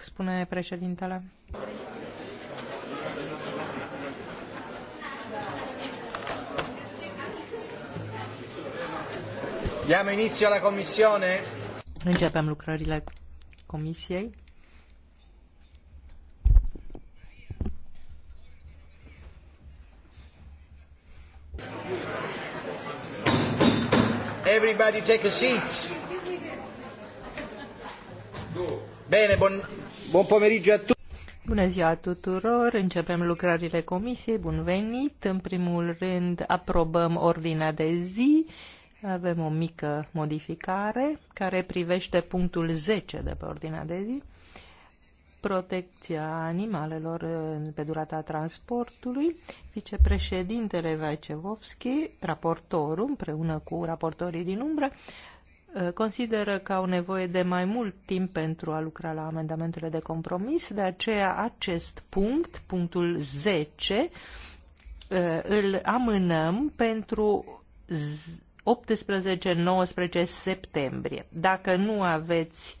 spune președintele. Diamo inizio alla commissione. Începem lucrările comisiei. Everybody take a seat. Go. Deci, Bine, bun, bun pomeriggio a tutti. Bună ziua tuturor! Începem lucrările comisiei. Bun venit! În primul rând aprobăm ordinea de zi. Avem o mică modificare care privește punctul 10 de pe ordinea de zi. Protecția animalelor pe durata transportului. Vicepreședintele Vaicevovski, raportorul, împreună cu raportorii din umbră, Eh, consideră că au nevoie de mai mult timp pentru a lucra la amendamentele de compromis, de aceea acest punct, punctul 10, eh, îl amânăm pentru 18-19 septembrie. Dacă nu aveți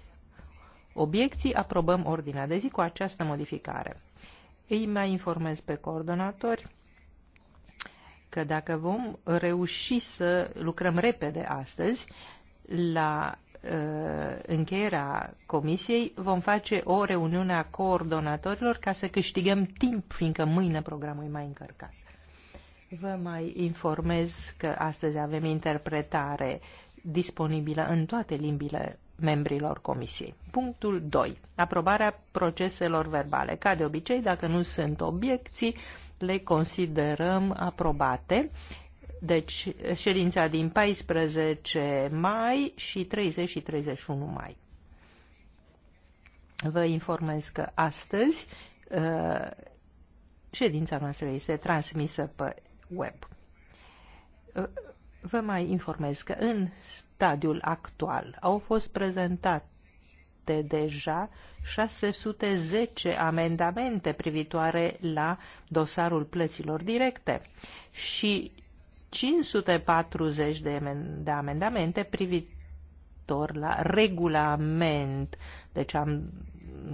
obiecții, aprobăm ordinea de zi cu această modificare. Îi mai informez pe coordonatori că dacă vom reuși să lucrăm repede astăzi, la uh, încheierea comisiei vom face o reuniune a coordonatorilor ca să câștigăm timp, fiindcă mâine programul e mai încărcat. Vă mai informez că astăzi avem interpretare disponibilă în toate limbile membrilor comisiei. Punctul 2. Aprobarea proceselor verbale. Ca de obicei, dacă nu sunt obiecții, le considerăm aprobate. Deci ședința din 14 mai și 30 și 31 mai. Vă informez că astăzi uh, ședința noastră este transmisă pe web. Uh, vă mai informez că în stadiul actual au fost prezentate deja 610 amendamente privitoare la dosarul plăților directe și 540 de amendamente privitor la regulament. Deci am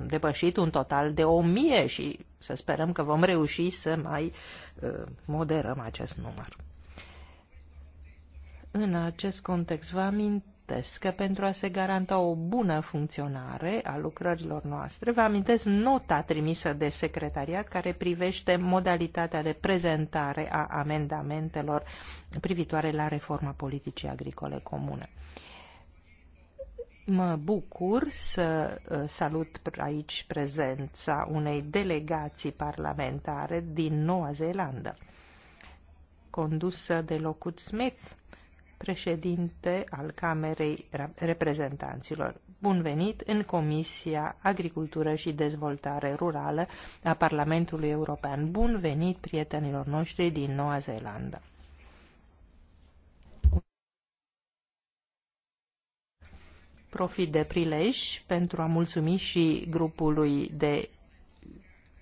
depășit un total de 1000 și să sperăm că vom reuși să mai uh, moderăm acest număr. În acest context, vă amint că pentru a se garanta o bună funcționare a lucrărilor noastre. Vă amintesc nota trimisă de secretariat care privește modalitatea de prezentare a amendamentelor privitoare la reforma politicii agricole comune. Mă bucur să uh, salut aici prezența unei delegații parlamentare din Noua Zeelandă, condusă de Locut Smith, președinte al Camerei Reprezentanților. Bun venit în Comisia Agricultură și Dezvoltare Rurală a Parlamentului European. Bun venit prietenilor noștri din Noua Zeelandă. Profit de prilej pentru a mulțumi și grupului de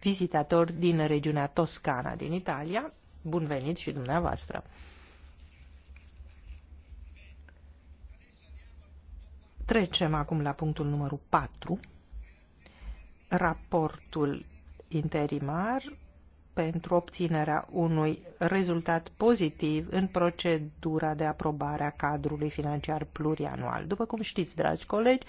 vizitatori din regiunea Toscana din Italia. Bun venit și dumneavoastră! Trecem acum la punctul numărul 4, raportul interimar pentru obținerea unui rezultat pozitiv în procedura de aprobare a cadrului financiar plurianual. După cum știți, dragi colegi,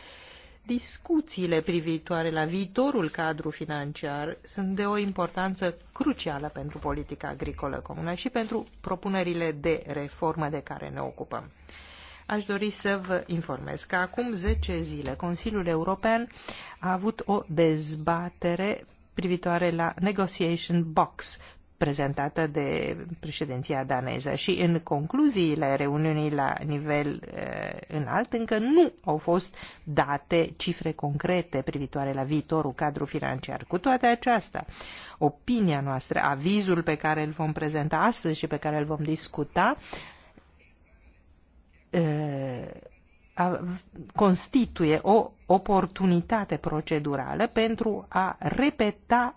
discuțiile privitoare la viitorul cadru financiar sunt de o importanță crucială pentru politica agricolă comună și pentru propunerile de reformă de care ne ocupăm. Aș dori să vă informez că acum 10 zile Consiliul European a avut o dezbatere privitoare la Negotiation Box prezentată de președinția daneză și în concluziile reuniunii la nivel uh, înalt încă nu au fost date cifre concrete privitoare la viitorul cadru financiar. Cu toate acestea, opinia noastră, avizul pe care îl vom prezenta astăzi și pe care îl vom discuta, uh, constituie o oportunitate procedurală pentru a repeta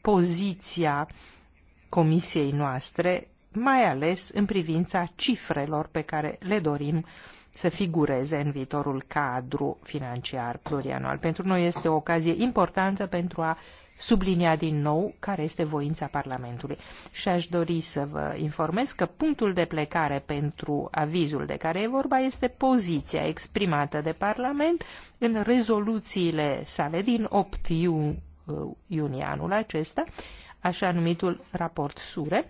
poziția comisiei noastre, mai ales în privința cifrelor pe care le dorim să figureze în viitorul cadru financiar plurianual. Pentru noi este o ocazie importantă pentru a sublinia din nou care este voința Parlamentului. Și aș dori să vă informez că punctul de plecare pentru avizul de care e vorba este poziția exprimată de Parlament în rezoluțiile sale din 8 uh, iunie anul acesta, așa numitul raport SURE,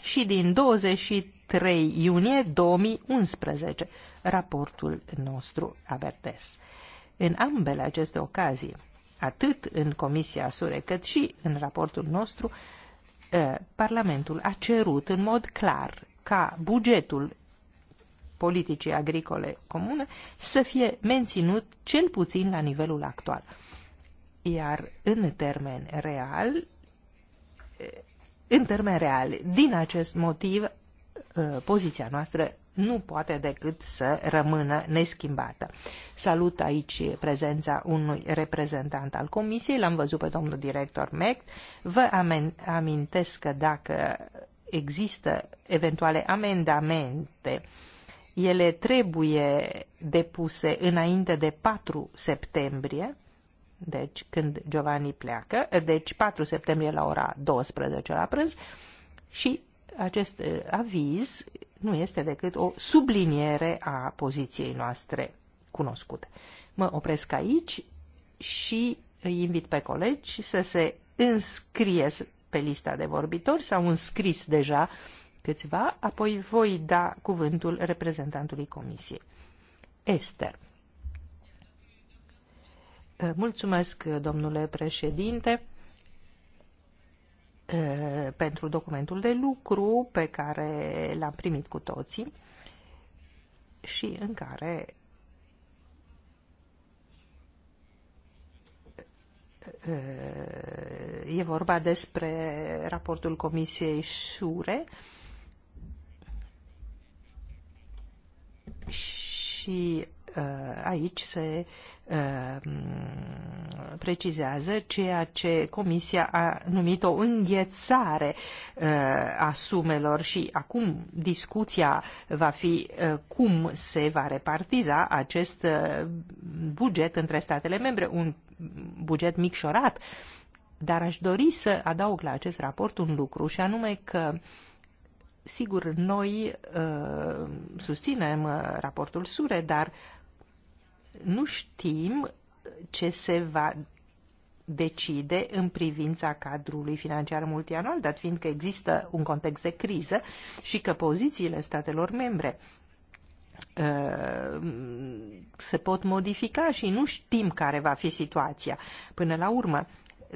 și din 23 iunie 2011, raportul nostru Abertes. În ambele aceste ocazii, atât în Comisia Sure cât și în raportul nostru, Parlamentul a cerut în mod clar ca bugetul politicii agricole comune să fie menținut cel puțin la nivelul actual. Iar în termen real, în termen real, din acest motiv, poziția noastră nu poate decât să rămână neschimbată. Salut aici prezența unui reprezentant al Comisiei, l-am văzut pe domnul director MEC. Vă amintesc că dacă există eventuale amendamente, ele trebuie depuse înainte de 4 septembrie, deci când Giovanni pleacă, deci 4 septembrie la ora 12 la prânz, și acest eh, aviz nu este decât o subliniere a poziției noastre cunoscute. Mă opresc aici și îi invit pe colegi să se înscrie pe lista de vorbitori, s-au înscris deja câțiva, apoi voi da cuvântul reprezentantului comisiei. Esther. Mulțumesc, domnule președinte. Uh, pentru documentul de lucru pe care l-am primit cu toții și în care uh, e vorba despre raportul Comisiei Sure și uh, aici se Um, precizează ceea ce Comisia a numit o înghețare uh, a sumelor și acum discuția va fi uh, cum se va repartiza acest uh, buget între statele membre, un buget micșorat. Dar aș dori să adaug la acest raport un lucru și anume că Sigur, noi uh, susținem uh, raportul SURE, dar nu știm ce se va decide în privința cadrului financiar multianual, dat fiind că există un context de criză și că pozițiile statelor membre uh, se pot modifica și nu știm care va fi situația până la urmă.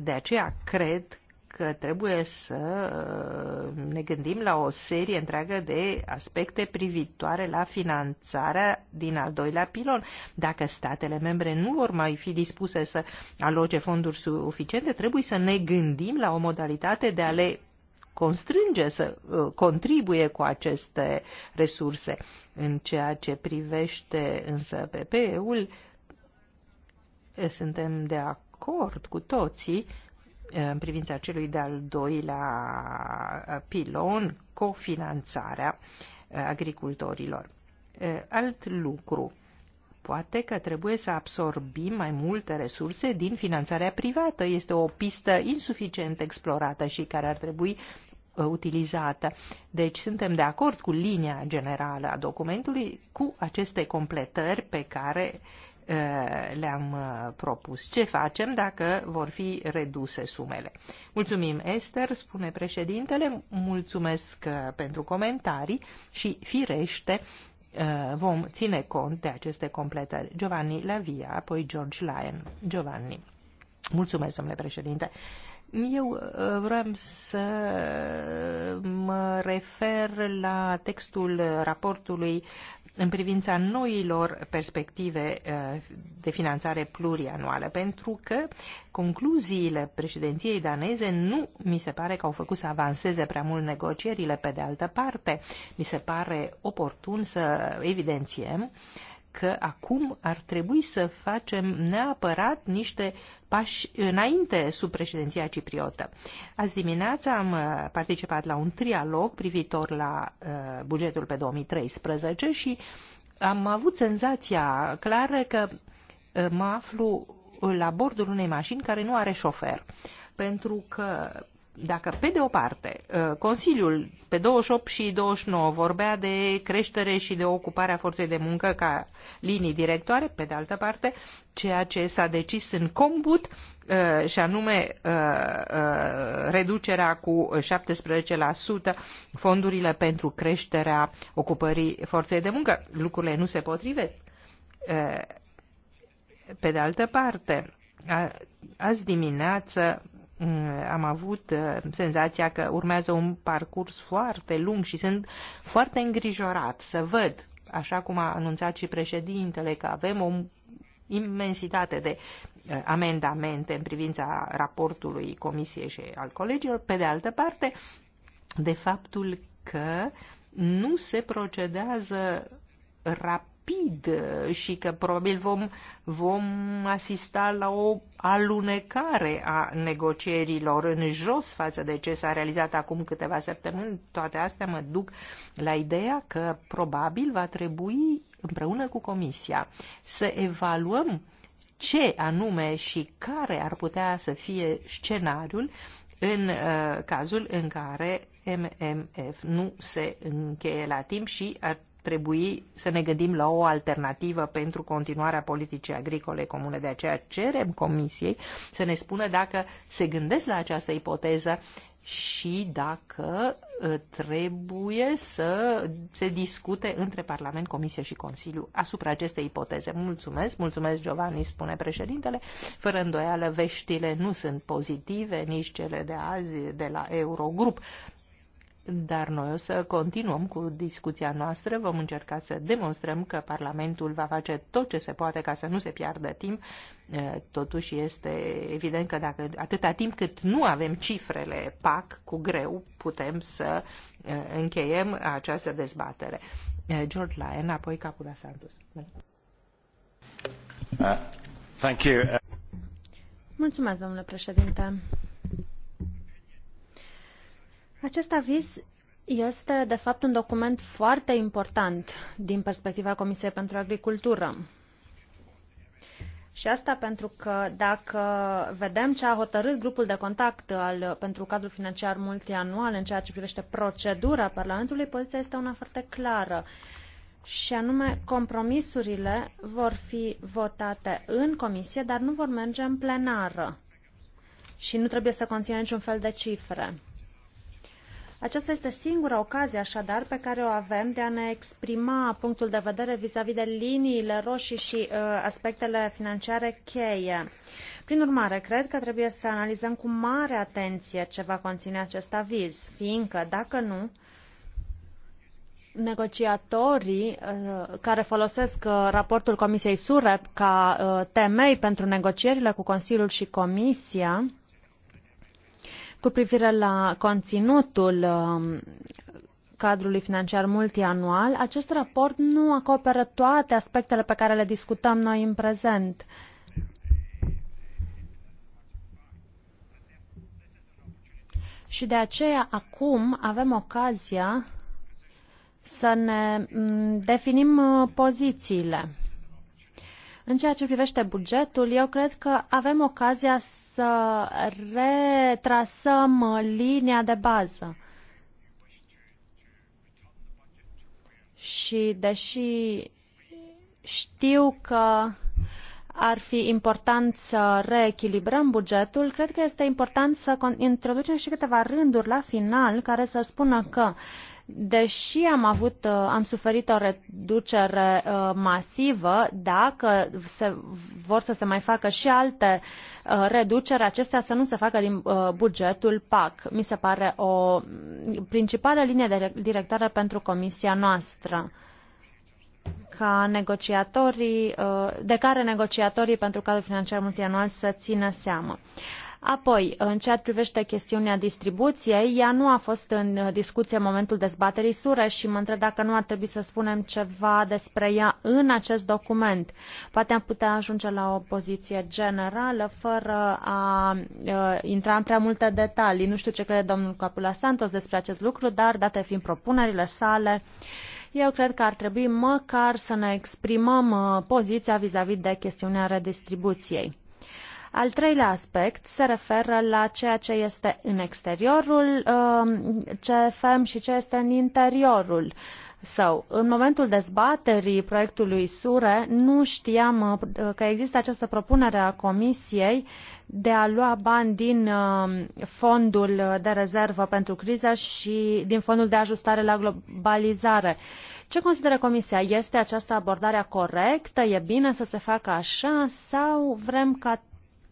De aceea cred că trebuie să uh, ne gândim la o serie întreagă de aspecte privitoare la finanțarea din al doilea pilon. Dacă statele membre nu vor mai fi dispuse să aloce fonduri suficiente, trebuie să ne gândim la o modalitate de a le constrânge să uh, contribuie cu aceste resurse. În ceea ce privește însă PPE-ul, suntem de acord cu toții în privința celui de-al doilea uh, pilon, cofinanțarea uh, agricultorilor. Uh, alt lucru, poate că trebuie să absorbim mai multe resurse din finanțarea privată. Este o pistă insuficient explorată și care ar trebui utilizată. Deci suntem de acord cu linia generală a documentului, cu aceste completări pe care Eh, le-am eh, propus. Ce facem dacă vor fi reduse sumele? Mulțumim, Esther, spune președintele, mulțumesc eh, pentru comentarii și, firește, vom ține cont de aceste completări. Giovanni Lavia, apoi George Lyon. Giovanni. Mulțumesc, domnule președinte. Eu vreau să mă refer la textul raportului în privința noilor perspective uh, de finanțare plurianuală, pentru că concluziile președinției daneze nu mi se pare că au făcut să avanseze prea mult negocierile. Pe de altă parte, mi se pare oportun să evidențiem că acum ar trebui să facem neapărat niște pași înainte sub președinția cipriotă. Azi dimineața am uh, participat la un trialog privitor la uh, bugetul pe 2013 și am avut senzația clară că uh, mă aflu la bordul unei mașini care nu are șofer. Pentru că dacă pe de o parte uh, Consiliul pe 28 și 29 vorbea de creștere și de ocuparea forței de muncă ca linii directoare, pe de altă parte ceea ce s-a decis în combut uh, și anume uh, reducerea cu 17% fondurile pentru creșterea ocupării forței de muncă. Lucrurile nu se potrivesc. Pe de altă parte, azi dimineață Mm, am avut uh, senzația că urmează un parcurs foarte lung și sunt foarte îngrijorat să văd, așa cum a anunțat și președintele, că avem o imensitate de uh, amendamente în privința raportului Comisiei și al colegilor, pe de altă parte, de faptul că nu se procedează rapid rapid uh, și că probabil vom, vom asista la o alunecare a negocierilor în jos față de ce s-a realizat acum câteva săptămâni. Toate astea mă duc la ideea că probabil va trebui împreună cu Comisia să evaluăm ce anume și care ar putea să fie scenariul în uh, cazul în care MMF nu se încheie la timp și ar trebui să ne gândim la o alternativă pentru continuarea politicii agricole comune. De aceea cerem Comisiei să ne spună dacă se gândesc la această ipoteză și dacă uh, trebuie să se discute între Parlament, Comisie și Consiliu asupra acestei ipoteze. Mulțumesc, mulțumesc Giovanni, spune președintele. Fără îndoială, veștile nu sunt pozitive, nici cele de azi de la Eurogrup dar noi o să continuăm cu discuția noastră, vom încerca să demonstrăm că Parlamentul va face tot ce se poate ca să nu se piardă timp. Totuși este evident că dacă atâta timp cât nu avem cifrele PAC, cu greu putem să încheiem această dezbatere. George Lyon, apoi Capula Santos. Uh, thank you. Mulțumesc, domnule președinte. Acest aviz este, de fapt, un document foarte important din perspectiva Comisiei pentru Agricultură. Și asta pentru că dacă vedem ce a hotărât grupul de contact al, pentru cadrul financiar multianual în ceea ce privește procedura Parlamentului, poziția este una foarte clară. Și anume, compromisurile vor fi votate în comisie, dar nu vor merge în plenară. Și nu trebuie să conțină niciun fel de cifre. Aceasta este singura ocazie, așadar, pe care o avem de a ne exprima punctul de vedere vis-a-vis -vis de liniile roșii și uh, aspectele financiare cheie. Prin urmare, cred că trebuie să analizăm cu mare atenție ce va conține acest aviz, fiindcă, dacă nu, negociatorii uh, care folosesc uh, raportul Comisiei SURE ca uh, temei pentru negocierile cu Consiliul și Comisia cu privire la conținutul um, cadrului financiar multianual, acest raport nu acoperă toate aspectele pe care le discutăm noi în prezent. Și de aceea acum avem ocazia să ne mm, definim uh, pozițiile. În ceea ce privește bugetul, eu cred că avem ocazia să retrasăm linia de bază. Și deși știu că ar fi important să reechilibrăm bugetul, cred că este important să introducem și câteva rânduri la final care să spună că uh, deși am avut, uh, am suferit o reducere uh, masivă, dacă se, vor să se mai facă și alte uh, reduceri, acestea să nu se facă din bugetul PAC. Mi se pare o principală linie directoare pentru comisia noastră ca negociatorii, de care negociatorii pentru cadrul financiar multianual să țină seamă. Apoi, în ceea ce privește chestiunea distribuției, ea nu a fost în discuție în momentul dezbaterii sure și mă întreb dacă nu ar trebui să spunem ceva despre ea în acest document. Poate am putea ajunge la o poziție generală fără a uh, intra în prea multe detalii. Nu știu ce crede domnul Capula Santos despre acest lucru, dar date fiind propunerile sale, eu cred că ar trebui măcar să ne exprimăm uh, poziția vis-a-vis -vis de chestiunea redistribuției. Al treilea aspect se referă la ceea ce este în exteriorul CFM um, și ce este în interiorul său. În momentul dezbaterii proiectului SURE, nu știam uh, că există această propunere a Comisiei de a lua bani din um, fondul de rezervă pentru criză și din fondul de ajustare la globalizare. Ce consideră Comisia? Este această abordare corectă? E bine să se facă așa? Sau vrem ca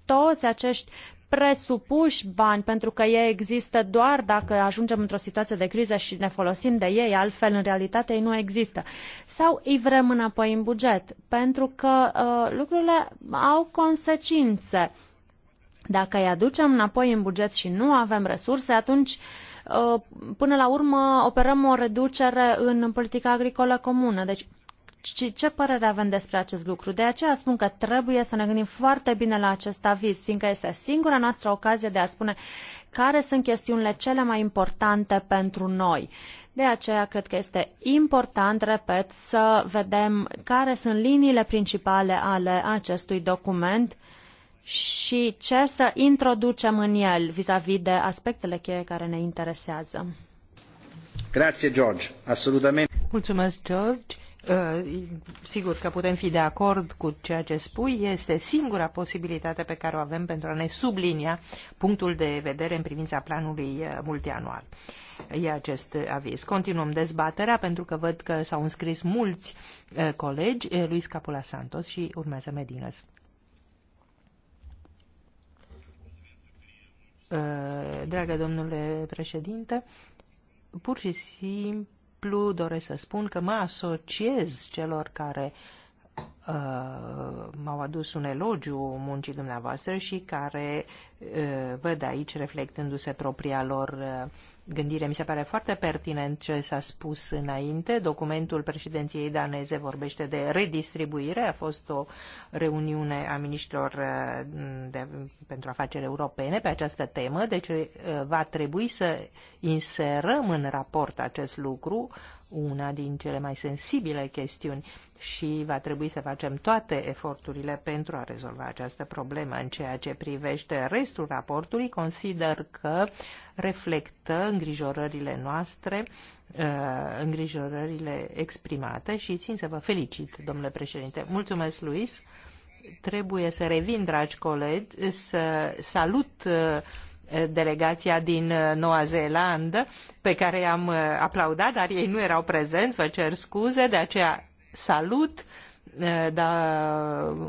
toți acești presupuși bani, pentru că ei există doar dacă ajungem într-o situație de criză și ne folosim de ei, altfel în realitate ei nu există. Sau îi vrem înapoi în buget, pentru că uh, lucrurile au consecințe. Dacă îi aducem înapoi în buget și nu avem resurse, atunci uh, până la urmă operăm o reducere în politica agricolă comună. Deci și ce părere avem despre acest lucru? De aceea spun că trebuie să ne gândim foarte bine la acest aviz, fiindcă este singura noastră ocazie de a spune care sunt chestiunile cele mai importante pentru noi. De aceea cred că este important, repet, să vedem care sunt liniile principale ale acestui document și ce să introducem în el vis-a-vis -vis de aspectele cheie care ne interesează. Grazie, George. Absolutamente. Mulțumesc, George. Uh, sigur că putem fi de acord cu ceea ce spui, este singura posibilitate pe care o avem pentru a ne sublinia punctul de vedere în privința planului uh, multianual. E acest aviz. Continuăm dezbaterea pentru că văd că s-au înscris mulți uh, colegi, Luis Capula Santos și urmează Medina. Dragă domnule președinte, pur și simplu simplu doresc să spun că mă asociez celor care uh, m-au adus un elogiu muncii dumneavoastră și care uh, văd aici reflectându-se propria lor uh, gândire. Mi se pare foarte pertinent ce s-a spus înainte. Documentul președinției daneze vorbește de redistribuire. A fost o reuniune a ministrilor uh, de, pentru afaceri europene pe această temă, deci uh, va trebui să inserăm în raport acest lucru una din cele mai sensibile chestiuni și va trebui să facem toate eforturile pentru a rezolva această problemă. În ceea ce privește restul raportului, consider că reflectă îngrijorările noastre, uh, îngrijorările exprimate și țin să vă felicit, domnule președinte. Mulțumesc, Luis! Trebuie să revin, dragi colegi, să salut uh, delegația din uh, Noua Zeelandă, pe care i-am uh, aplaudat, dar ei nu erau prezenți, vă cer scuze, de aceea salut, uh, da,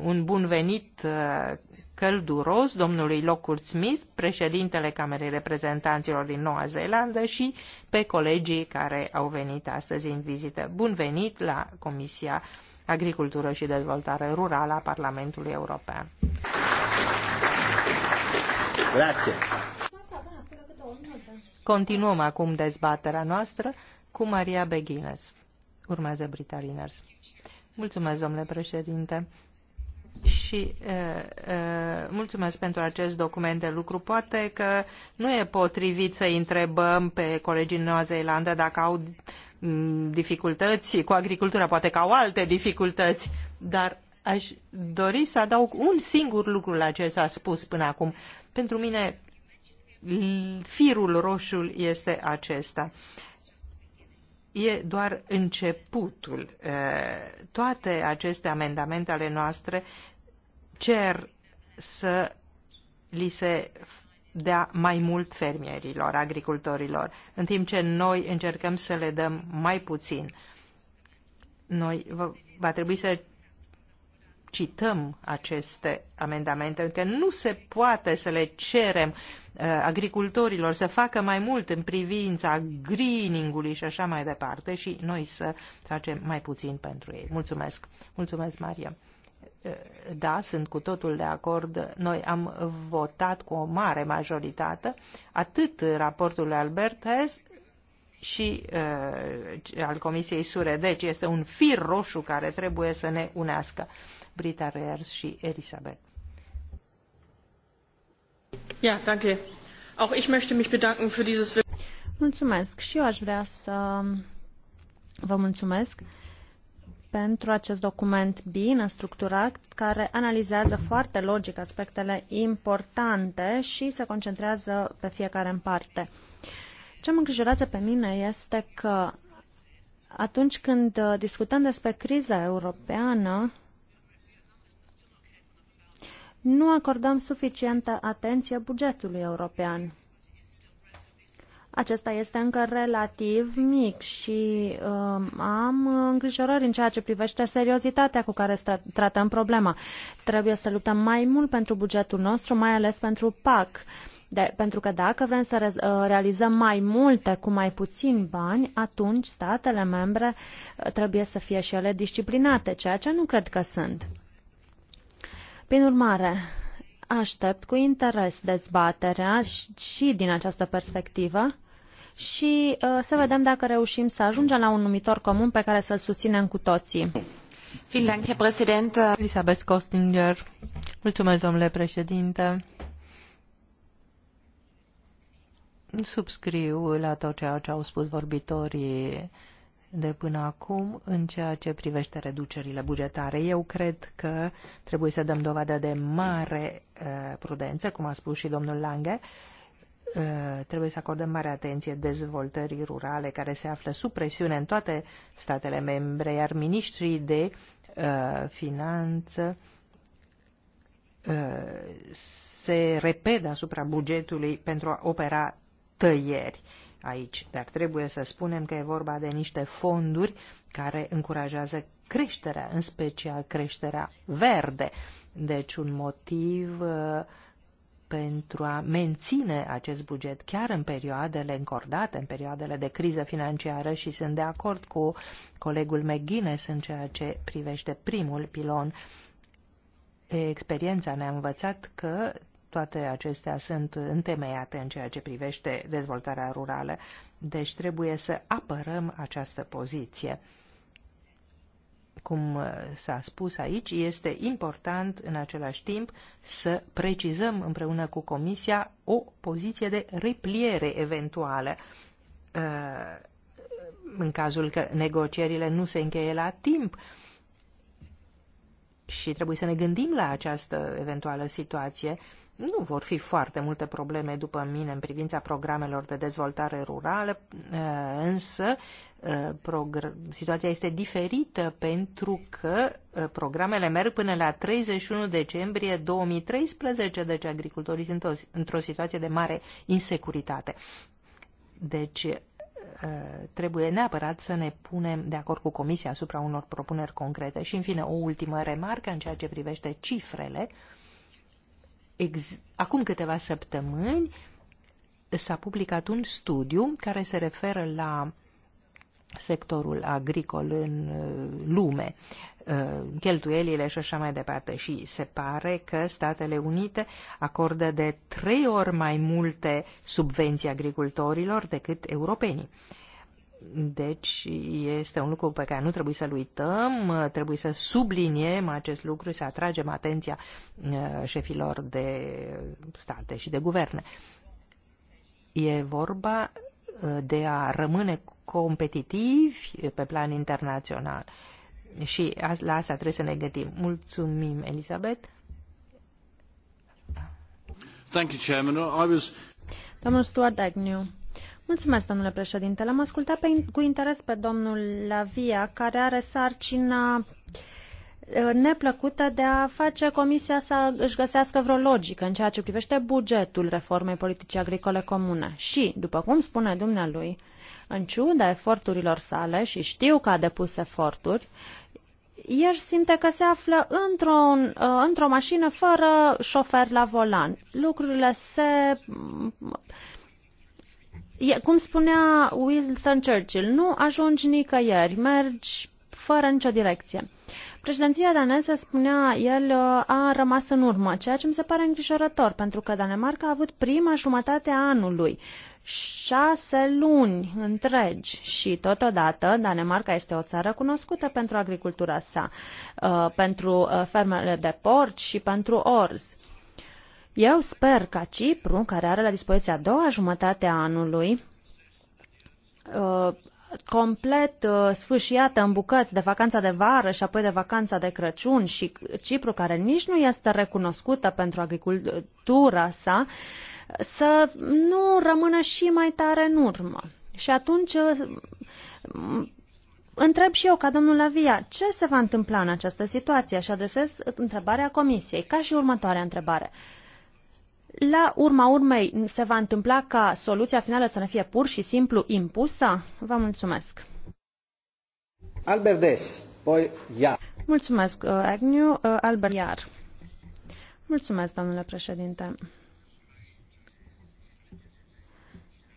un bun venit călduros domnului Lockwood Smith, președintele Camerei Reprezentanților din Noua Zeelandă și pe colegii care au venit astăzi în vizită. Bun venit la Comisia Agricultură și Dezvoltare Rurală a Parlamentului European. Grazie. Continuăm acum dezbaterea noastră cu Maria Beghines. Urmează Brita Liners. Mulțumesc, domnule președinte și uh, uh, mulțumesc pentru acest document de lucru. Poate că nu e potrivit să întrebăm pe colegii Noua Zeelandă dacă au dificultăți cu agricultura, poate că au alte dificultăți, dar Aș dori să adaug un singur lucru la ce s-a spus până acum. Pentru mine, firul roșu este acesta. E doar începutul. Toate aceste amendamente ale noastre cer să li se dea mai mult fermierilor, agricultorilor, în timp ce noi încercăm să le dăm mai puțin. Noi va trebui să cităm aceste amendamente, pentru că nu se poate să le cerem uh, agricultorilor să facă mai mult în privința greening-ului și așa mai departe și noi să facem mai puțin pentru ei. Mulțumesc! Mulțumesc, Maria! Uh, da, sunt cu totul de acord. Noi am votat cu o mare majoritate atât raportul Albert Hess și uh, al Comisiei Sure. Deci este un fir roșu care trebuie să ne unească. Brita Reers și Elisabeth. Ja, danke. Auch ich möchte mich bedanken für dieses... Mulțumesc și eu aș vrea să vă mulțumesc pentru acest document bine structurat, care analizează foarte logic aspectele importante și se concentrează pe fiecare în parte. Ce mă îngrijorează pe mine este că atunci când discutăm despre criza europeană, nu acordăm suficientă atenție bugetului european. Acesta este încă relativ mic și uh, am îngrijorări în ceea ce privește seriozitatea cu care tratăm problema. Trebuie să luptăm mai mult pentru bugetul nostru, mai ales pentru PAC. De, pentru că dacă vrem să re, uh, realizăm mai multe cu mai puțin bani, atunci statele membre trebuie să fie și ele disciplinate, ceea ce nu cred că sunt. Prin urmare, aștept cu interes dezbaterea și din această perspectivă și uh, să vedem dacă reușim să ajungem la un numitor comun pe care să-l susținem cu toții. Elisabeth Costinger. Mulțumesc, domnule președinte. Subscriu la tot ceea ce au spus vorbitorii de până acum în ceea ce privește reducerile bugetare. Eu cred că trebuie să dăm dovadă de mare uh, prudență, cum a spus și domnul Lange, uh, trebuie să acordăm mare atenție dezvoltării rurale care se află sub presiune în toate statele membre, iar ministrii de uh, finanță uh, se repede asupra bugetului pentru a opera tăieri. Uh, aici, dar trebuie să spunem că e vorba de niște fonduri care încurajează creșterea, în special creșterea verde. Deci un motiv uh, pentru a menține acest buget chiar în perioadele încordate, în perioadele de criză financiară și sunt de acord cu colegul McGuinness în ceea ce privește primul pilon. Experiența ne-a învățat că toate acestea sunt întemeiate în ceea ce privește dezvoltarea rurală. Deci trebuie să apărăm această poziție. Cum s-a spus aici, este important în același timp să precizăm împreună cu Comisia o poziție de repliere eventuală uh, în cazul că negocierile nu se încheie la timp și trebuie să ne gândim la această eventuală situație nu vor fi foarte multe probleme după mine în privința programelor de dezvoltare rurală, însă situația este diferită pentru că programele merg până la 31 decembrie 2013, deci agricultorii sunt într-o situație de mare insecuritate. Deci trebuie neapărat să ne punem de acord cu Comisia asupra unor propuneri concrete. Și, în fine, o ultimă remarcă în ceea ce privește cifrele acum câteva săptămâni s-a publicat un studiu care se referă la sectorul agricol în uh, lume, uh, cheltuielile și așa mai departe. Și se pare că Statele Unite acordă de trei ori mai multe subvenții agricultorilor decât europenii. Deci este un lucru pe care nu trebuie să-l uităm, trebuie să subliniem acest lucru, să atragem atenția uh, șefilor de state și de guverne. E vorba uh, de a rămâne competitivi pe plan internațional. Și la asta trebuie să ne gândim. Mulțumim, Elisabeth. Thank you, Chairman. I was... Domnul Stuart Agnew. Mulțumesc, domnule președinte. L-am ascultat pe, cu interes pe domnul Lavia, care are sarcina neplăcută de a face Comisia să își găsească vreo logică în ceea ce privește bugetul reformei politicii agricole comune. Și, după cum spune dumnealui, în ciuda eforturilor sale, și știu că a depus eforturi, el simte că se află într-o, într-o mașină fără șofer la volan. Lucrurile se E, cum spunea Winston Churchill, nu ajungi nicăieri, mergi fără nicio direcție. Președinția daneză, spunea el, a rămas în urmă, ceea ce mi se pare îngrijorător, pentru că Danemarca a avut prima jumătate a anului, șase luni întregi și totodată Danemarca este o țară cunoscută pentru agricultura sa, uh, pentru uh, fermele de porci și pentru orz. Eu sper ca Cipru, care are la dispoziție a doua jumătate a anului, uh, complet uh, sfâșiată în bucăți de vacanța de vară și apoi de vacanța de Crăciun și Cipru, care nici nu este recunoscută pentru agricultura sa, să nu rămână și mai tare în urmă. Și atunci uh, întreb și eu ca domnul Lavia, ce se va întâmpla în această situație? Și adresez întrebarea comisiei, ca și următoarea întrebare. Uh, la urma urmei se va întâmpla ca soluția finală să ne fie pur și simplu impusă? Vă mulțumesc. Albert Des, poi ia. Mulțumesc, uh, Agnew. Uh, Albert Iar. Mulțumesc, domnule președinte.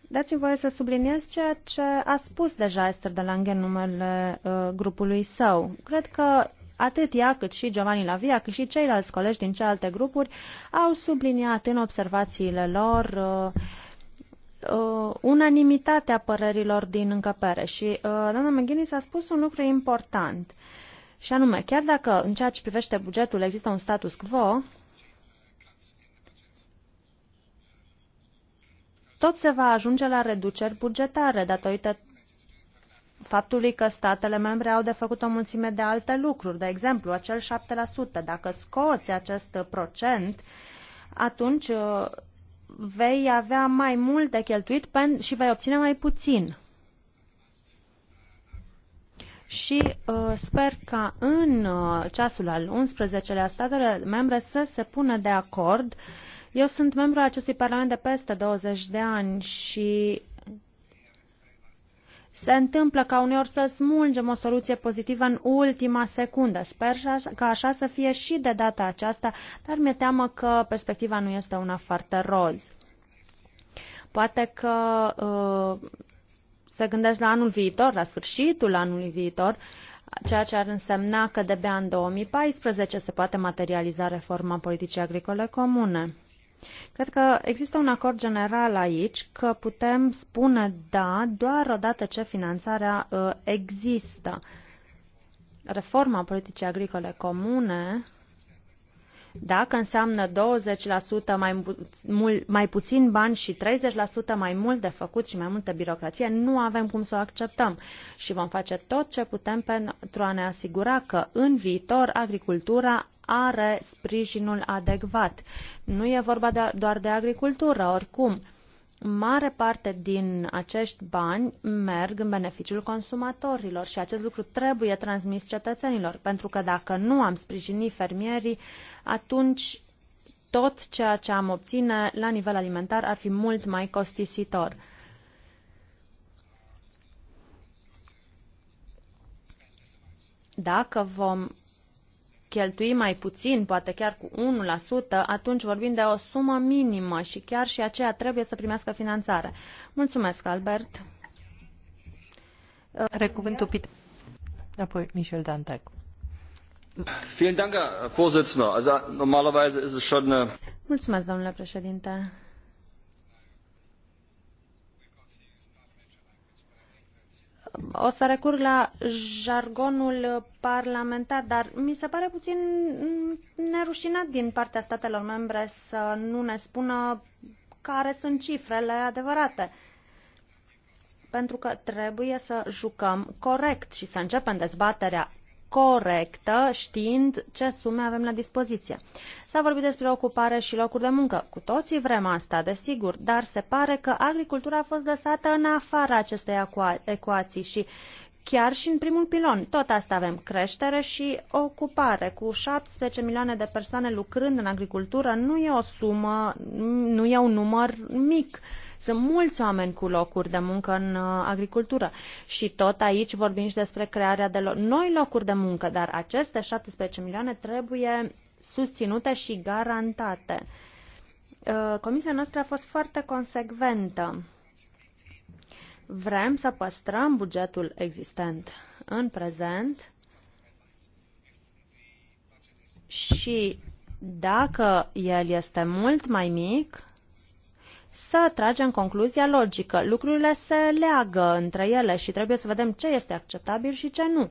Dați-mi voie să subliniez ceea ce a spus deja Esther de Lange în numele uh, grupului său. Cred că Atât ea, cât și Giovanni Lavia, cât și ceilalți colegi din celelalte grupuri au subliniat în observațiile lor uh, uh, unanimitatea părerilor din încăpere și uh, doamna McGuinness a spus un lucru important și anume, chiar dacă în ceea ce privește bugetul există un status quo, tot se va ajunge la reduceri bugetare datorită faptului că statele membre au de făcut o mulțime de alte lucruri. De exemplu, acel 7%, dacă scoți acest procent, atunci uh, vei avea mai mult de cheltuit și vei obține mai puțin. Și uh, sper ca în uh, ceasul al 11-lea statele membre să se pună de acord. Eu sunt membru al acestui parlament de peste 20 de ani și se întâmplă ca uneori să smulgem o soluție pozitivă în ultima secundă. Sper ca așa să fie și de data aceasta, dar mi-e teamă că perspectiva nu este una foarte roz. Poate că uh, se gândești la anul viitor, la sfârșitul anului viitor, ceea ce ar însemna că de-abia în 2014 se poate materializa reforma politicii agricole comune. Cred că există un acord general aici că putem spune da doar odată ce finanțarea uh, există. Reforma politicii agricole comune dacă înseamnă 20% mai, mul, mai puțin bani și 30% mai mult de făcut și mai multă birocrație, nu avem cum să o acceptăm și vom face tot ce putem pentru a ne asigura că în viitor agricultura are sprijinul adecvat. Nu e vorba de, doar de agricultură, oricum mare parte din acești bani merg în beneficiul consumatorilor și acest lucru trebuie transmis cetățenilor, pentru că dacă nu am sprijini fermierii, atunci tot ceea ce am obține la nivel alimentar ar fi mult mai costisitor. Dacă vom cheltui mai puțin, poate chiar cu 1%, atunci vorbim de o sumă minimă și chiar și aceea trebuie să primească finanțare. Mulțumesc, Albert. Recuvântul Peter. Apoi Michel Dantec. Vielen Dank, Vorsitzender. Also normalerweise ist es schon eine äh, Mulțumesc, domnule președinte. o să recurg la jargonul parlamentar, dar mi se pare puțin nerușinat din partea statelor membre să nu ne spună care sunt cifrele adevărate. Pentru că trebuie să jucăm corect și să începem dezbaterea corectă, știind ce sume avem la dispoziție. S-a vorbit despre ocupare și locuri de muncă. Cu toții vrem asta, desigur, dar se pare că agricultura a fost lăsată în afara acestei ecuații și chiar și în primul pilon. Tot asta avem creștere și ocupare. Cu 17 milioane de persoane lucrând în agricultură nu e o sumă, nu e un număr mic. Sunt mulți oameni cu locuri de muncă în uh, agricultură și tot aici vorbim și despre crearea de lo- noi locuri de muncă, dar aceste 17 milioane trebuie susținute și garantate. Uh, comisia noastră a fost foarte consecventă Vrem să păstrăm bugetul existent în prezent și dacă el este mult mai mic, să tragem concluzia logică. Lucrurile se leagă între ele și trebuie să vedem ce este acceptabil și ce nu.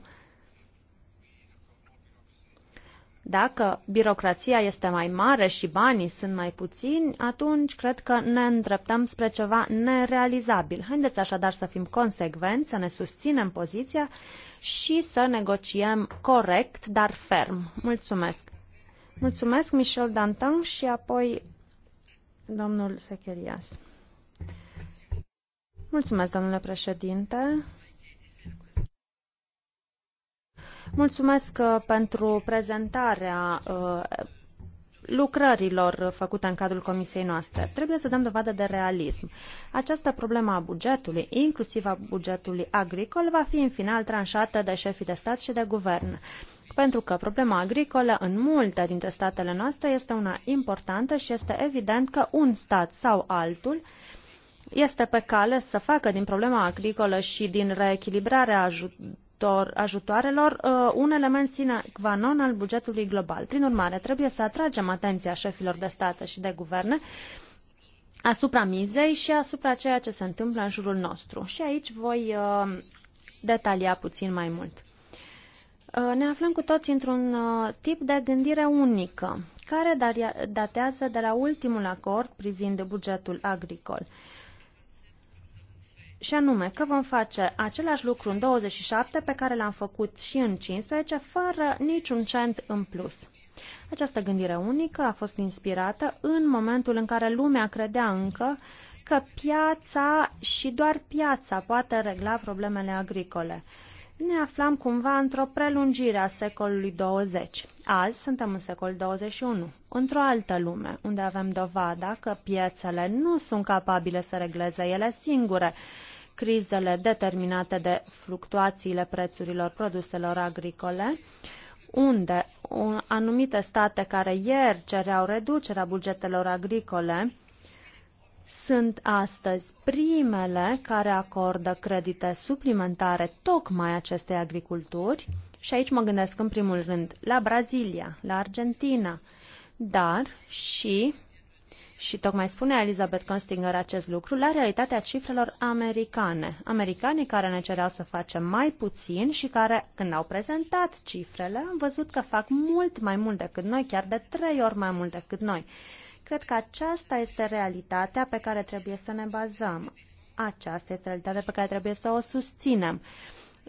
Dacă birocrația este mai mare și banii sunt mai puțini, atunci cred că ne îndreptăm spre ceva nerealizabil. Haideți așadar să fim consecvenți, să ne susținem poziția și să negociem corect, dar ferm. Mulțumesc! Mulțumesc, Michel Dantin și apoi domnul Secherias. Mulțumesc, domnule președinte. Mulțumesc uh, pentru prezentarea uh, lucrărilor făcute în cadrul comisiei noastre. Trebuie să dăm dovadă de realism. Această problemă a bugetului, inclusiv a bugetului agricol, va fi în final tranșată de șefii de stat și de guvern. Pentru că problema agricolă în multe dintre statele noastre este una importantă și este evident că un stat sau altul este pe cale să facă din problema agricolă și din reechilibrarea ajutorului ajutor, ajutoarelor uh, un element sine qua non al bugetului global. Prin urmare, trebuie să atragem atenția șefilor de state și de guverne asupra mizei și asupra ceea ce se întâmplă în jurul nostru. Și aici voi uh, detalia puțin mai mult. Uh, ne aflăm cu toți într-un tip de gândire unică, care datează de la ultimul acord privind bugetul agricol și anume că vom face același lucru în 27 pe care l-am făcut și în 15, fără niciun cent în plus. Această gândire unică a fost inspirată în momentul în care lumea credea încă că piața și doar piața poate regla problemele agricole. Ne aflam cumva într-o prelungire a secolului 20. Azi suntem în secolul 21, într-o altă lume, unde avem dovada că piețele nu sunt capabile să regleze ele singure, crizele determinate de fluctuațiile prețurilor produselor agricole, unde anumite state care ieri cereau reducerea bugetelor agricole sunt astăzi primele care acordă credite suplimentare tocmai acestei agriculturi și aici mă gândesc în primul rând la Brazilia, la Argentina, dar și și tocmai spunea Elizabeth Constinger acest lucru, la realitatea cifrelor americane. Americanii care ne cereau să facem mai puțin și care, când au prezentat cifrele, am văzut că fac mult mai mult decât noi, chiar de trei ori mai mult decât noi. Cred că aceasta este realitatea pe care trebuie să ne bazăm. Aceasta este realitatea pe care trebuie să o susținem.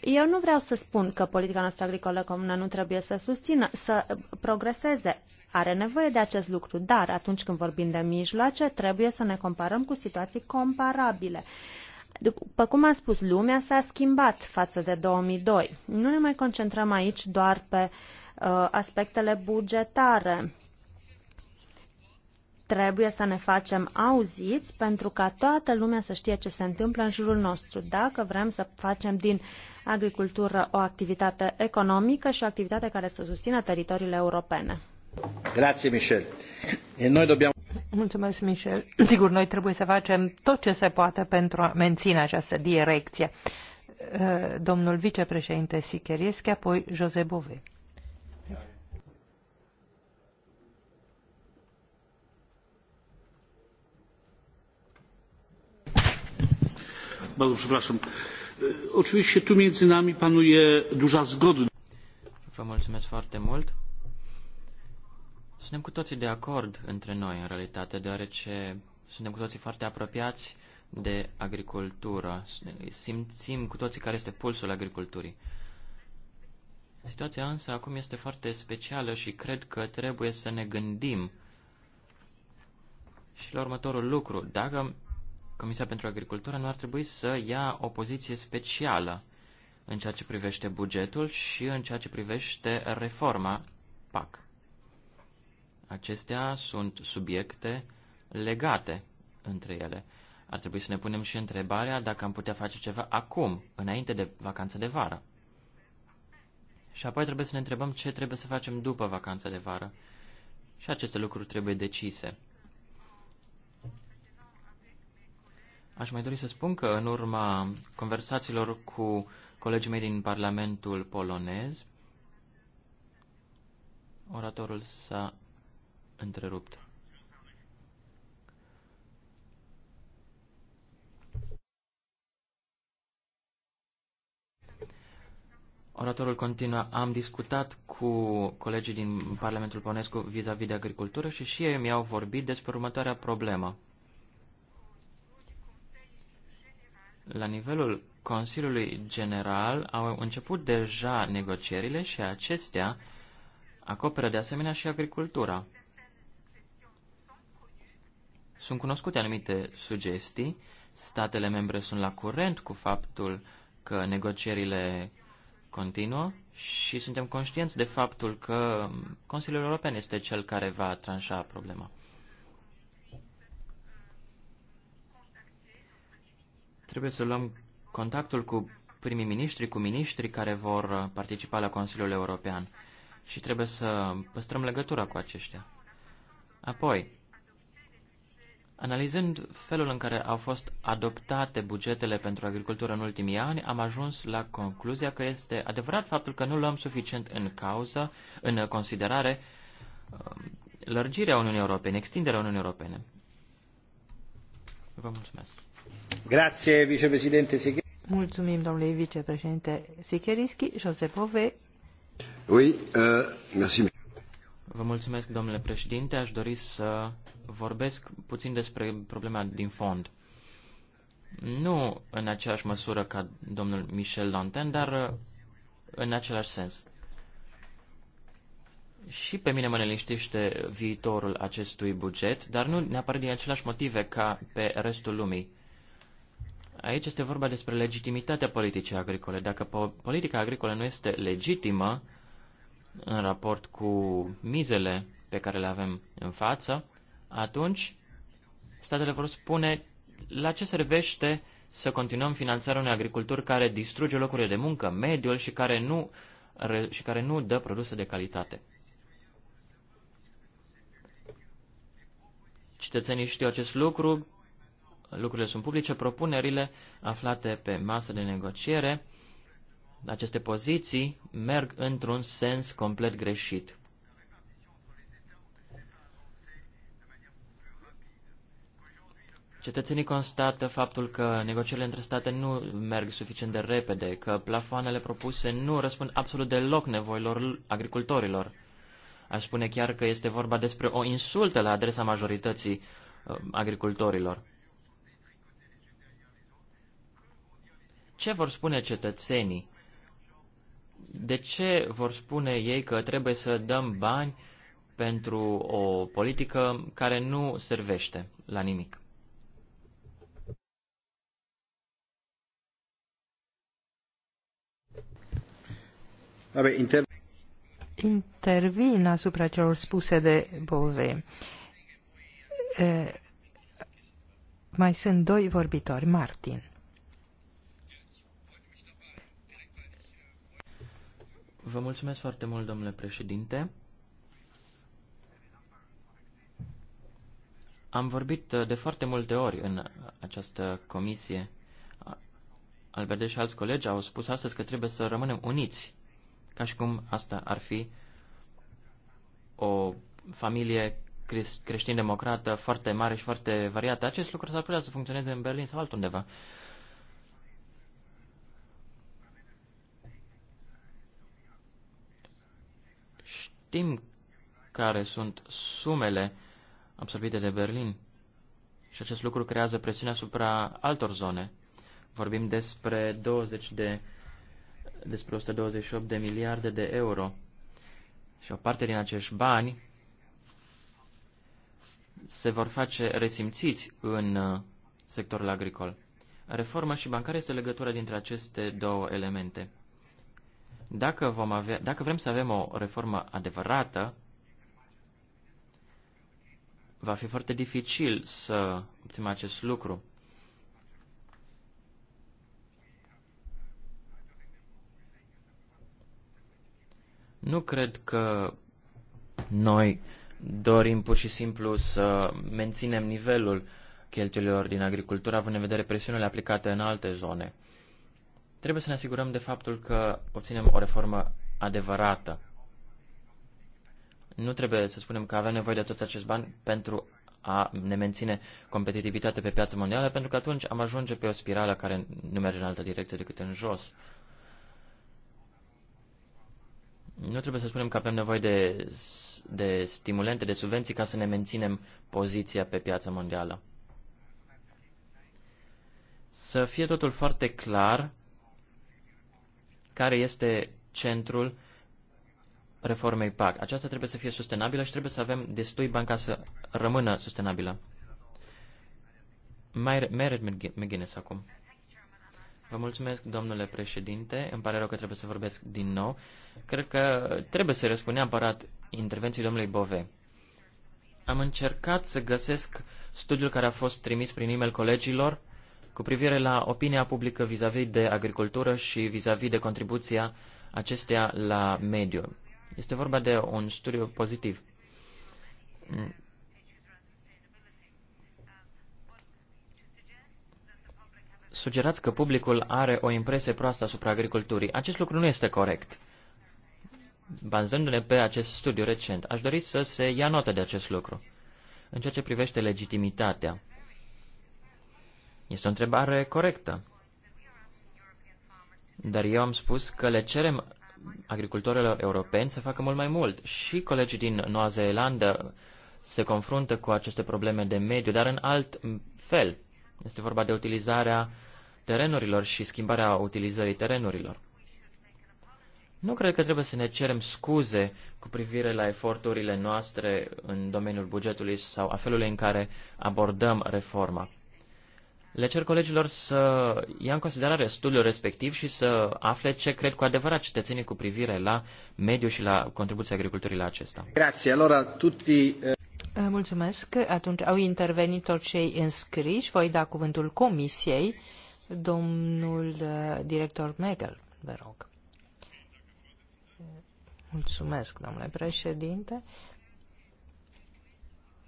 Eu nu vreau să spun că politica noastră agricolă comună nu trebuie să susțină, să progreseze are nevoie de acest lucru, dar atunci când vorbim de mijloace, trebuie să ne comparăm cu situații comparabile. După cum am spus, lumea s-a schimbat față de 2002. Nu ne mai concentrăm aici doar pe uh, aspectele bugetare. Trebuie să ne facem auziți pentru ca toată lumea să știe ce se întâmplă în jurul nostru. Dacă vrem să facem din agricultură o activitate economică și o activitate care să susțină teritoriile europene. Grazie, Michel. E noi dobbiamo... Mulțumesc, Michel. Sigur, noi trebuie să facem tot ce se poate pentru a menține această direcție. Uh, domnul vicepreședinte Sicherieschi, apoi Jose Bove. Vă mulțumesc foarte mult. Suntem cu toții de acord între noi, în realitate, deoarece suntem cu toții foarte apropiați de agricultură. Simțim cu toții care este pulsul agriculturii. Situația însă acum este foarte specială și cred că trebuie să ne gândim și la următorul lucru. Dacă Comisia pentru Agricultură nu ar trebui să ia o poziție specială în ceea ce privește bugetul și în ceea ce privește reforma PAC. Acestea sunt subiecte legate între ele. Ar trebui să ne punem și întrebarea dacă am putea face ceva acum, înainte de vacanța de vară. Și apoi trebuie să ne întrebăm ce trebuie să facem după vacanța de vară. Și aceste lucruri trebuie decise. Aș mai dori să spun că în urma conversațiilor cu colegii mei din Parlamentul polonez, oratorul s-a întrerupt. Oratorul continuă, am discutat cu colegii din Parlamentul Ponescu vis-a-vis -vis de agricultură și și ei mi-au vorbit despre următoarea problemă. La nivelul Consiliului General au început deja negocierile și acestea acoperă de asemenea și agricultura. Sunt cunoscute anumite sugestii, statele membre sunt la curent cu faptul că negocierile continuă și suntem conștienți de faptul că Consiliul European este cel care va tranșa problema. Trebuie să luăm contactul cu primii miniștri, cu miniștri care vor participa la Consiliul European și trebuie să păstrăm legătura cu aceștia. Apoi, Analizând felul în care au fost adoptate bugetele pentru agricultură în ultimii ani, am ajuns la concluzia că este adevărat faptul că nu luăm suficient în cauză, în considerare, um, lărgirea Uniunii Europene, extinderea Uniunii Europene. Vă mulțumesc. Grazie, vicepreședinte Sicherischi. Mulțumim, domnule vicepreședinte Sicherischi. Josepove. Oui, uh, merci. Vă mulțumesc, domnule președinte. Aș dori să vorbesc puțin despre problema din fond. Nu în aceeași măsură ca domnul Michel Lanten, dar uh, în același sens. Și pe mine mă neliniștește viitorul acestui buget, dar nu neapărat din aceleași motive ca pe restul lumii. Aici este vorba despre legitimitatea politicii agricole. Dacă politica agricolă nu este legitimă, în raport cu mizele pe care le avem în față, atunci statele vor spune la ce servește să continuăm finanțarea unei agriculturi care distruge locurile de muncă, mediul și care nu, și care nu dă produse de calitate. Cetățenii știu acest lucru, lucrurile sunt publice, propunerile aflate pe masă de negociere aceste poziții merg într-un sens complet greșit. Cetățenii constată faptul că negocierile între state nu merg suficient de repede, că plafoanele propuse nu răspund absolut deloc nevoilor agricultorilor. Aș spune chiar că este vorba despre o insultă la adresa majorității uh, agricultorilor. Ce vor spune cetățenii de ce vor spune ei că trebuie să dăm bani pentru o politică care nu servește la nimic? Intervin asupra celor spuse de Bove. Eh, mai sunt doi vorbitori. Martin. Vă mulțumesc foarte mult, domnule președinte. Am vorbit uh, de foarte multe ori în uh, această comisie. Alberde și alți colegi au spus astăzi că trebuie să rămânem uniți, ca și cum asta ar fi o familie creștin-democrată foarte mare și foarte variată. Acest lucru s-ar putea să funcționeze în Berlin sau altundeva. știm care sunt sumele absorbite de Berlin. Și acest lucru creează presiune asupra altor zone. Vorbim despre 20 de despre 128 de miliarde de euro. Și o parte din acești bani se vor face resimțiți în uh, sectorul agricol. Reforma și bancara este legătura dintre aceste două elemente. Dacă, vom avea, dacă vrem să avem o reformă adevărată, va fi foarte dificil să obținem acest lucru. Nu cred că noi dorim pur și simplu să menținem nivelul cheltuielor din agricultură, având în vedere presiunile aplicate în alte zone. Trebuie să ne asigurăm de faptul că obținem o reformă adevărată. Nu trebuie să spunem că avem nevoie de toți acești bani pentru a ne menține competitivitate pe piața mondială, pentru că atunci am ajunge pe o spirală care nu merge în altă direcție decât în jos. Nu trebuie să spunem că avem nevoie de, de stimulente, de subvenții ca să ne menținem poziția pe piața mondială. Să fie totul foarte clar care este centrul reformei PAC. Aceasta trebuie să fie sustenabilă și trebuie să avem destui bani ca să rămână sustenabilă. Merit McGuinness acum. Vă mulțumesc, domnule președinte. Îmi pare rău că trebuie să vorbesc din nou. Cred că trebuie să răspund neapărat intervenției domnului Bove. Am încercat să găsesc studiul care a fost trimis prin e-mail colegilor cu privire la opinia publică vis-a-vis -vis de agricultură și vis-a-vis -vis de contribuția acesteia la mediu. Este vorba de un studiu pozitiv. Sugerați că publicul are o impresie proastă asupra agriculturii. Acest lucru nu este corect. Bazându-ne pe acest studiu recent, aș dori să se ia notă de acest lucru. În ceea ce privește legitimitatea, este o întrebare corectă. Dar eu am spus că le cerem agricultorilor europeni să facă mult mai mult. Și colegii din Noua Zeelandă se confruntă cu aceste probleme de mediu, dar în alt fel. Este vorba de utilizarea terenurilor și schimbarea utilizării terenurilor. Nu cred că trebuie să ne cerem scuze cu privire la eforturile noastre în domeniul bugetului sau a felului în care abordăm reforma. Le cer colegilor să ia în considerare studiul respectiv și să afle ce cred cu adevărat cetățenii cu privire la mediu și la contribuția agriculturii la acesta. Grazie. Allora, tutti... Eh, Mulțumesc. Atunci au intervenit toți cei înscriși. Voi da cuvântul comisiei. Domnul eh, director Megel, vă rog. Mulțumesc, domnule președinte.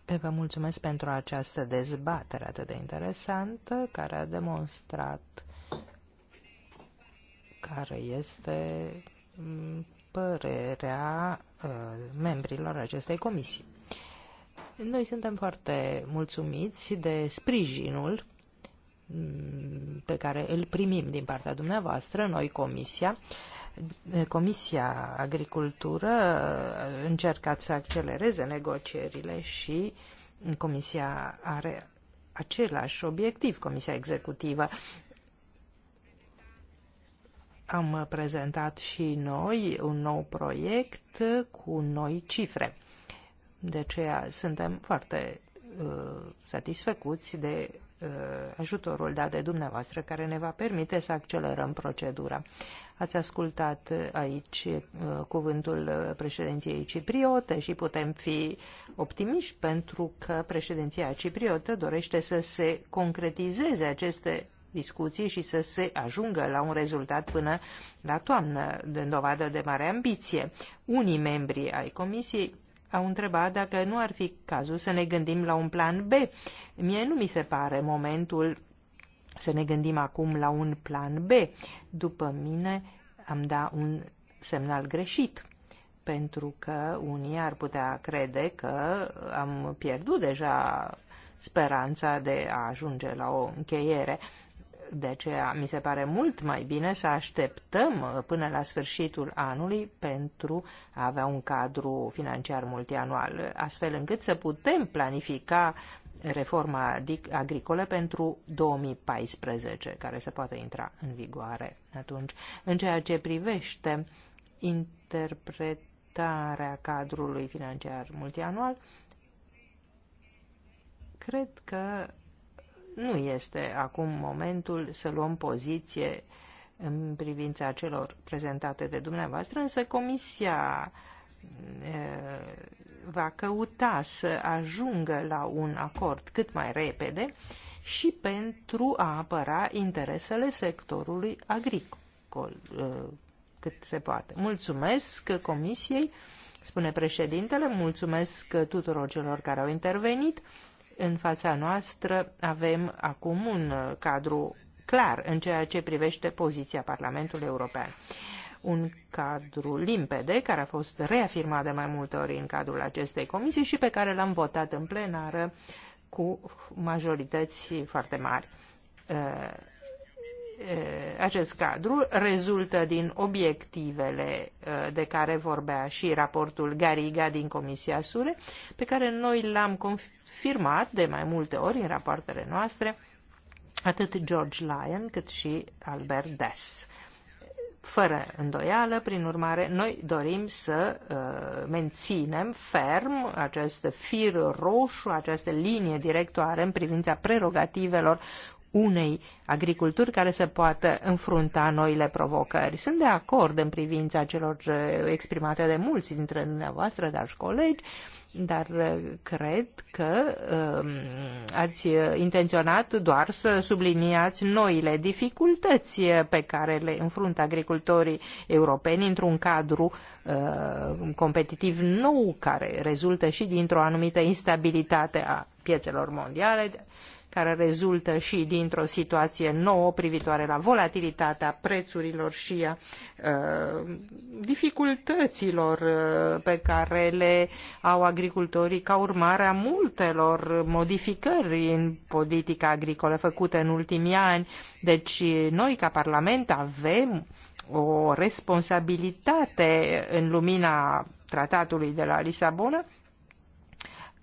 Vă mulțumesc pentru această dezbatere atât de interesantă, care a demonstrat care este mm, părerea ă, membrilor acestei comisii. Noi suntem foarte mulțumiți de sprijinul pe care îl primim din partea dumneavoastră, noi Comisia, Comisia Agricultură încercat să accelereze negocierile și Comisia are același obiectiv, Comisia Executivă. Am prezentat și noi un nou proiect cu noi cifre. De aceea suntem foarte uh, satisfăcuți de Uh, ajutorul dat de dumneavoastră care ne va permite să accelerăm procedura. Ați ascultat uh, aici uh, cuvântul președinției cipriote și putem fi optimiști pentru că președinția cipriotă dorește să se concretizeze aceste discuții și să se ajungă la un rezultat până la toamnă, de dovadă de mare ambiție. Unii membri ai Comisiei au întrebat dacă nu ar fi cazul să ne gândim la un plan B. Mie nu mi se pare momentul să ne gândim acum la un plan B. După mine am dat un semnal greșit pentru că unii ar putea crede că am pierdut deja speranța de a ajunge la o încheiere. De aceea mi se pare mult mai bine să așteptăm până la sfârșitul anului pentru a avea un cadru financiar multianual, astfel încât să putem planifica reforma agricolă pentru 2014, care se poate intra în vigoare atunci. În ceea ce privește interpretarea cadrului financiar multianual, cred că nu este acum momentul să luăm poziție în privința celor prezentate de dumneavoastră, însă Comisia va căuta să ajungă la un acord cât mai repede și pentru a apăra interesele sectorului agricol cât se poate. Mulțumesc Comisiei, spune președintele, mulțumesc tuturor celor care au intervenit în fața noastră avem acum un uh, cadru clar în ceea ce privește poziția Parlamentului European. Un cadru limpede care a fost reafirmat de mai multe ori în cadrul acestei comisii și pe care l-am votat în plenară cu majorități foarte mari uh, acest cadru rezultă din obiectivele uh, de care vorbea și raportul Gariga din Comisia Sure, pe care noi l-am confirmat de mai multe ori în rapoartele noastre, atât George Lyon cât și Albert Dess. Fără îndoială, prin urmare, noi dorim să uh, menținem ferm acest fir roșu, această linie directoare în privința prerogativelor unei agriculturi care să poată înfrunta noile provocări. Sunt de acord în privința celor eh, exprimate de mulți dintre dumneavoastră, dar și colegi, dar eh, cred că um, ați eh, intenționat doar să subliniați noile dificultăți pe care le înfruntă agricultorii europeni într-un cadru uh, competitiv nou care rezultă și dintr-o anumită instabilitate a piețelor mondiale, care rezultă și dintr-o situație nouă privitoare la volatilitatea prețurilor și a uh, dificultăților uh, pe care le au agricultorii ca urmare a multelor modificări în politica agricolă făcute în ultimii ani. Deci noi ca Parlament avem o responsabilitate în lumina tratatului de la Lisabona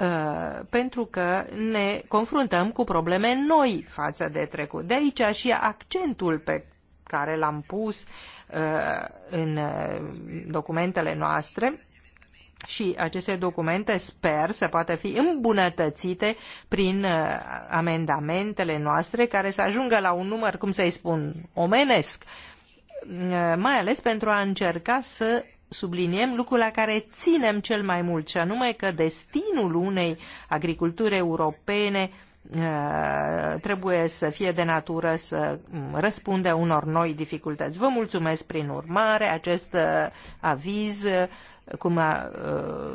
Uh, pentru că ne confruntăm cu probleme noi față de trecut. De aici și accentul pe care l-am pus uh, în uh, documentele noastre și aceste documente sper să poată fi îmbunătățite prin amendamentele noastre care să ajungă la un număr, cum să-i spun, omenesc, mai ales pentru a încerca să subliniem lucrul la care ținem cel mai mult, și anume că destinul unei agriculturi europene uh, trebuie să fie de natură să mm, răspundă unor noi dificultăți. Vă mulțumesc prin urmare acest uh, aviz uh, cum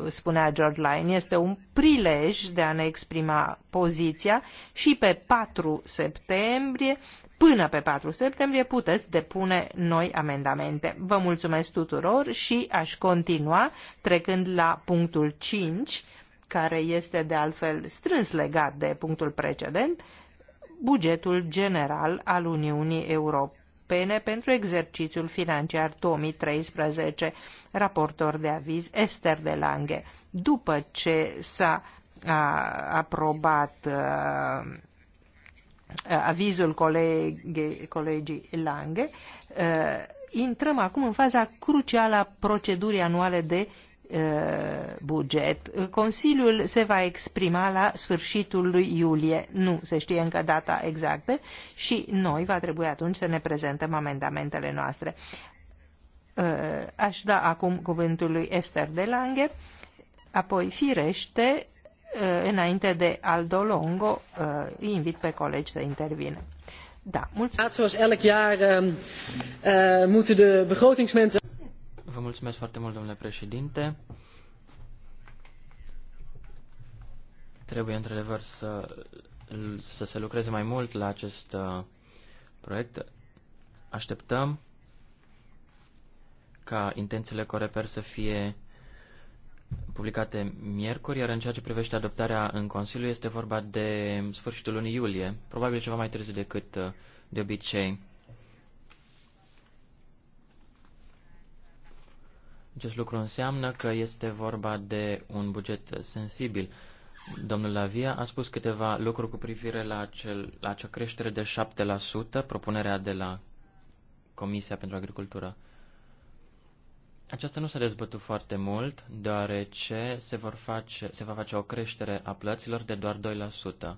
spunea George Line, este un prilej de a ne exprima poziția și pe 4 septembrie Până pe 4 septembrie puteți depune noi amendamente. Vă mulțumesc tuturor și aș continua trecând la punctul 5, care este de altfel strâns legat de punctul precedent, bugetul general al Uniunii Europene pentru exercițiul financiar 2013, raportor de aviz Ester de Lange. După ce s-a aprobat uh, Eh, avizul colegii, Lange, eh, intrăm acum în faza crucială a procedurii anuale de eh, buget. Consiliul se va exprima la sfârșitul lui iulie, nu se știe încă data exactă și noi va trebui atunci să ne prezentăm amendamentele noastre. Aș da acum cuvântul lui Esther de Lange, apoi firește Uh, înainte de Aldo Longo, uh, îi invit pe colegi să intervină. Da, mulțumesc. Um, uh, de Vă mulțumesc foarte mult, domnule președinte. Trebuie, într-adevăr, să, să se lucreze mai mult la acest proiect. Așteptăm ca intențiile Coreper să fie publicate miercuri, iar în ceea ce privește adoptarea în Consiliu este vorba de sfârșitul lunii iulie, probabil ceva mai târziu decât uh, de obicei. Acest lucru înseamnă că este vorba de un buget sensibil. Domnul Lavia a spus câteva lucruri cu privire la, cel, la acea creștere de 7%, propunerea de la Comisia pentru Agricultură. Aceasta nu s-a dezbătut foarte mult, deoarece se, vor face, se va face o creștere a plăților de doar 2%.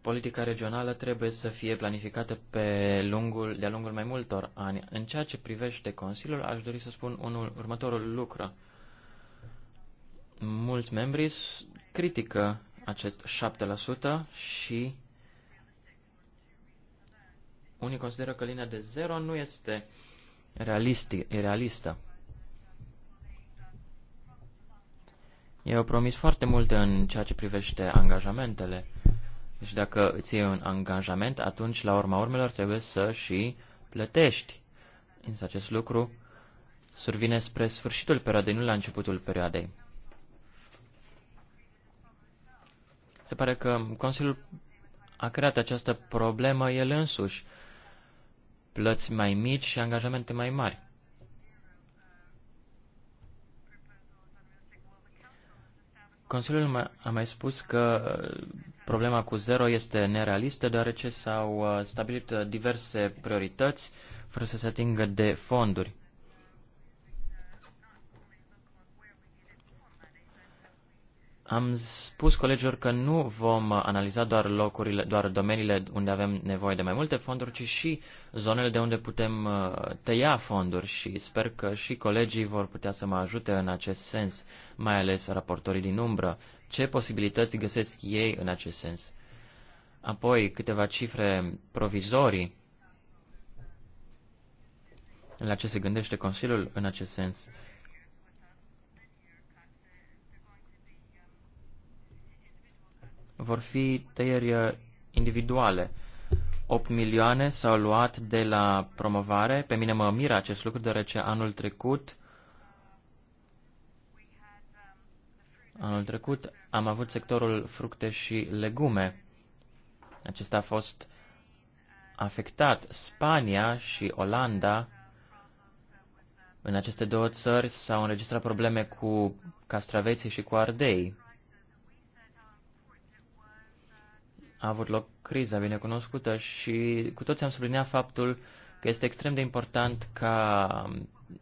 politica regională trebuie să fie planificată pe lungul, de-a lungul mai multor ani. În ceea ce privește Consiliul, aș dori să spun unul, următorul lucru. Mulți membri critică acest 7% și unii consideră că linia de 0 nu este realistă. Ei au promis foarte multe în ceea ce privește angajamentele. Deci dacă îți iei un angajament, atunci la urma urmelor trebuie să și plătești. Însă acest lucru survine spre sfârșitul perioadei, nu la începutul perioadei. Se pare că Consiliul a creat această problemă el însuși. Plăți mai mici și angajamente mai mari. Consiliul a mai spus că uh, problema cu zero este nerealistă, deoarece s-au uh, stabilit uh, diverse priorități fără să se atingă de fonduri. Am spus colegilor că nu vom analiza doar locurile, doar domeniile unde avem nevoie de mai multe fonduri, ci și zonele de unde putem uh, tăia fonduri și sper că și colegii vor putea să mă ajute în acest sens, mai ales raportorii din umbră. Ce posibilități găsesc ei în acest sens? Apoi câteva cifre provizorii. La ce se gândește Consiliul în acest sens? vor fi tăieri uh, individuale. 8 milioane s-au luat de la promovare. Pe mine mă miră acest lucru, deoarece anul trecut anul trecut am avut sectorul fructe și legume. Acesta a fost afectat. Spania și Olanda, în aceste două țări, s-au înregistrat probleme cu castraveții și cu ardei. a avut loc criza binecunoscută și cu toți am subliniat faptul că este extrem de important ca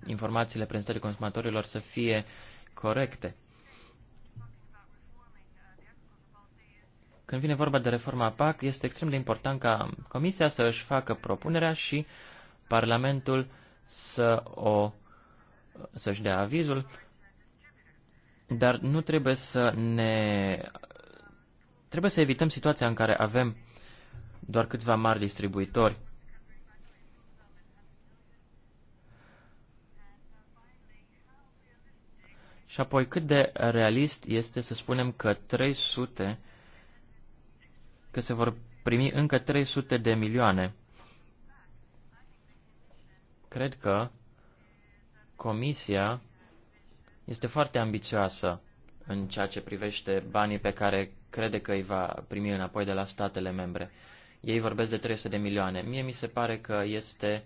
informațiile prezentate consumatorilor să fie corecte. Când vine vorba de reforma PAC, este extrem de important ca Comisia să își facă propunerea și Parlamentul să o, să-și dea avizul, dar nu trebuie să ne Trebuie să evităm situația în care avem doar câțiva mari distribuitori. Și apoi, cât de realist este să spunem că 300, că se vor primi încă 300 de milioane? Cred că Comisia este foarte ambițioasă în ceea ce privește banii pe care crede că îi va primi înapoi de la statele membre. Ei vorbesc de 300 de milioane. Mie mi se pare că este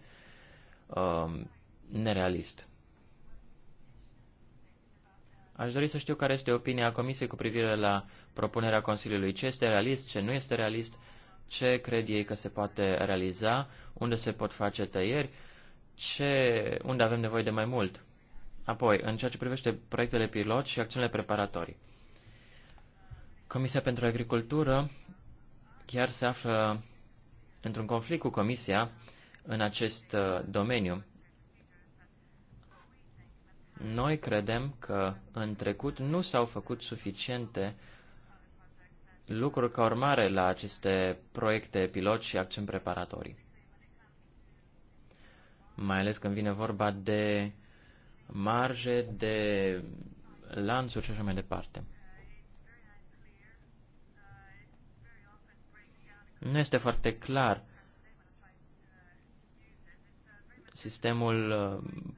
uh, nerealist. Aș dori să știu care este opinia Comisiei cu privire la propunerea Consiliului. Ce este realist, ce nu este realist, ce cred ei că se poate realiza, unde se pot face tăieri, ce, unde avem nevoie de mai mult. Apoi, în ceea ce privește proiectele pilot și acțiunile preparatorii. Comisia pentru Agricultură chiar se află într-un conflict cu Comisia în acest uh, domeniu. Noi credem că în trecut nu s-au făcut suficiente lucruri ca urmare la aceste proiecte pilot și acțiuni preparatorii. Mai ales când vine vorba de marje, de lanțuri și așa mai departe. Nu este foarte clar. Sistemul uh,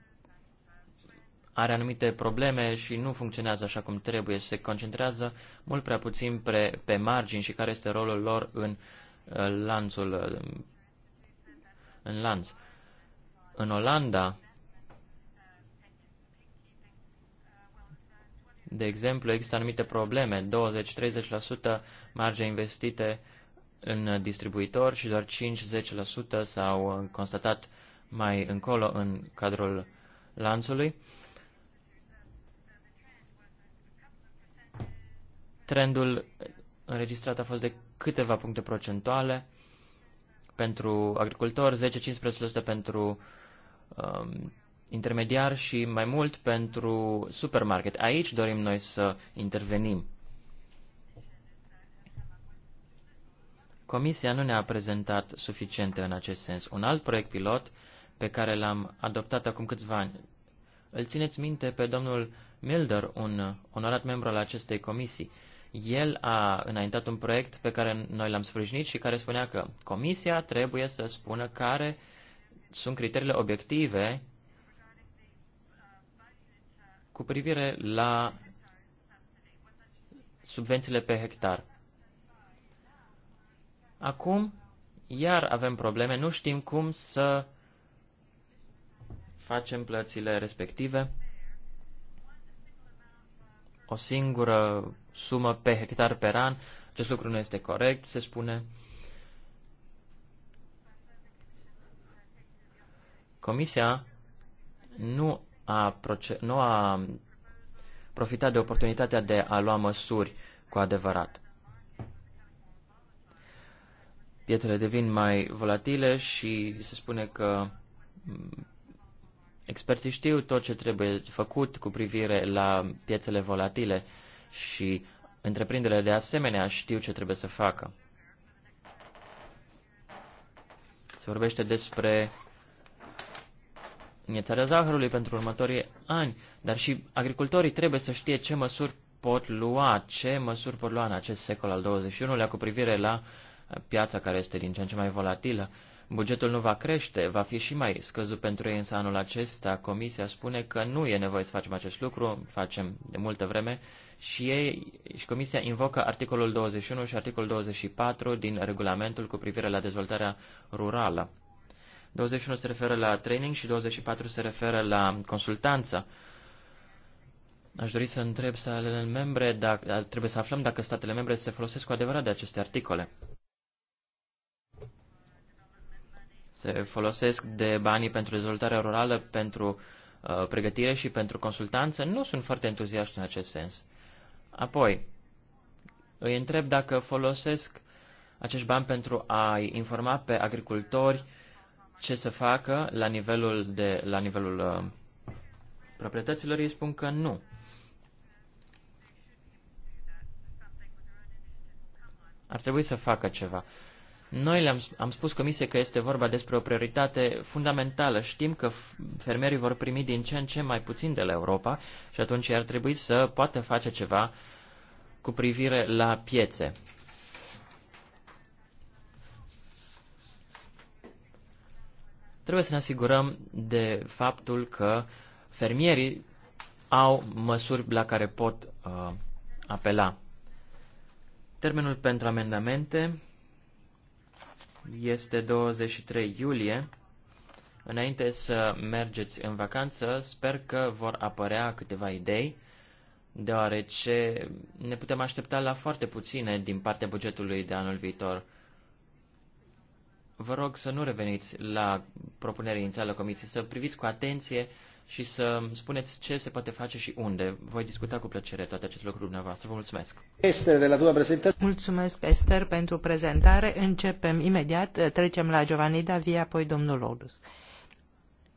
are anumite probleme și nu funcționează așa cum trebuie și se concentrează mult prea puțin pe, pe margini și care este rolul lor în uh, lanțul uh, în lanț. În Olanda, de exemplu, există anumite probleme, 20-30% marge investite uh, în distribuitor și doar 5-10% s-au uh, constatat mai încolo în cadrul lanțului. Trendul înregistrat a fost de câteva puncte procentuale pentru agricultori, 10-15% pentru um, intermediar și mai mult pentru supermarket. Aici dorim noi să intervenim. Comisia nu ne-a prezentat suficiente în acest sens. Un alt proiect pilot pe care l-am adoptat acum câțiva ani, îl țineți minte pe domnul Milder, un onorat membru al acestei comisii. El a înaintat un proiect pe care noi l-am sprijinit și care spunea că comisia trebuie să spună care sunt criteriile obiective cu privire la subvențiile pe hectar. Acum, iar avem probleme, nu știm cum să facem plățile respective. O singură sumă pe hectar per an, acest lucru nu este corect, se spune. Comisia nu a, proce- nu a profitat de oportunitatea de a lua măsuri cu adevărat piețele devin mai volatile și se spune că mm, experții știu tot ce trebuie făcut cu privire la piețele volatile și întreprinderile de asemenea știu ce trebuie să facă. Se vorbește despre înghețarea zahărului pentru următorii ani, dar și agricultorii trebuie să știe ce măsuri pot lua, ce măsuri pot lua în acest secol al 21 lea cu privire la piața care este din ce în ce mai volatilă. Bugetul nu va crește, va fi și mai scăzut pentru ei, însă anul acesta Comisia spune că nu e nevoie să facem acest lucru, facem de multă vreme, și, ei, și Comisia invocă articolul 21 și articolul 24 din regulamentul cu privire la dezvoltarea rurală. 21 se referă la training și 24 se referă la consultanță. Aș dori să întreb statele membre dacă, trebuie să aflăm dacă statele membre se folosesc cu adevărat de aceste articole. Se folosesc de banii pentru dezvoltarea rurală, pentru uh, pregătire și pentru consultanță. Nu sunt foarte entuziaști în acest sens. Apoi, îi întreb dacă folosesc acești bani pentru a informa pe agricultori ce să facă la nivelul, de, la nivelul uh, proprietăților, ei spun că nu. Ar trebui să facă ceva. Noi le-am am spus comisie că este vorba despre o prioritate fundamentală. Știm că fermierii vor primi din ce în ce mai puțin de la Europa și atunci ar trebui să poată face ceva cu privire la piețe. Trebuie să ne asigurăm de faptul că fermierii au măsuri la care pot uh, apela. Termenul pentru amendamente este 23 iulie. Înainte să mergeți în vacanță, sper că vor apărea câteva idei, deoarece ne putem aștepta la foarte puține din partea bugetului de anul viitor. Vă rog să nu reveniți la propunerea inițială comisiei, să priviți cu atenție uh, și să spuneți ce se poate face și unde. Voi discuta cu plăcere toate aceste lucruri dumneavoastră. Vă mulțumesc. Esther, de la tua prezentare. Mulțumesc, Esther, pentru prezentare. Începem imediat. Trecem la Giovanni Davia, apoi domnul Rodus.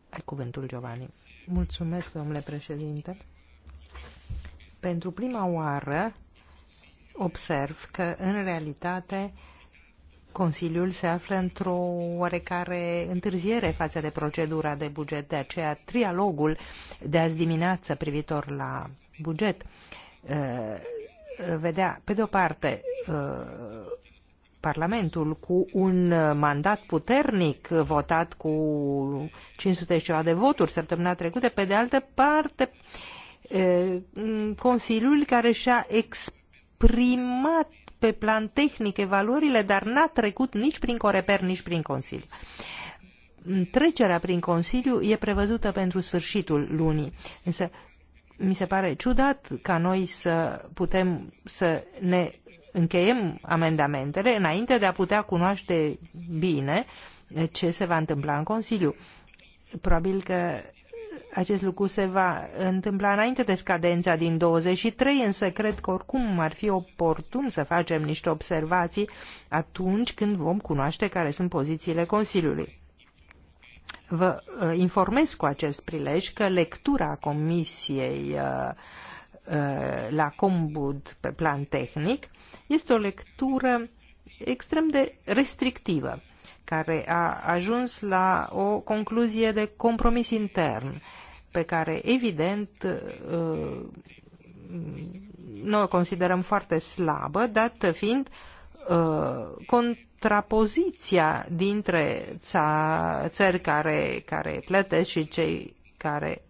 Ai cuvântul, Giovanni. Mulțumesc, domnule președinte. Pentru prima oară observ că, în realitate, uh, Consiliul se află într-o oarecare întârziere față de procedura de buget, de aceea trialogul de azi dimineață privitor la buget eh, vedea, pe de o parte, eh, Parlamentul cu un mandat puternic votat cu 500 și ceva de voturi săptămâna trecută, pe de altă parte, eh, Consiliul care și-a exprimat pe plan tehnic evaluările, dar n-a trecut nici prin Coreper, nici prin Consiliu. Trecerea prin Consiliu e prevăzută pentru sfârșitul lunii, însă mi se pare ciudat ca noi să putem să ne încheiem amendamentele înainte de a putea cunoaște bine ce se va întâmpla în Consiliu. Probabil că acest lucru se va întâmpla înainte de scadența din 23, însă cred că oricum ar fi oportun să facem niște observații atunci când vom cunoaște care sunt pozițiile Consiliului. Vă uh, informez cu acest prilej că lectura Comisiei uh, uh, la Combud pe plan tehnic este o lectură extrem de restrictivă care a ajuns la o concluzie de compromis intern, pe care, evident, uh, noi o considerăm foarte slabă, dat fiind uh, contrapoziția dintre țări care, care plătesc și cei care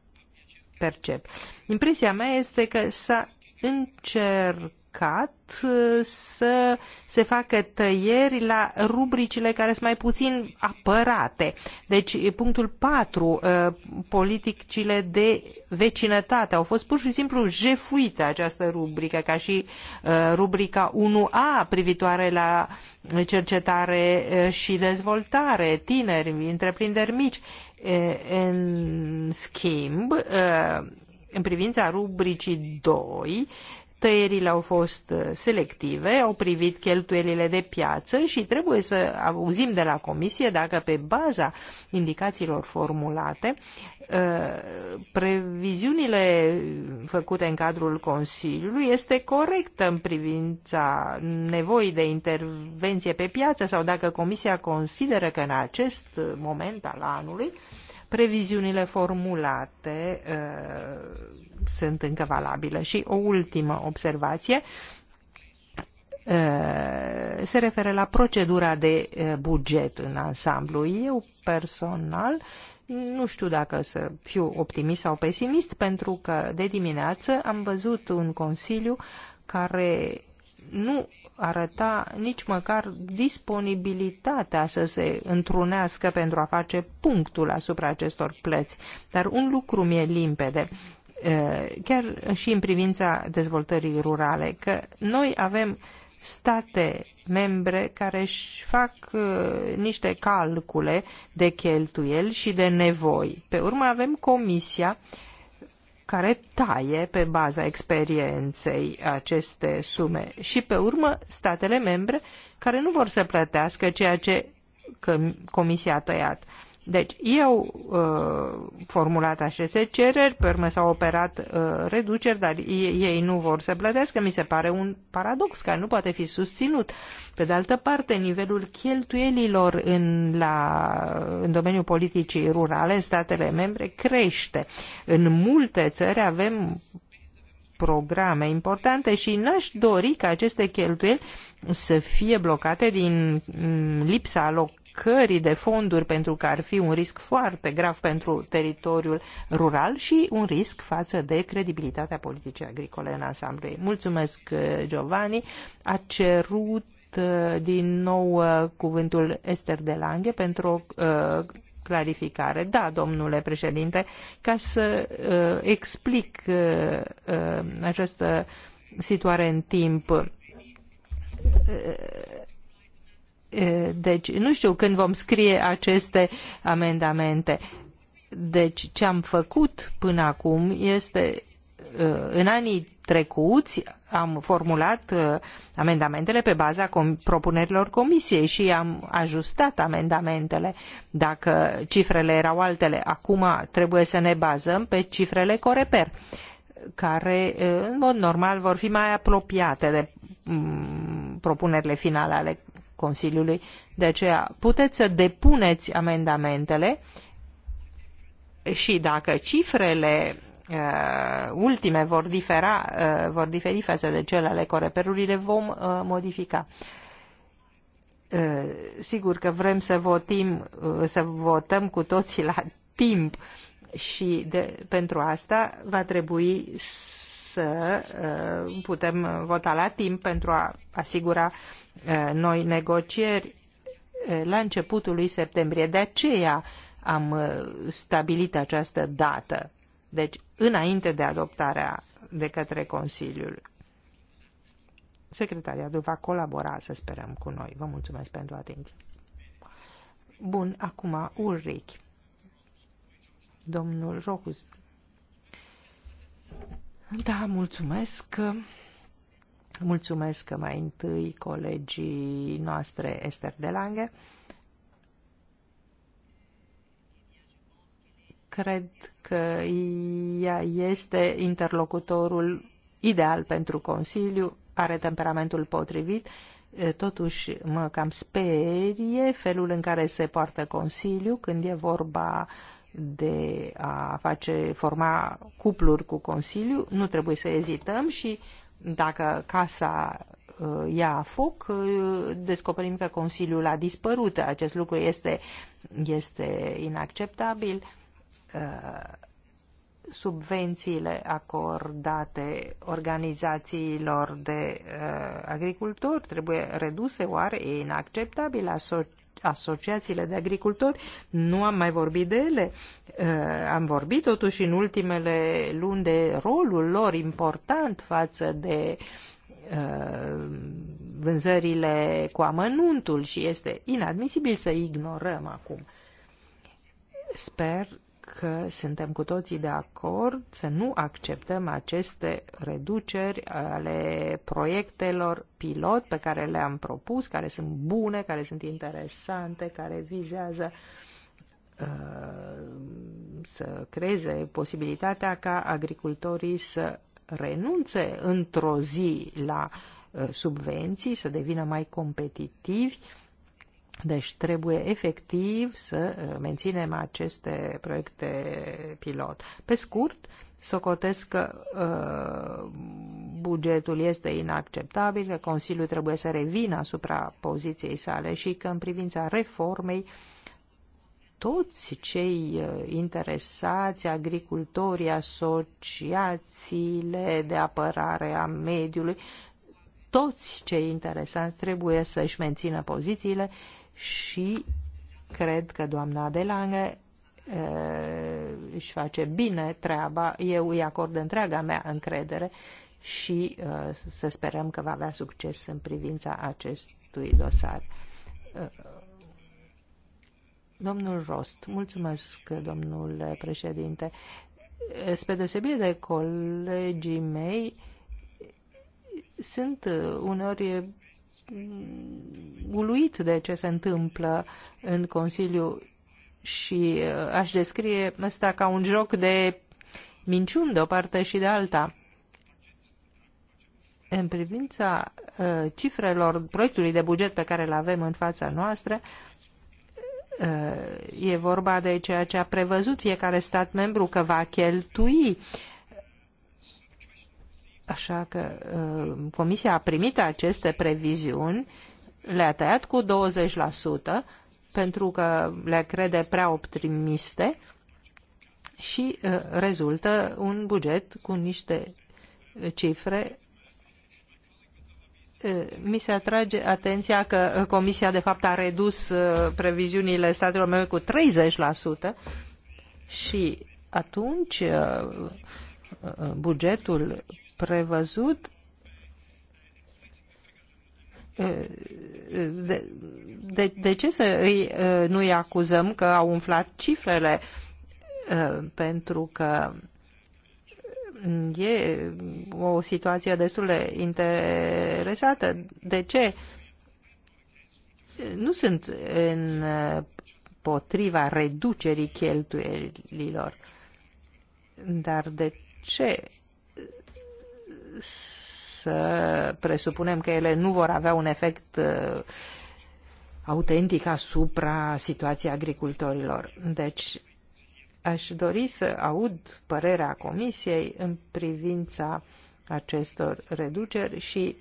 percep. Impresia mea este că s-a încercat păcat uh, să se facă tăieri la rubricile care sunt mai puțin apărate. Deci, punctul 4, uh, politicile de vecinătate au fost pur și simplu jefuite această rubrică, ca și uh, rubrica 1A privitoare la cercetare și dezvoltare, tineri, întreprinderi mici. În schimb, în privința rubricii 2, tăierile au fost uh, selective, au privit cheltuielile de piață și trebuie să auzim de la comisie dacă pe baza indicațiilor formulate uh, previziunile făcute în cadrul Consiliului este corectă în privința nevoii de intervenție pe piață sau dacă Comisia consideră că în acest moment al anului previziunile formulate uh, sunt încă valabile. Și o ultimă observație se referă la procedura de buget în ansamblu. Eu personal nu știu dacă să fiu optimist sau pesimist, pentru că de dimineață am văzut un consiliu care nu arăta nici măcar disponibilitatea să se întrunească pentru a face punctul asupra acestor plăți. Dar un lucru mi-e limpede. Eh, chiar și în privința dezvoltării rurale, că noi avem state membre care își fac uh, niște calcule de cheltuieli și de nevoi. Pe urmă avem comisia care taie pe baza experienței aceste sume și pe urmă statele membre care nu vor să plătească ceea ce comisia a tăiat. Uh, deci eu uh, formulat aceste cereri, pe urmă s-au operat uh, reduceri, dar ei, ei nu vor să plătească. Mi se pare un paradox care nu poate fi susținut. Pe de altă parte, nivelul cheltuielilor în, la, în domeniul politicii rurale în statele membre crește. În multe țări avem programe importante și n-aș dori ca aceste cheltuieli să fie blocate din mm, lipsa loc alocării de fonduri pentru că ar fi un risc foarte grav pentru teritoriul rural și un risc față de credibilitatea politicii agricole în ansamblu Mulțumesc, uh, Giovanni. A cerut uh, din nou uh, cuvântul Ester de Lange pentru o clarificare. Da, domnule președinte, ca să explic această situare în timp deci, nu știu când vom scrie aceste amendamente. Deci, ce am făcut până acum este, în anii trecuți, am formulat amendamentele pe baza propunerilor comisiei și am ajustat amendamentele. Dacă cifrele erau altele, acum trebuie să ne bazăm pe cifrele Coreper care în mod normal vor fi mai apropiate de propunerile finale ale Consiliului. De aceea puteți să depuneți amendamentele și dacă cifrele uh, ultime vor, difera, uh, vor diferi față de cele ale coreperului, le vom uh, modifica. Uh, sigur că vrem să, votim, uh, să votăm cu toții la timp și de, pentru asta va trebui să uh, putem vota la timp pentru a asigura Eh, noi negocieri eh, la începutul lui septembrie. De aceea am eh, stabilit această dată, deci înainte de adoptarea de către Consiliul. Secretariatul va colabora, să sperăm, cu noi. Vă mulțumesc pentru atenție. Bun, acum Ulrich. Domnul Rocus. Da, mulțumesc. Mulțumesc mai întâi colegii noastre Esther de Lange. Cred că ea este interlocutorul ideal pentru Consiliu, are temperamentul potrivit, totuși mă cam sperie felul în care se poartă Consiliu când e vorba de a face forma cupluri cu Consiliu, nu trebuie să ezităm și dacă casa uh, ia foc, uh, descoperim că Consiliul a dispărut. Acest lucru este, este inacceptabil. Uh, subvențiile acordate organizațiilor de agricultori trebuie reduse, oare e inacceptabil. Aso- asociațiile de agricultori, nu am mai vorbit de ele. Uh, am vorbit totuși în ultimele luni de rolul lor important față de uh, vânzările cu amănuntul și este inadmisibil să ignorăm acum. Sper că suntem cu toții de acord să nu acceptăm aceste reduceri ale proiectelor pilot pe care le-am propus, care sunt bune, care sunt interesante, care vizează uh, să creeze posibilitatea ca agricultorii să renunțe într-o zi la uh, subvenții, să devină mai competitivi uh, deci trebuie efectiv să uh, menținem aceste proiecte pilot. Pe scurt, socotesc că uh, bugetul este inacceptabil, că Consiliul trebuie să revină asupra poziției sale și că în privința reformei toți cei uh, interesați, agricultorii, asociațiile de apărare a mediului, toți cei interesați trebuie să-și mențină pozițiile uh, și cred că doamna Adelange își face bine treaba, eu îi acord întreaga mea încredere și să sperăm că va avea succes în privința acestui dosar. Domnul Rost, mulțumesc, domnule președinte. Spre deosebire de colegii mei, sunt uneori uluit de ce se întâmplă în Consiliu și uh, aș descrie asta ca un joc de minciuni de o parte și de alta. În privința uh, cifrelor proiectului de buget pe care îl avem în fața noastră, uh, e vorba de ceea ce a prevăzut fiecare stat membru că va cheltui Așa că uh, Comisia a primit aceste previziuni, le-a tăiat cu 20% pentru că le crede prea optimiste și uh, rezultă un buget cu niște cifre uh, mi se atrage atenția că Comisia de fapt a redus previziunile statelor membre cu 30% și atunci bugetul prevăzut de, de, de ce să îi, nu îi acuzăm că au umflat cifrele? Pentru că e o situație destul de interesată. De ce? Nu sunt în potriva reducerii cheltuielilor. Dar de ce să presupunem că ele nu vor avea un efect uh, autentic asupra situației agricultorilor. Deci, aș dori să aud părerea Comisiei în privința acestor reduceri și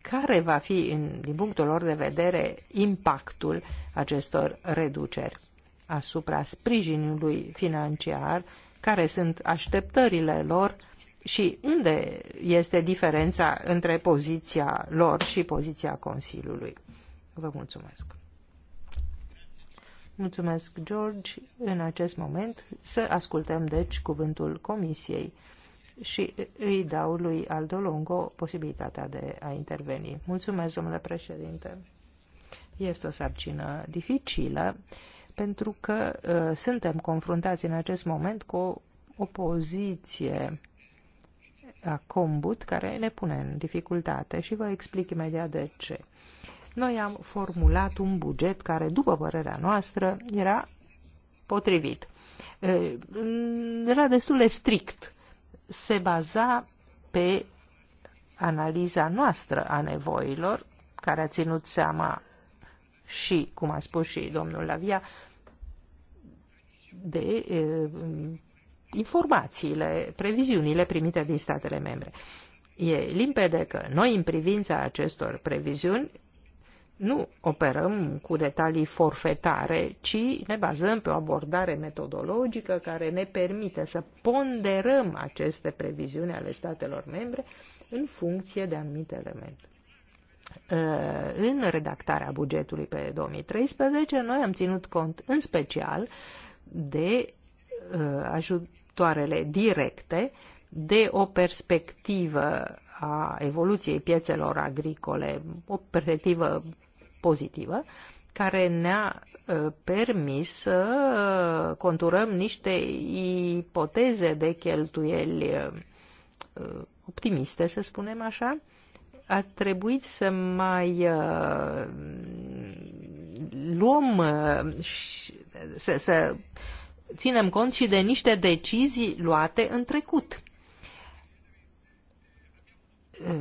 care va fi, din punctul lor de vedere, impactul acestor reduceri asupra sprijinului financiar, care sunt așteptările lor și unde este diferența între poziția lor și poziția Consiliului. Vă mulțumesc. Mulțumesc, George. În acest moment să ascultăm, deci, cuvântul Comisiei și îi dau lui Aldo Longo posibilitatea de a interveni. Mulțumesc, domnule președinte. Este o sarcină dificilă pentru că uh, suntem confruntați în acest moment cu o opoziție a da, Combut, care ne pune în dificultate și vă explic imediat de ce. Noi am formulat un buget care, după părerea noastră, era potrivit. Era destul de strict. Se baza pe analiza noastră a nevoilor, care a ținut seama și, cum a spus și domnul Lavia, de informațiile, previziunile primite din statele membre. E limpede că noi, în privința acestor previziuni, nu operăm cu detalii forfetare, ci ne bazăm pe o abordare metodologică care ne permite să ponderăm aceste previziuni ale statelor membre în funcție de anumite elemente. Ă, în redactarea bugetului pe 2013, noi am ținut cont în special de ă, sectoarele directe de o perspectivă a evoluției piețelor agricole, o perspectivă pozitivă, care ne-a ă, permis să conturăm niște ipoteze de cheltuieli ă, optimiste, să spunem așa, a trebuit să mai uh, luăm uh, și, să, să ținem cont și de niște decizii luate în trecut. Ă,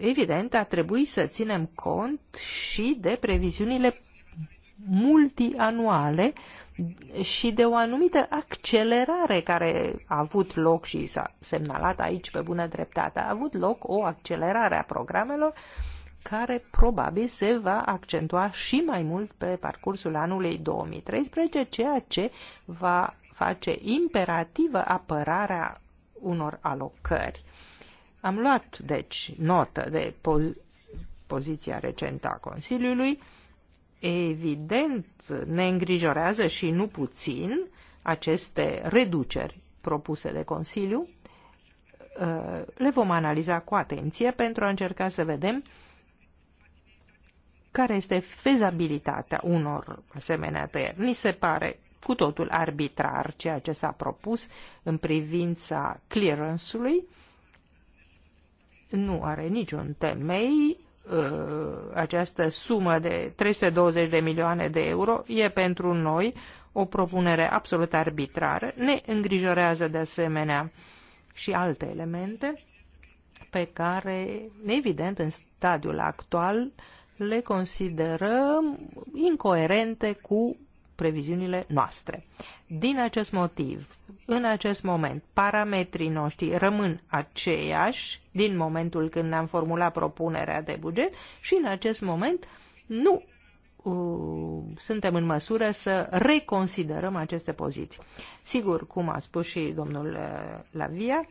evident, a trebuit să ținem cont și de previziunile multianuale și de o anumită accelerare care a avut loc și s-a semnalat aici pe bună dreptate, a avut loc o accelerare a programelor uh, care probabil se va accentua și mai mult pe parcursul anului 2013, ceea ce va face imperativă apărarea unor alocări. Am luat, deci, notă de po- poziția recentă a Consiliului. Evident, ne îngrijorează și nu puțin aceste reduceri propuse de Consiliu. Uh, le vom analiza cu atenție pentru a încerca să vedem uh, care este fezabilitatea unor asemenea tăieri. Ni se pare cu totul arbitrar ceea ce s-a propus în privința clearance-ului. Nu are niciun temei. Uh, această sumă de 320 de milioane de euro e pentru noi o propunere absolut arbitrară. Ne îngrijorează de asemenea și alte elemente pe care, evident, în stadiul actual le considerăm incoerente cu previziunile noastre. Din acest motiv, în acest moment, parametrii noștri rămân aceiași din momentul când am formulat propunerea de buget și în acest moment nu uh, suntem în măsură să reconsiderăm aceste poziții. Sigur, cum a spus și domnul uh, Lavia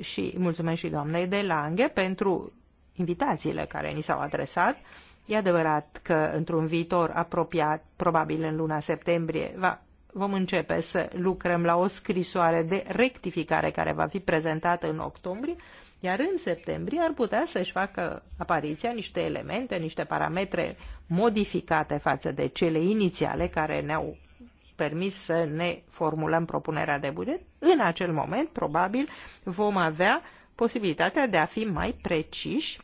și mulțumesc și doamnei de Lange pentru invitațiile care ni s-au adresat, uh, E adevărat că într-un viitor apropiat, probabil în luna septembrie, va, vom începe să lucrăm la o scrisoare de rectificare care va fi prezentată în octombrie, iar în septembrie ar putea să-și facă apariția niște elemente, niște parametre modificate față de cele inițiale care ne-au permis să ne formulăm propunerea de buget. În acel moment, probabil, vom avea posibilitatea de a fi mai preciși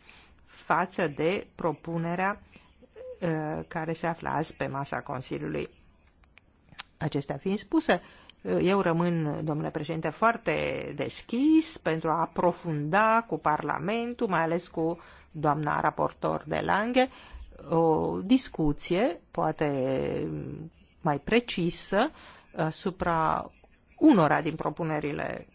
față de propunerea uh, care se află azi pe masa Consiliului. Acestea fiind spuse, uh, eu rămân, domnule președinte, foarte deschis pentru a aprofunda cu Parlamentul, mai ales cu doamna raportor de Lange, o discuție, poate mai precisă, asupra unora din propunerile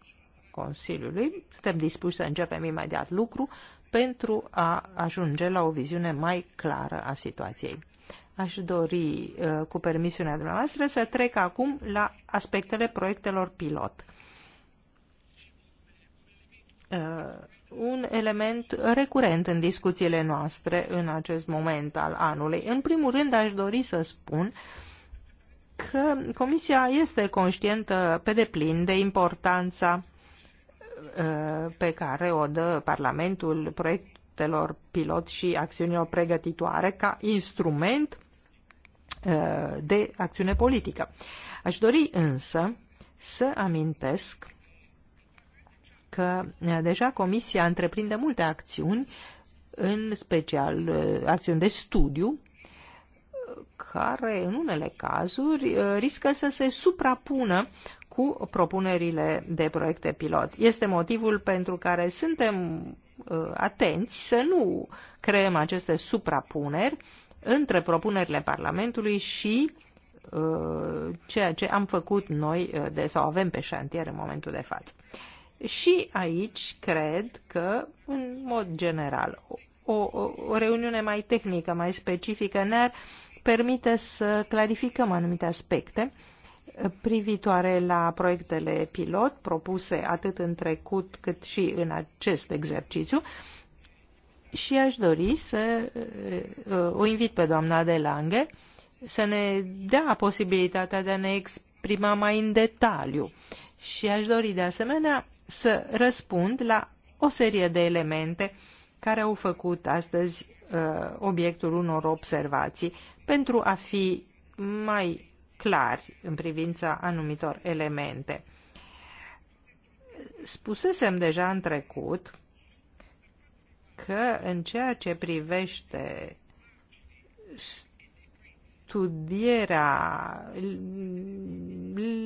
Consiliului. Suntem dispuși să începem imediat lucru pentru a ajunge la o viziune mai clară a situației. Aș dori, uh, cu permisiunea dumneavoastră, să trec acum la aspectele proiectelor pilot. Uh, un element recurent în discuțiile noastre în acest moment al anului. În primul rând, aș dori să spun că Comisia este conștientă pe deplin de importanța Uh, pe care o dă Parlamentul proiectelor pilot și acțiunilor pregătitoare ca instrument uh, de acțiune politică. Aș dori însă să amintesc că uh, deja Comisia întreprinde multe acțiuni, în special acțiuni de studiu, care în unele cazuri riscă să se suprapună cu propunerile de proiecte pilot. Este motivul pentru care suntem uh, atenți să nu creăm aceste suprapuneri între propunerile Parlamentului și uh, ceea ce am făcut noi uh, de, sau avem pe șantier în momentul de față. Și aici cred că, în mod general, o, o, o reuniune mai tehnică, mai specifică ne-ar permite să clarificăm anumite aspecte privitoare la proiectele pilot propuse atât în trecut cât și în acest exercițiu și aș dori să uh, uh, o invit pe doamna de Lange să ne dea posibilitatea de a ne exprima mai în detaliu și aș dori de asemenea să răspund la o serie de elemente care au făcut astăzi uh, obiectul unor observații pentru a fi mai clari în privința anumitor elemente. Spusesem deja în trecut că în ceea ce privește studierea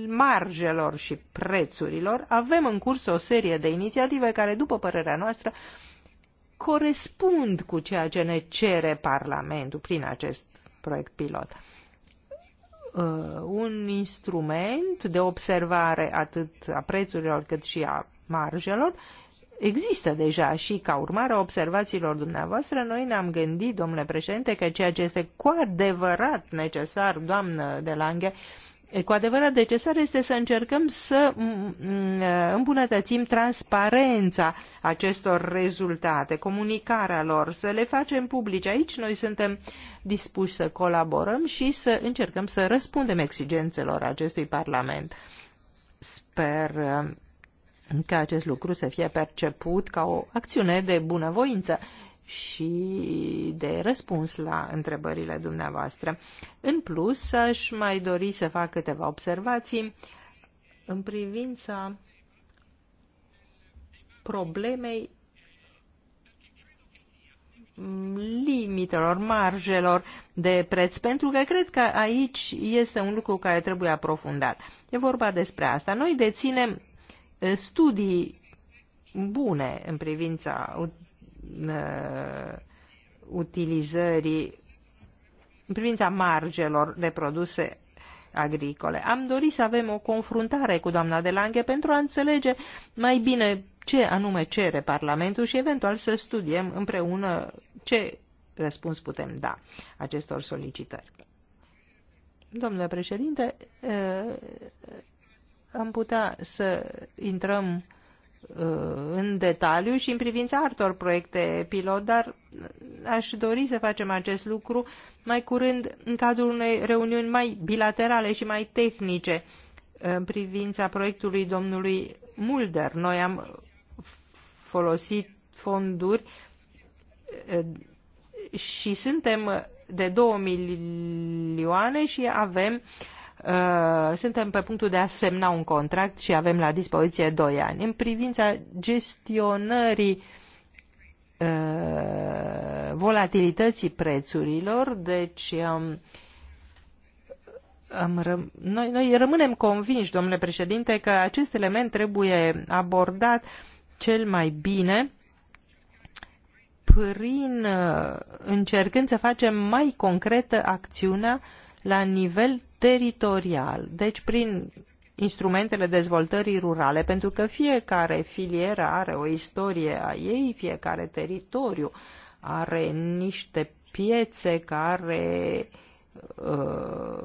marjelor și prețurilor, avem în curs o serie de inițiative care, după părerea noastră, corespund cu ceea ce ne cere Parlamentul prin acest proiect pilot. Uh, un instrument de observare atât a prețurilor cât și a marjelor există deja și ca urmare a observațiilor dumneavoastră, noi ne-am gândit, domnule președinte, că ceea ce este cu adevărat necesar, doamnă de Lange, cu adevărat necesar este să încercăm să mm, mm, îmbunătățim transparența acestor rezultate, comunicarea lor, să le facem publice. Aici noi suntem dispuși să colaborăm și să încercăm să răspundem exigențelor acestui Parlament. Sper mm, ca acest lucru să fie perceput ca o acțiune de bunăvoință și de răspuns la întrebările dumneavoastră. În plus, aș mai dori să fac câteva observații în privința problemei limitelor, marjelor de preț, pentru că cred că aici este un lucru care trebuie aprofundat. E vorba despre asta. Noi deținem eh, studii bune în privința uh, utilizării, în privința margelor de produse agricole. Am dorit să avem o confruntare cu doamna de Lange pentru a înțelege mai bine ce anume cere Parlamentul și eventual să studiem împreună ce răspuns putem da acestor solicitări. Domnule președinte, am putea să intrăm Uh, în detaliu și în privința altor proiecte pilot, dar aș dori să facem acest lucru mai curând în cadrul unei reuniuni mai bilaterale și mai tehnice în privința proiectului domnului Mulder. Noi am folosit fonduri uh, și suntem de 2 milioane și avem Uh, suntem pe punctul de a semna un contract și avem la dispoziție 2 ani. În privința gestionării uh, volatilității prețurilor, deci um, am, am răm- noi, noi rămânem convinși, domnule președinte, că acest element trebuie abordat cel mai bine prin uh, încercând să facem mai concretă acțiunea la nivel teritorial, deci prin instrumentele dezvoltării rurale, pentru că fiecare filieră are o istorie a ei, fiecare teritoriu are niște piețe care uh,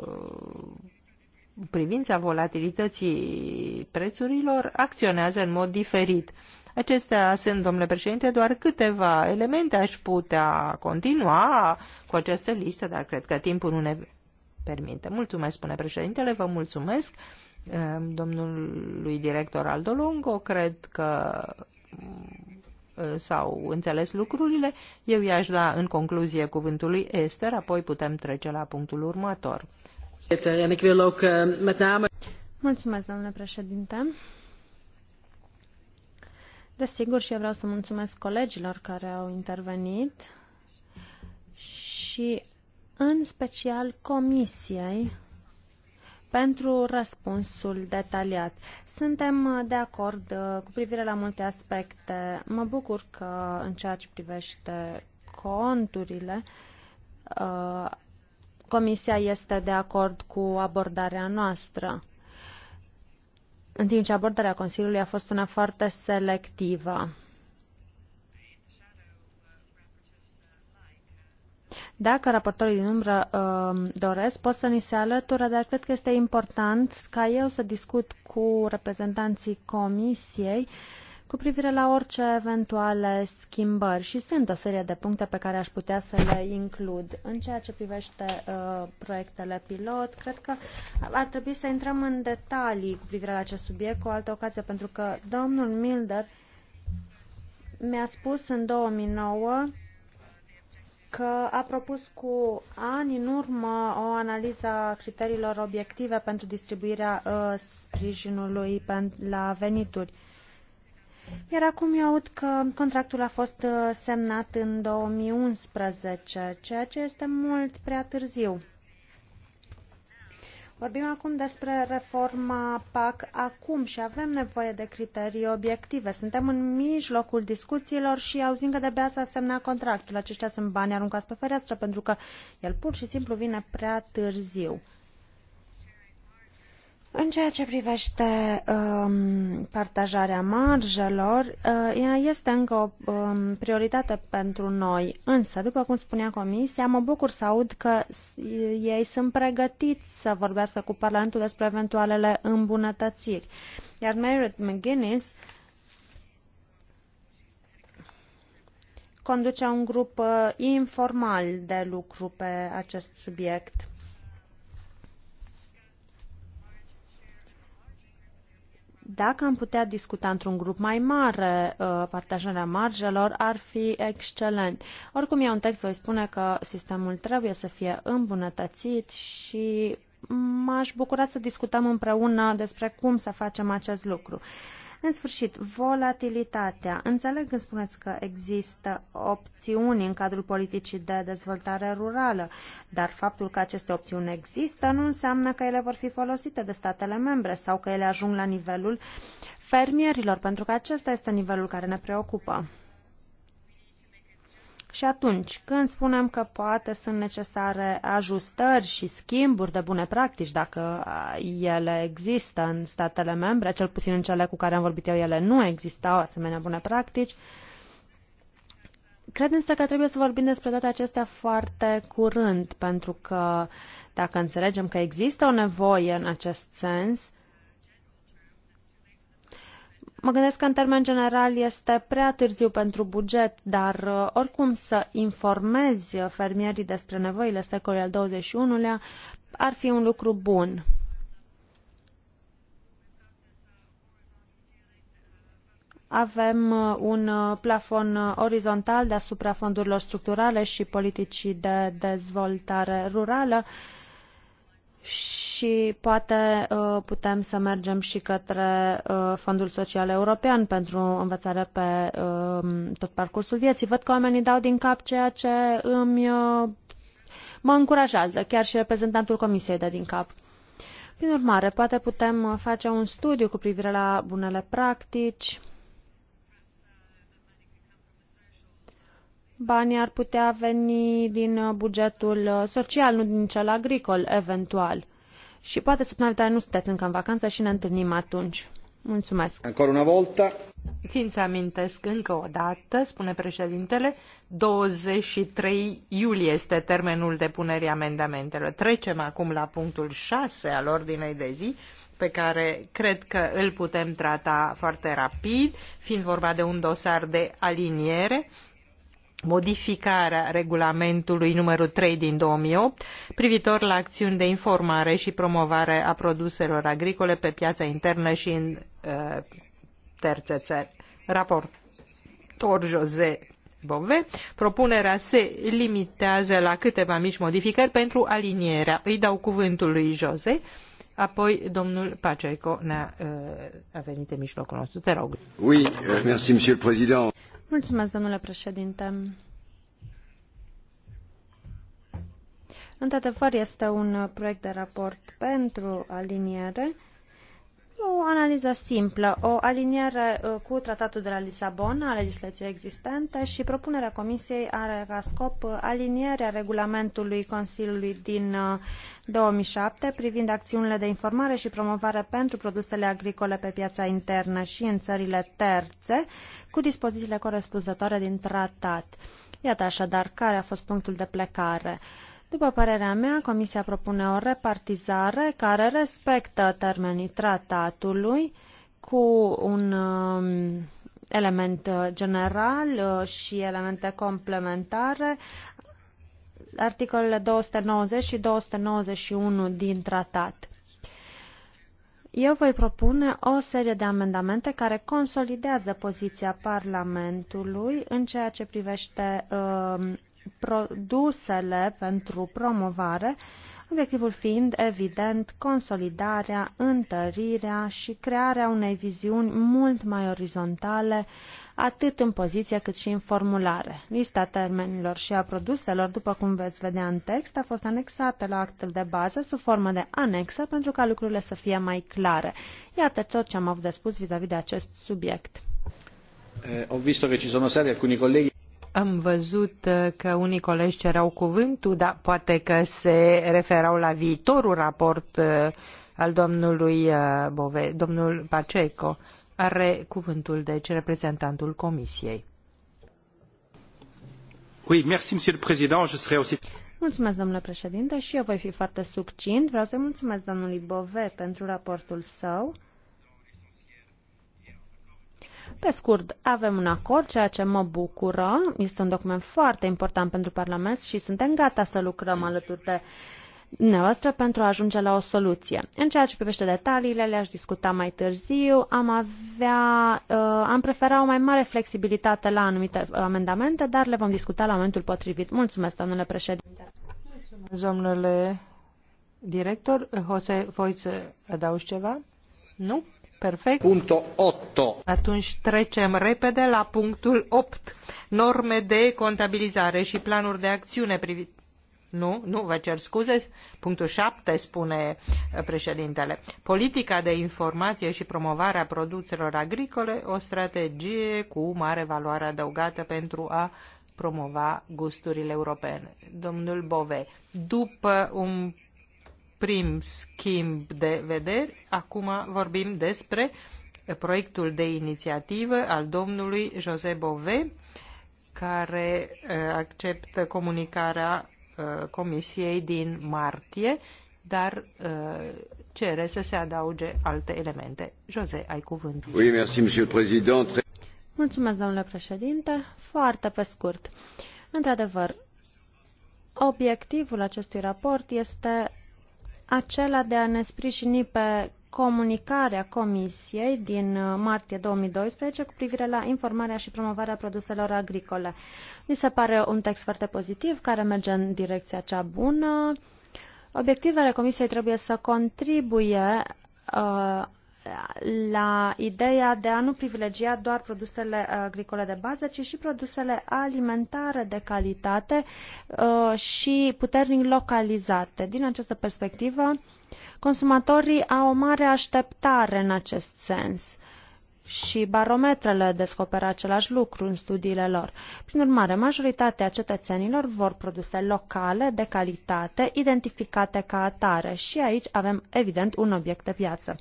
privința volatilității prețurilor acționează în mod diferit. Acestea sunt, domnule președinte, doar câteva elemente. Aș putea continua cu această listă, dar cred că timpul nu ne permite. Mulțumesc, spune președintele, vă mulțumesc eh, domnului director Aldo Longo, cred că eh, s-au înțeles lucrurile. Eu i-aș da în concluzie cuvântul lui Esther, apoi putem trece la punctul următor. Eh, mulțumesc, domnule președinte. Desigur, și eu vreau să mulțumesc colegilor care au intervenit și în special Comisiei pentru răspunsul detaliat. Suntem uh, de acord uh, cu privire la multe aspecte. Mă bucur că în ceea ce privește conturile, uh, Comisia este de acord cu abordarea noastră, în timp ce abordarea Consiliului a fost una foarte selectivă. Dacă raportorii din umbră uh, doresc, pot să ni se alătură. dar cred că este important ca eu să discut cu reprezentanții comisiei cu privire la orice eventuale schimbări și sunt o serie de puncte pe care aș putea să le includ. În ceea ce privește uh, proiectele pilot, cred că ar trebui să intrăm în detalii cu privire la acest subiect cu o altă ocazie, pentru că domnul Milder mi-a spus în 2009 că a propus cu ani în urmă o analiză a criteriilor obiective pentru distribuirea uh, sprijinului la venituri. Iar acum eu aud că contractul a fost uh, semnat în 2011, ceea ce este mult prea târziu. Vorbim acum despre reforma PAC acum și avem nevoie de criterii obiective. Suntem în mijlocul discuțiilor și auzim că de-abia s-a semnat contractul. Aceștia sunt bani aruncați pe fereastră pentru că el pur și simplu vine prea târziu. În ceea ce privește um, partajarea marjelor, uh, ea este încă o um, prioritate pentru noi. Însă, după cum spunea Comisia, mă bucur să aud că ei sunt pregătiți să vorbească cu Parlamentul despre eventualele îmbunătățiri. Iar Merit McGuinness conduce un grup uh, informal de lucru pe acest subiect. Dacă am putea discuta într-un grup mai mare uh, partajarea marjelor, ar fi excelent. Oricum, eu un text voi spune că sistemul trebuie să fie îmbunătățit și m-aș bucura să discutăm împreună despre cum să facem acest lucru. În sfârșit, volatilitatea. Înțeleg când spuneți că există opțiuni în cadrul politicii de dezvoltare rurală, dar faptul că aceste opțiuni există nu înseamnă că ele vor fi folosite de statele membre sau că ele ajung la nivelul fermierilor, pentru că acesta este nivelul care ne preocupă. Și atunci, când spunem că poate sunt necesare ajustări și schimburi de bune practici, dacă ele există în statele membre, cel puțin în cele cu care am vorbit eu, ele nu existau asemenea bune practici, Cred însă că trebuie să vorbim despre toate acestea foarte curând, pentru că dacă înțelegem că există o nevoie în acest sens, Mă gândesc că în termen general este prea târziu pentru buget, dar uh, oricum să informezi fermierii despre nevoile secolului al XXI-lea ar fi un lucru bun. Avem uh, un uh, plafon orizontal deasupra fondurilor structurale și politicii de dezvoltare rurală și poate uh, putem să mergem și către uh, Fondul Social European pentru învățare pe um, tot parcursul vieții. Văd că oamenii dau din cap ceea ce îmi uh, mă încurajează, chiar și reprezentantul Comisiei dă din cap. Prin urmare, poate putem face un studiu cu privire la bunele practici, Banii ar putea veni din uh, bugetul uh, social, nu din cel agricol, eventual. Și poate săptămâna viitoare nu sunteți încă în vacanță și ne întâlnim atunci. Mulțumesc. Încă una volta. Țin să amintesc încă o dată, spune președintele, 23 iulie este termenul depunerii amendamentelor. Trecem acum la punctul 6 al ordinei de zi, pe care cred că îl putem trata foarte rapid, fiind vorba de un dosar de aliniere modificarea regulamentului numărul 3 din opt privitor la acțiuni de informare și promovare a produselor agricole pe piața internă și în uh, terțe țări. Raportor José Bove, propunerea se limitează la câteva mici modificări pentru alinierea. Îi dau cuvântul lui Jose, apoi domnul Paceco ne-a uh, a venit în mijlocul nostru. Te rog. Oui, euh, merci, monsieur le président. Mulțumesc, domnule președinte. Într-adevăr, este un proiect de raport pentru aliniere o analiză simplă, o aliniere uh, cu tratatul de la Lisabona a legislației existente și propunerea Comisiei are ca scop uh, alinierea regulamentului Consiliului din 2007 uh, privind acțiunile de informare și promovare pentru produsele agricole pe piața internă și în țările terțe cu dispozițiile corespunzătoare din tratat. Iată așadar care a fost punctul de plecare. Uh, după părerea mea, Comisia propune o repartizare care respectă termenii tratatului cu un um, element general uh, și elemente complementare, articolele 290 și 291 din tratat. Eu voi propune o serie de amendamente care consolidează poziția Parlamentului în ceea ce privește uh, produsele pentru promovare, obiectivul fiind, evident, consolidarea, întărirea și crearea unei viziuni mult mai orizontale, atât în poziție cât și în formulare. Lista termenilor și a produselor, după cum veți vedea în text, a fost anexată la actul de bază sub formă de anexă pentru ca lucrurile să fie mai clare. Iată tot ce am avut de spus vis-a-vis -vis de acest subiect. Eh, ho visto che ci sono stati alcuni colleghi am văzut uh, că unii colegi cereau cuvântul, dar poate că se referau la viitorul raport uh, al domnului uh, Bove, domnul Paceco. Are cuvântul, deci, reprezentantul Comisiei. Oui, merci, monsieur le président. Je serai aussi... Mulțumesc, domnule președinte, și eu voi fi foarte succint. Vreau să mulțumesc domnului Bove pentru raportul său. Pe scurt, avem un acord, ceea ce mă bucură. Este un document foarte important pentru Parlament și suntem gata să lucrăm alături de dumneavoastră pentru a ajunge la o soluție. În ceea ce privește detaliile, le-aș discuta mai târziu. Am avea, uh, am prefera o mai mare flexibilitate la anumite uh, amendamente, dar le vom discuta la momentul potrivit. Mulțumesc, domnule președinte. Mulțumesc, domnule director. Jose, voi să adaugi ceva? Nu? Perfect. Punto 8. Atunci trecem repede la punctul 8. Norme de contabilizare și planuri de acțiune privit. Nu, nu, vă cer scuze. Punctul 7 spune președintele. Politica de informație și promovarea produselor agricole, o strategie cu mare valoare adăugată pentru a promova gusturile europene. Domnul Bove, după un prim schimb de vederi. Acum vorbim despre proiectul de inițiativă al domnului José Bové, care uh, acceptă comunicarea uh, Comisiei din martie, dar uh, cere să se adauge alte elemente. José, ai cuvântul. Oui, merci, monsieur président. Mulțumesc, domnule președinte. Foarte pe scurt. Într-adevăr, obiectivul acestui raport este acela de a ne sprijini pe comunicarea Comisiei din uh, martie 2012 cu privire la informarea și promovarea produselor agricole. Mi se pare un text foarte pozitiv care merge în direcția cea bună. Obiectivele Comisiei trebuie să contribuie uh, la ideea de a nu privilegia doar produsele uh, agricole de bază, ci și produsele alimentare de calitate uh, și puternic localizate. Din această perspectivă, consumatorii au o mare așteptare în acest sens și barometrele descoperă același lucru în studiile lor. Prin urmare, majoritatea cetățenilor vor produse locale, de calitate, identificate ca atare și aici avem, evident, un obiect de piață.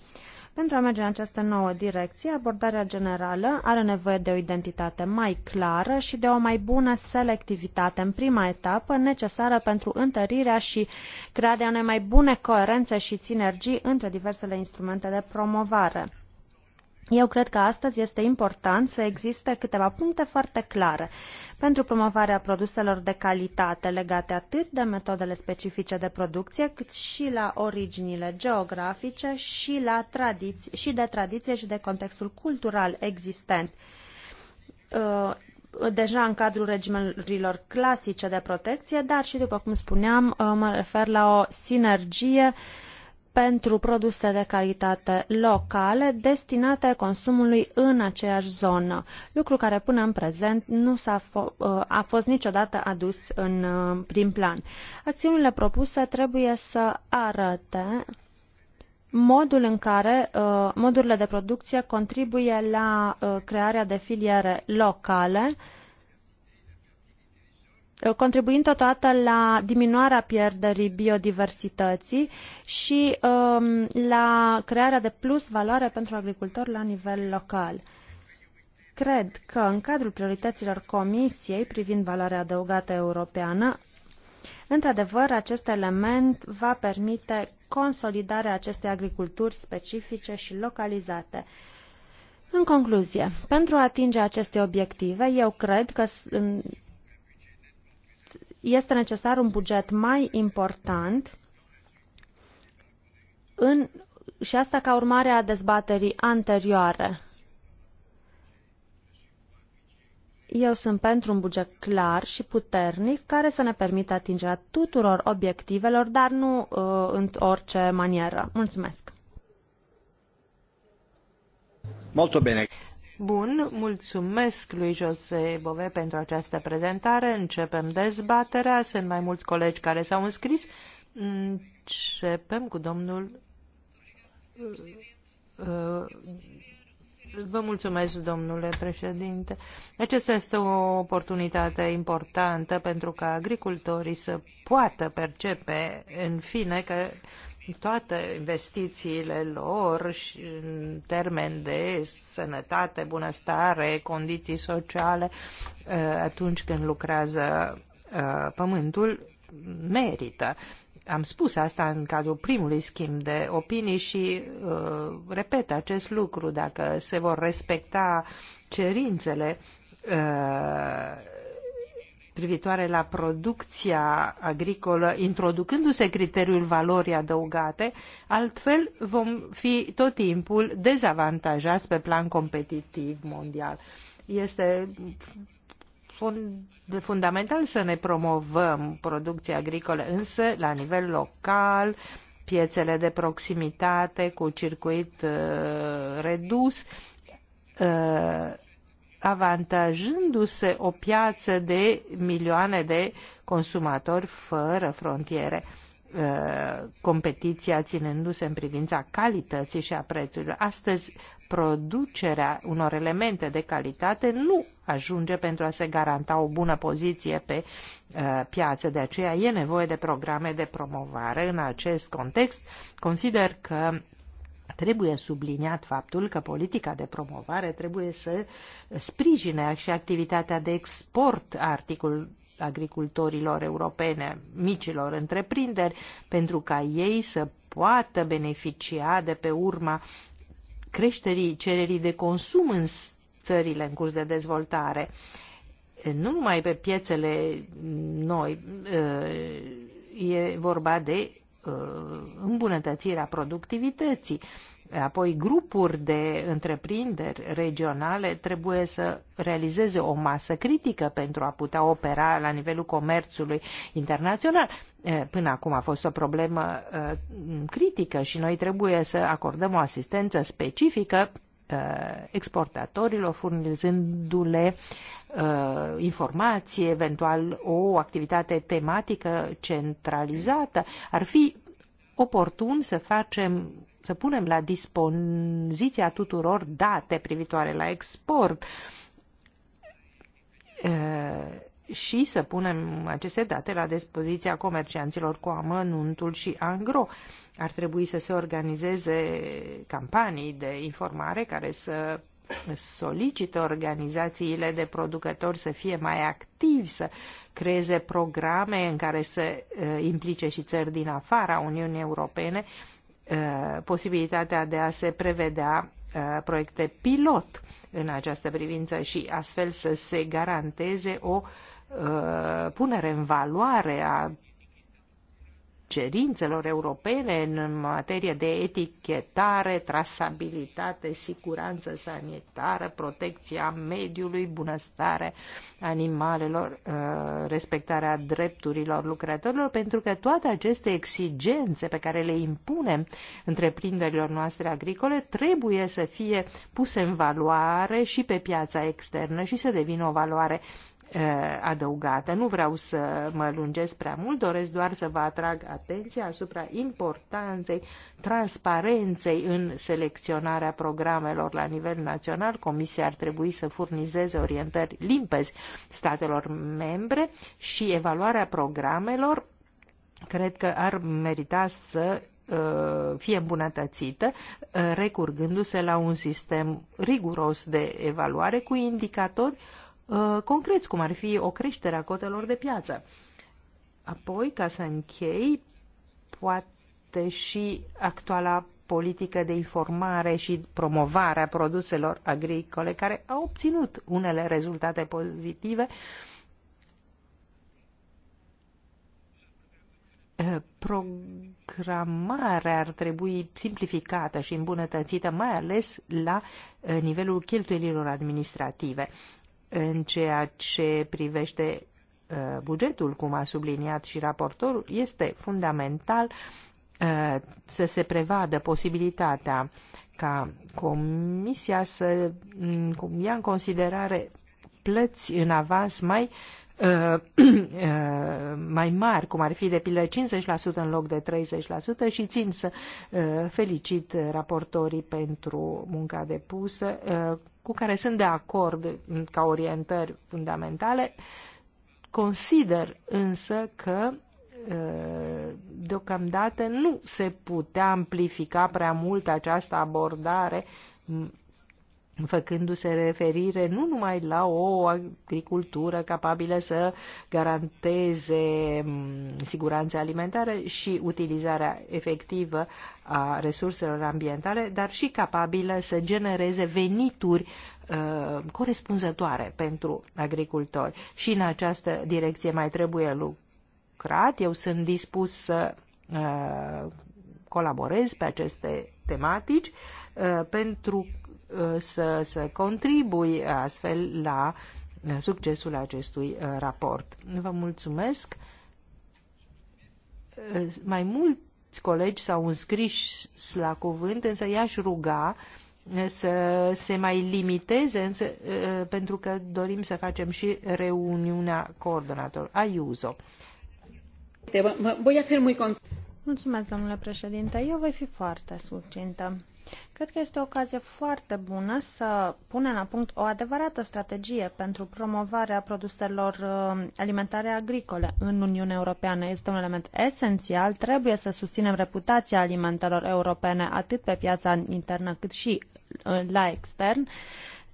Pentru a merge în această nouă direcție, abordarea generală are nevoie de o identitate mai clară și de o mai bună selectivitate în prima etapă necesară pentru întărirea și crearea unei mai bune coerențe și sinergii între diversele instrumente de promovare. Eu cred că astăzi este important să existe câteva puncte foarte clare pentru promovarea produselor de calitate legate atât de metodele specifice de producție, cât și la originile geografice și, la tradiți- și de tradiție și de contextul cultural existent. Uh, deja în cadrul regimurilor clasice de protecție, dar și, după cum spuneam, uh, mă refer la o sinergie pentru produse de calitate locale destinate consumului în aceeași zonă, lucru care până în prezent nu s-a fo- uh, a fost niciodată adus în uh, prim plan. Acțiunile propuse trebuie să arate modul în care uh, modurile de producție contribuie la crearea de filiere locale contribuind totodată la diminuarea pierderii biodiversității și um, la crearea de plus valoare pentru agricultori la nivel local. Cred că în cadrul priorităților Comisiei privind valoarea adăugată europeană, într-adevăr, acest element va permite consolidarea acestei agriculturi specifice și localizate. În concluzie, pentru a atinge aceste obiective, eu cred că este necesar un buget mai important în, și asta ca urmare a dezbaterii anterioare. Eu sunt pentru un buget clar și puternic care să ne permită atingerea tuturor obiectivelor, dar nu uh, în orice manieră. Mulțumesc! Molto bene. Bun, mulțumesc lui Jose Bove pentru această prezentare. Începem dezbaterea. Sunt mai mulți colegi care s-au înscris. Începem cu domnul... Uh, uh, vă mulțumesc, domnule președinte. Aceasta deci este o oportunitate importantă pentru ca agricultorii să poată percepe, în fine, că toate investițiile lor în termen de sănătate, bunăstare, condiții sociale eh, atunci când lucrează eh, pământul merită. Am spus asta în cadrul primului schimb de opinii și eh, repet acest lucru. Dacă se vor respecta cerințele privitoare la producția agricolă, introducându-se criteriul valorii adăugate, altfel vom fi tot timpul dezavantajați pe plan competitiv mondial. Este fundamental să ne promovăm producția agricolă, însă la nivel local, piețele de proximitate cu circuit uh, redus, uh, avantajându-se o piață de milioane de consumatori fără frontiere uh, competiția ținându-se în privința calității și a prețurilor. Astăzi, producerea unor elemente de calitate nu ajunge pentru a se garanta o bună poziție pe uh, piață. De aceea e nevoie de programe de promovare. În acest context, consider că Trebuie subliniat faptul că politica de promovare trebuie să sprijine și activitatea de export a agricultorilor europene, micilor întreprinderi, pentru ca ei să poată beneficia de pe urma creșterii cererii de consum în țările în curs de dezvoltare, nu numai pe piețele noi, ă, e vorba de Uh, îmbunătățirea productivității. Apoi grupuri de întreprinderi regionale trebuie să realizeze o masă critică pentru a putea opera la nivelul comerțului internațional. Eh, până acum a fost o problemă eh, critică și noi trebuie să acordăm o asistență specifică Uh, exportatorilor, furnizându-le uh, informații, eventual o activitate tematică centralizată. Ar fi oportun să facem să punem la dispoziția tuturor date privitoare la export uh, și să punem aceste date la dispoziția comercianților cu amănuntul și angro. Ar trebui să se organizeze campanii de informare care să solicită organizațiile de producători să fie mai activi, să creeze programe în care să implice și țări din afara Uniunii Europene posibilitatea de a se prevedea proiecte pilot în această privință și astfel să se garanteze o punere în valoare a cerințelor europene în materie de etichetare, trasabilitate, siguranță sanitară, protecția mediului, bunăstare animalelor, uh, respectarea drepturilor lucrătorilor, pentru că toate aceste exigențe pe care le impunem întreprinderilor noastre agricole trebuie să fie puse în valoare și pe piața externă și să devină o valoare adăugată. Nu vreau să mă lungesc prea mult, doresc doar să vă atrag atenția asupra importanței transparenței în selecționarea programelor la nivel național. Comisia ar trebui să furnizeze orientări limpezi statelor membre și evaluarea programelor cred că ar merita să fie îmbunătățită, recurgându-se la un sistem riguros de evaluare cu indicatori Uh, concreți, cum ar fi o creștere a cotelor de piață. Apoi, ca să închei, poate și actuala politică de informare și promovare a produselor agricole, care a obținut unele rezultate pozitive, uh, programarea ar trebui simplificată și îmbunătățită, mai ales la uh, nivelul cheltuielilor administrative în ceea ce privește uh, bugetul, cum a subliniat și raportorul, este fundamental uh, să se prevadă posibilitatea ca Comisia să mm, ia în considerare plăți în avans mai uh, mai mari, cum ar fi de pildă 50% în loc de 30% și țin să felicit raportorii pentru munca depusă cu care sunt de acord ca orientări fundamentale, consider însă că ă, deocamdată nu se putea amplifica prea mult această abordare făcându-se referire nu numai la o agricultură capabilă să garanteze mm, siguranța alimentară și utilizarea efectivă a resurselor ambientale, dar și capabilă să genereze venituri uh, corespunzătoare pentru agricultori. Și în această direcție mai trebuie lucrat. Eu sunt dispus să uh, colaborez pe aceste tematici uh, pentru Uh, să, să contribuie astfel la succesul acestui uh, raport. Vă mulțumesc. Uh, mai mulți colegi s-au înscris la cuvânt, însă i-aș ruga să se mai limiteze, însă, pentru că dorim să facem și reuniunea coordonator. Ayuso. Mulțumesc, domnule președinte. Eu voi fi foarte succintă. Cred că este o ocazie foarte bună să punem la punct o adevărată strategie pentru promovarea produselor uh, alimentare agricole în Uniunea Europeană. Este un element esențial. Trebuie să susținem reputația alimentelor europene atât pe piața internă cât și uh, la extern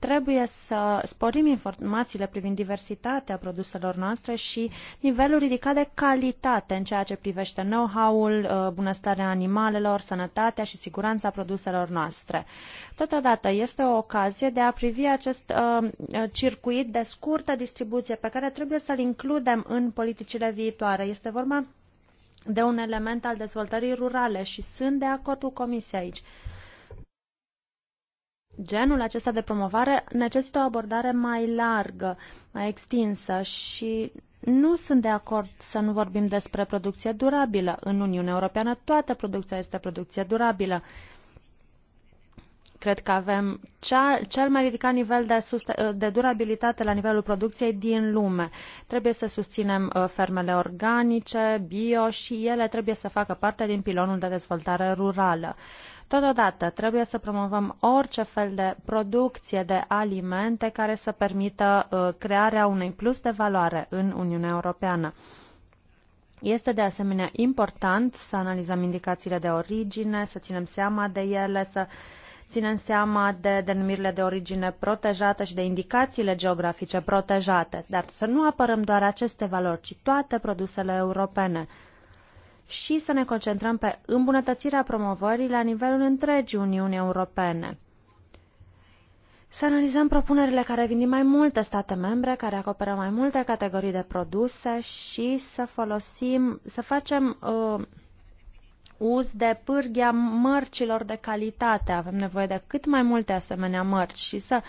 Trebuie să sporim informațiile privind diversitatea produselor noastre și nivelul ridicat de calitate în ceea ce privește know-how-ul, uh, bunăstarea animalelor, sănătatea și siguranța produselor noastre. Totodată este o ocazie de a privi acest uh, uh, circuit de scurtă distribuție pe care trebuie să-l includem în politicile viitoare. Este vorba de un element al dezvoltării rurale și sunt de acord cu Comisia aici. Genul acesta de promovare necesită o abordare mai largă, mai extinsă și nu sunt de acord să nu vorbim despre producție durabilă. În Uniunea Europeană toată producția este producție durabilă. Cred că avem cea, cel mai ridicat nivel de, de durabilitate la nivelul producției din lume. Trebuie să susținem uh, fermele organice, bio și ele trebuie să facă parte din pilonul de dezvoltare rurală. Totodată, trebuie să promovăm orice fel de producție de alimente care să permită uh, crearea unui plus de valoare în Uniunea Europeană. Este de asemenea important să analizăm indicațiile de origine, să ținem seama de ele, să uh, ținând seama de denumirile de origine protejată și de indicațiile geografice protejate, dar să nu apărăm doar aceste valori, ci toate produsele europene și să ne concentrăm pe îmbunătățirea promovării la nivelul întregii Uniunii Europene. Să analizăm propunerile care vin din mai multe state membre, care acoperă mai multe categorii de produse și să folosim, să facem uh, uz de pârghia mărcilor de calitate. Avem nevoie de cât mai multe asemenea mărci și să uh,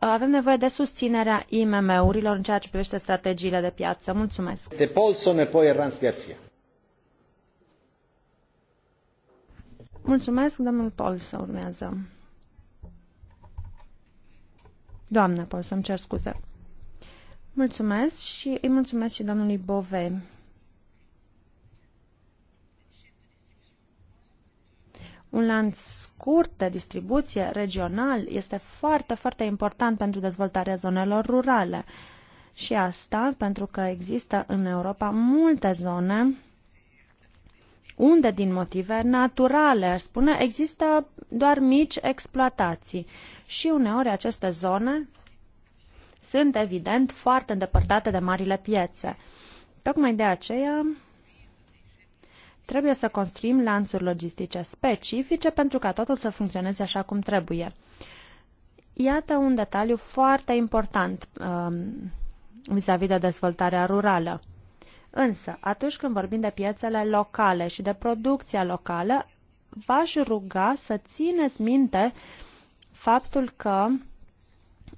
avem nevoie de susținerea IMM-urilor în ceea ce privește strategiile de piață. Mulțumesc! De Polson apoi Rans Garcia. Mulțumesc, domnul Paul, să urmează. Doamne, Paul, să-mi cer scuze. Mulțumesc și îi mulțumesc și domnului Bove Un lanț scurt de distribuție regional este foarte, foarte important pentru dezvoltarea zonelor rurale. Și asta pentru că există în Europa multe zone unde, din motive naturale, aș spune, există doar mici exploatații. Și uneori aceste zone sunt, evident, foarte îndepărtate de marile piețe. Tocmai de aceea Trebuie să construim lanțuri logistice specifice pentru ca totul să funcționeze așa cum trebuie. Iată un detaliu foarte important um, vis-a-vis um, -vis de dezvoltarea rurală. Însă, atunci când vorbim de piețele locale și de producția locală, v-aș ruga să țineți minte faptul că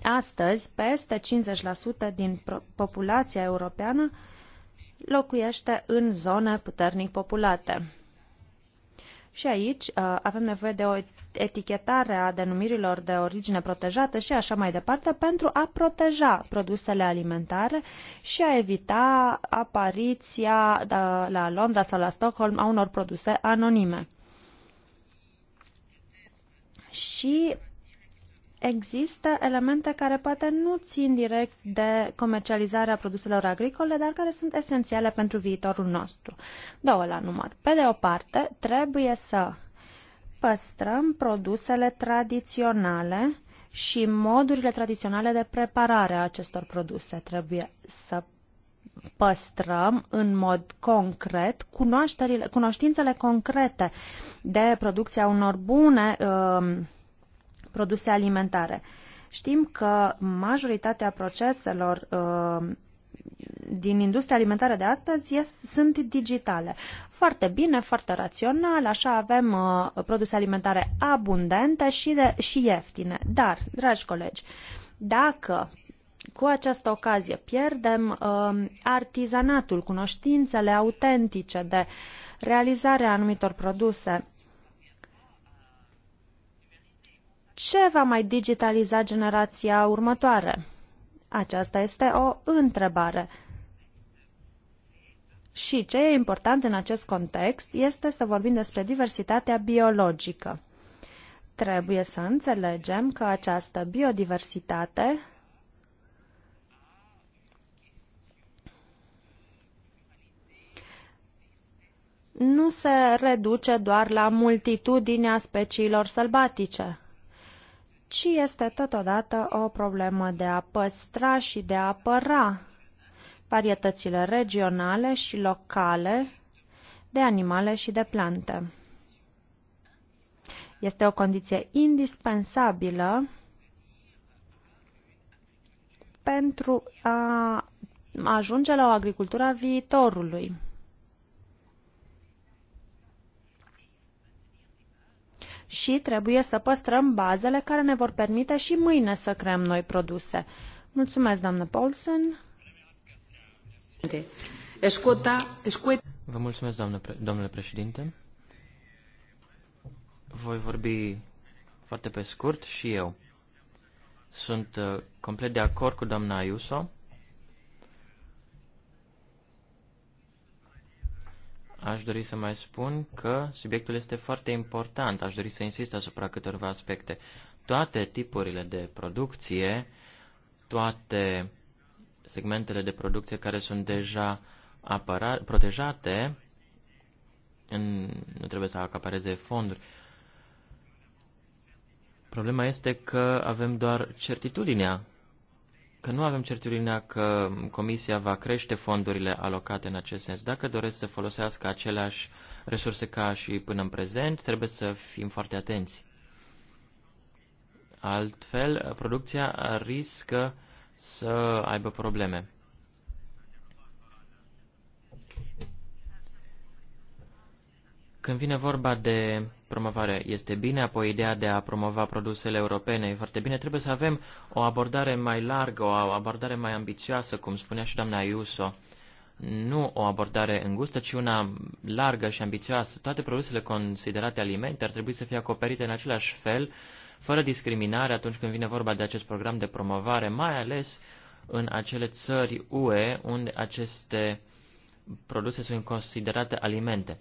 astăzi peste 50% din populația europeană locuiește în zone puternic populate. Și aici uh, avem nevoie de o etichetare a denumirilor de origine protejată și așa mai departe pentru a proteja produsele alimentare și a evita apariția da, la Londra sau la Stockholm a unor produse anonime. Și există elemente care poate nu țin direct de comercializarea produselor agricole, dar care sunt esențiale pentru viitorul nostru. Două la număr. Pe de o parte, trebuie să păstrăm produsele tradiționale și modurile tradiționale de preparare a acestor produse. Trebuie să păstrăm în mod concret cunoștințele concrete de producția unor bune uh, produse alimentare. Știm că majoritatea proceselor uh, din industria alimentară de astăzi yes, sunt digitale. Foarte bine, foarte rațional, așa avem uh, produse alimentare abundente și, de, și ieftine. Dar, dragi colegi, dacă cu această ocazie pierdem uh, artizanatul, cunoștințele autentice de realizarea anumitor produse, ce va mai digitaliza generația următoare? Aceasta este o întrebare. Și ce e important în acest context este să vorbim despre diversitatea biologică. Trebuie să înțelegem că această biodiversitate nu se reduce doar la multitudinea speciilor sălbatice ci este totodată o problemă de a păstra și de a apăra varietățile regionale și locale de animale și de plante. Este o condiție indispensabilă pentru a ajunge la o agricultură a viitorului. și trebuie să păstrăm bazele care ne vor permite și mâine să creăm noi produse. Mulțumesc, doamnă Paulsen. Vă mulțumesc, doamnă, domnule președinte. Voi vorbi foarte pe scurt și eu. Sunt uh, complet de acord cu doamna Ayuso aș dori să mai spun că subiectul este foarte important. Aș dori să insist asupra câtorva aspecte. Toate tipurile de producție, toate segmentele de producție care sunt deja apăra- protejate, în, nu trebuie să acapareze fonduri. Problema este că avem doar certitudinea că nu avem certitudinea că Comisia va crește fondurile alocate în acest sens. Dacă doresc să folosească aceleași resurse ca și până în prezent, trebuie să fim foarte atenți. Altfel, producția riscă să aibă probleme. Când vine vorba de promovare, este bine, apoi ideea de a promova produsele europene e foarte bine. Trebuie să avem o abordare mai largă, o abordare mai ambițioasă, cum spunea și doamna Iuso. Nu o abordare îngustă, ci una largă și ambițioasă. Toate produsele considerate alimente ar trebui să fie acoperite în același fel, fără discriminare atunci când vine vorba de acest program de promovare, mai ales în acele țări UE unde aceste produse sunt considerate alimente.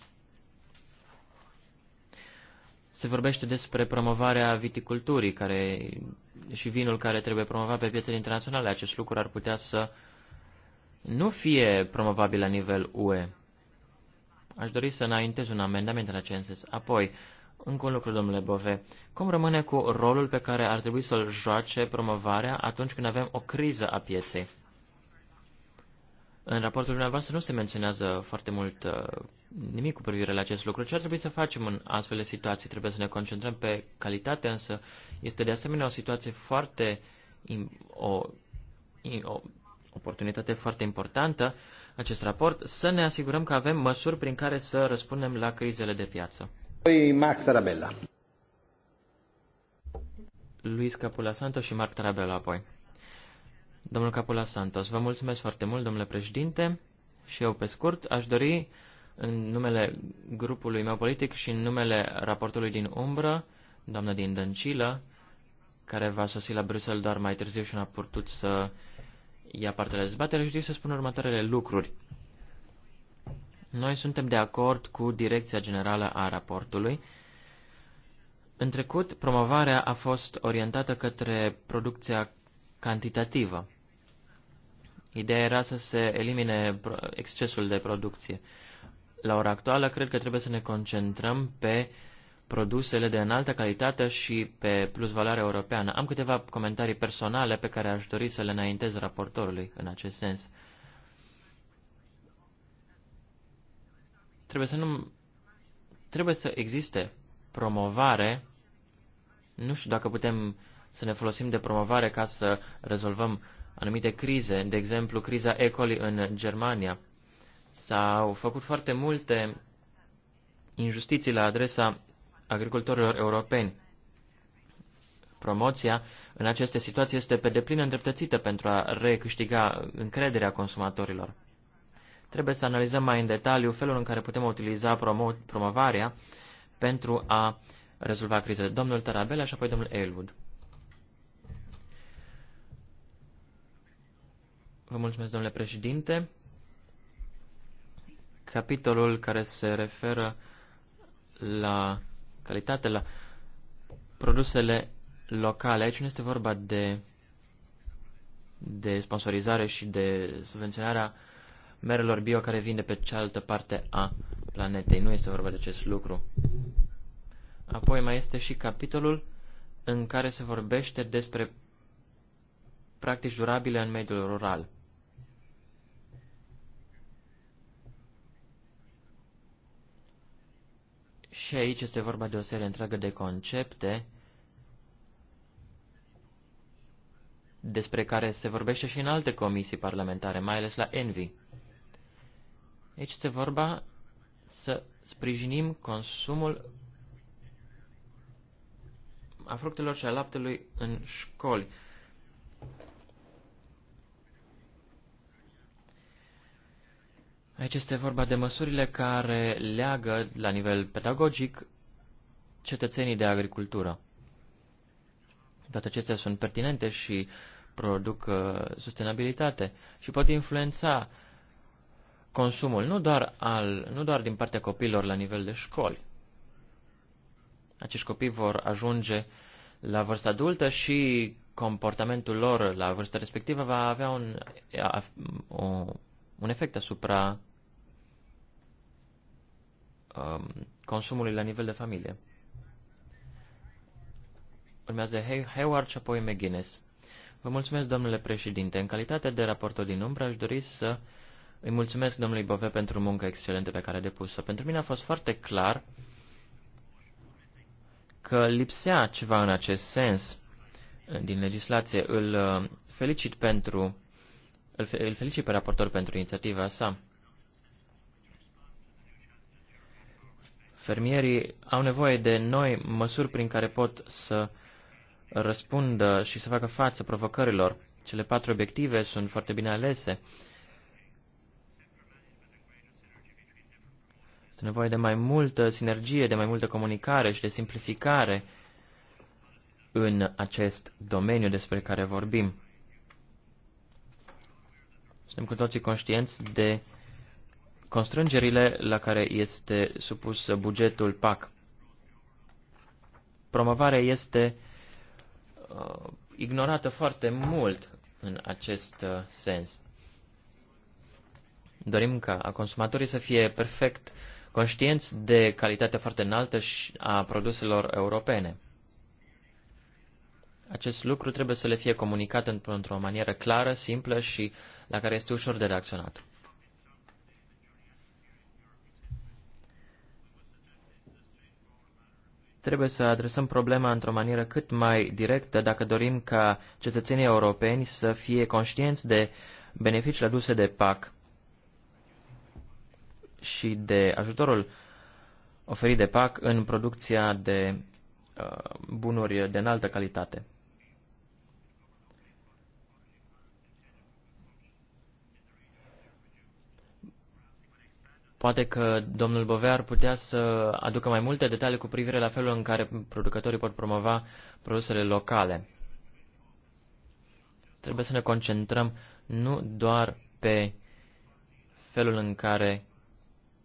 Se vorbește despre promovarea viticulturii care, și vinul care trebuie promovat pe piețele internaționale. Acest lucru ar putea să nu fie promovabil la nivel UE. Aș dori să înaintez un amendament în acest sens. Apoi, încă un lucru, domnule Bove. Cum rămâne cu rolul pe care ar trebui să-l joace promovarea atunci când avem o criză a pieței? În raportul dumneavoastră nu se menționează foarte mult uh, nimic cu privire la acest lucru. Ce ar trebui să facem în astfel de situații? Trebuie să ne concentrăm pe calitate, însă este de asemenea o situație foarte, o, o oportunitate foarte importantă, acest raport, să ne asigurăm că avem măsuri prin care să răspundem la crizele de piață. Păi, Marc Tarabella. Luis Capula Santos și Marc Tarabella apoi. Domnul Capula Santos, vă mulțumesc foarte mult, domnule președinte, și eu pe scurt aș dori în numele grupului meu politic și în numele raportului din umbră, doamna din Dăncilă, care va sosi la Bruxelles doar mai târziu și n-a putut să ia parte la dezbatere, știu să spun următoarele lucruri. Noi suntem de acord cu direcția generală a raportului. În trecut, promovarea a fost orientată către producția cantitativă. Ideea era să se elimine excesul de producție la ora actuală, cred că trebuie să ne concentrăm pe produsele de înaltă calitate și pe plusvaloare europeană. Am câteva comentarii personale pe care aș dori să le înaintez raportorului în acest sens. Trebuie să nu... Trebuie să existe promovare. Nu știu dacă putem să ne folosim de promovare ca să rezolvăm anumite crize, de exemplu criza ecoli în Germania. S-au făcut foarte multe injustiții la adresa agricultorilor europeni. Promoția în aceste situații este pe deplin îndreptățită pentru a recâștiga încrederea consumatorilor. Trebuie să analizăm mai în detaliu felul în care putem utiliza promo- promovarea pentru a rezolva criza. Domnul Tarabella și apoi domnul Elwood. Vă mulțumesc, domnule președinte capitolul care se referă la calitate, la produsele locale. Aici nu este vorba de, de sponsorizare și de subvenționarea merelor bio care vin de pe cealaltă parte a planetei. Nu este vorba de acest lucru. Apoi mai este și capitolul în care se vorbește despre practici durabile în mediul rural. Și aici este vorba de o serie întreagă de concepte despre care se vorbește și în alte comisii parlamentare, mai ales la Envi. Aici este vorba să sprijinim consumul a fructelor și a laptelui în școli. Aici este vorba de măsurile care leagă la nivel pedagogic cetățenii de agricultură. Toate acestea sunt pertinente și produc uh, sustenabilitate și pot influența consumul nu doar, al, nu doar din partea copiilor la nivel de școli. Acești copii vor ajunge la vârsta adultă și comportamentul lor la vârsta respectivă va avea un, un efect asupra um, consumului la nivel de familie. Urmează Hayward și apoi McGuinness. Vă mulțumesc, domnule președinte. În calitate de raportor din umbră, aș dori să îi mulțumesc domnului Bove pentru munca excelentă pe care a depus-o. Pentru mine a fost foarte clar că lipsea ceva în acest sens din legislație. Îl uh, felicit pentru îl felicit pe raportor pentru inițiativa sa. Fermierii au nevoie de noi măsuri prin care pot să răspundă și să facă față provocărilor. Cele patru obiective sunt foarte bine alese. Este nevoie de mai multă sinergie, de mai multă comunicare și de simplificare în acest domeniu despre care vorbim. Suntem cu toții conștienți de uh, constrângerile la care este supus bugetul PAC. Promovarea este uh, ignorată foarte mult în acest uh, sens. Dorim ca consumatorii să fie perfect conștienți de calitatea foarte înaltă și a produselor europene. Acest lucru trebuie să le fie comunicat într-o manieră clară, simplă și la care este ușor de reacționat. Trebuie să adresăm problema într-o manieră cât mai directă dacă dorim ca cetățenii europeni să fie conștienți de beneficiile aduse de PAC și de ajutorul oferit de PAC în producția de uh, bunuri de înaltă calitate. Poate că domnul Bovea ar putea să aducă mai multe detalii cu privire la felul în care producătorii pot promova produsele locale. Trebuie să ne concentrăm nu doar pe felul în care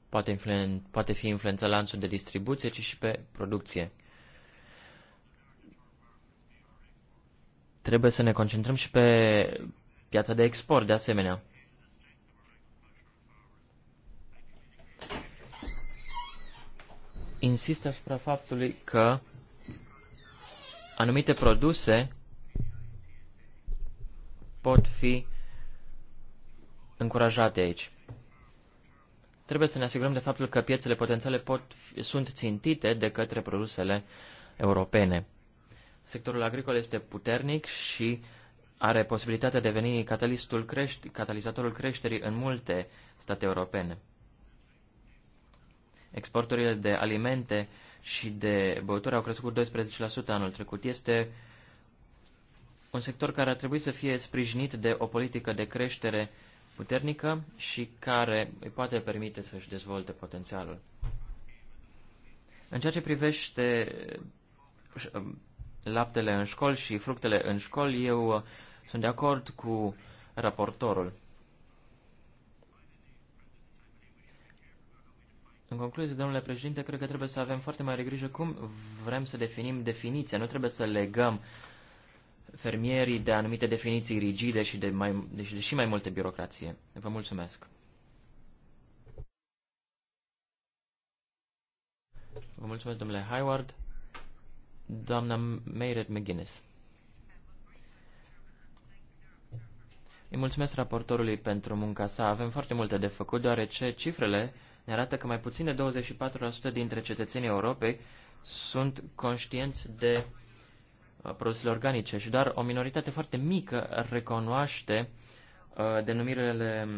poate, influen- poate fi influențat lanțul de distribuție, ci și pe producție. Trebuie să ne concentrăm și pe piața de export, de asemenea. insistă asupra faptului că anumite produse pot fi încurajate aici. Trebuie să ne asigurăm de faptul că piețele potențiale pot, fi sunt țintite de către produsele europene. Sectorul agricol este puternic și are posibilitatea de a deveni creșt, catalizatorul creșterii în multe state europene. Exporturile de alimente și de băuturi au crescut cu 12% anul trecut. Este un sector care ar trebui să fie sprijinit de o politică de creștere puternică și care îi poate permite să-și dezvolte potențialul. În ceea ce privește um, laptele în școli și fructele în școli, eu uh, sunt de acord cu raportorul. În concluzie, domnule președinte, cred că trebuie să avem foarte mare grijă cum vrem să definim definiția. Nu trebuie să legăm fermierii de anumite definiții rigide și de, mai, de, deci de și mai multe birocrație. Vă mulțumesc. Vă mulțumesc, domnule Hayward. Doamna Mayred McGuinness. Îi mulțumesc raportorului pentru munca sa. Avem foarte multe de făcut, deoarece cifrele ne arată că mai puțin de 24% dintre cetățenii Europei sunt conștienți de uh, produsele organice și doar o minoritate foarte mică recunoaște uh, denumirele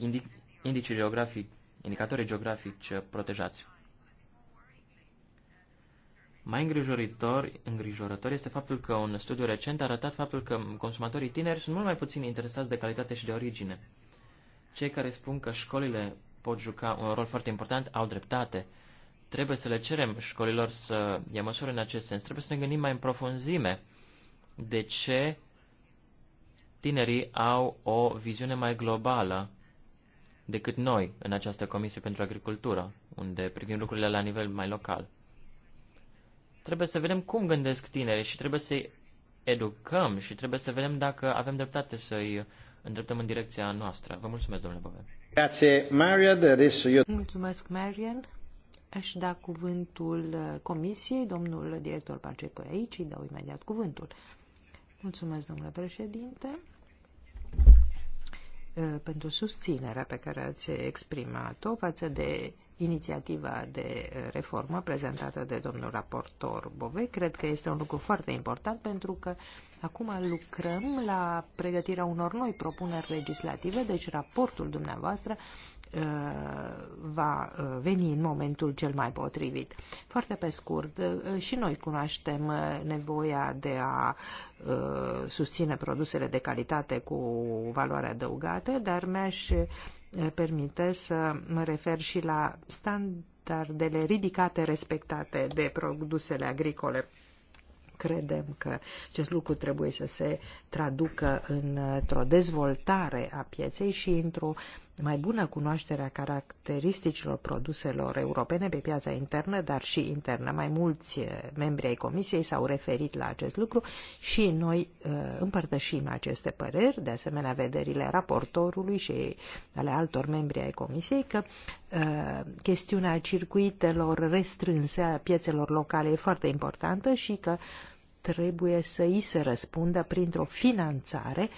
uh, indicii geografici, indicatorii geografici protejați. Mai îngrijorător, îngrijorător este faptul că un studiu recent a arătat faptul că consumatorii tineri sunt mult mai puțin interesați de calitate și de origine. Cei care spun că școlile pot juca un rol foarte important, au dreptate. Trebuie să le cerem școlilor să ia măsură în acest sens. Trebuie să ne gândim mai în profunzime de ce tinerii au o viziune mai globală decât noi în această Comisie pentru Agricultură, unde privim lucrurile la nivel mai local. Trebuie să vedem cum gândesc tinerii și trebuie să-i educăm și trebuie să vedem dacă avem dreptate să-i îndreptăm în direcția noastră. Vă mulțumesc, domnule Bove. Mulțumesc, Marian. Aș da cuvântul uh, comisiei, domnul director Paceco aici, îi dau imediat cuvântul. Mulțumesc, domnule președinte. Uh, pentru susținerea pe care ați exprimat-o față de inițiativa de uh, reformă prezentată de domnul raportor Bove. Cred că este un lucru foarte important pentru că acum lucrăm la pregătirea unor noi propuneri legislative, deci raportul dumneavoastră Uh, va uh, veni în momentul cel mai potrivit. Foarte pe scurt, uh, și noi cunoaștem nevoia de a susține produsele de calitate cu valoare adăugată, dar mi-aș permite să mă refer și la standardele ridicate respectate de produsele agricole credem că acest lucru trebuie să se traducă într-o dezvoltare a pieței și într-o mai bună cunoaștere a caracteristicilor produselor europene pe piața internă, dar și internă. Mai mulți eh, membri ai Comisiei s-au referit la acest lucru și noi eh, împărtășim aceste păreri, de asemenea vederile raportorului și ale altor membri ai Comisiei, că eh, chestiunea circuitelor restrânse a piețelor locale e foarte importantă și că trebuie să îi se răspundă printr-o finanțare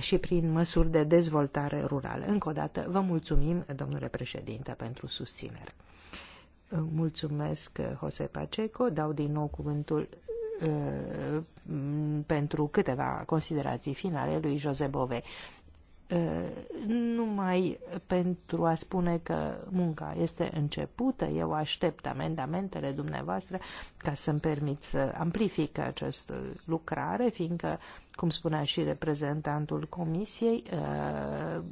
și prin măsuri de dezvoltare rurală. Încă o dată, vă mulțumim, domnule președinte, pentru susținere. Mulțumesc, Jose Paceco. Dau din nou cuvântul uh, pentru câteva considerații finale lui Jose Bove. Uh, numai pentru a spune că munca este începută, eu aștept amendamentele dumneavoastră ca să-mi permit să amplific această lucrare, fiindcă uh, cum spunea și reprezentantul Comisiei, uh,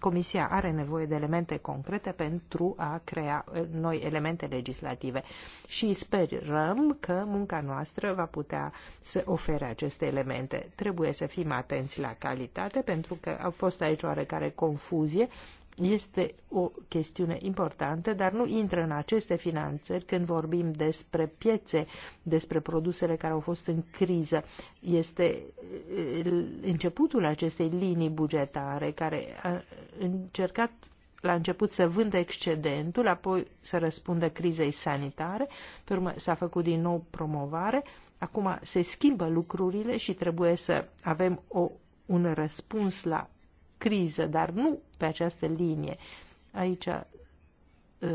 Comisia are nevoie de elemente concrete pentru a crea uh, noi elemente legislative și sperăm că munca noastră va putea să ofere aceste elemente. Trebuie să fim atenți la calitate pentru că a fost aici oarecare confuzie este o chestiune importantă, dar nu intră în aceste finanțări când vorbim despre piețe, despre produsele care au fost în criză. Este eh, începutul acestei linii bugetare care a încercat la început să vândă excedentul, apoi să răspundă crizei sanitare, pe urmă s-a făcut din nou promovare, acum se schimbă lucrurile și trebuie să avem o, un răspuns la criză, dar nu pe această linie. Aici, uh,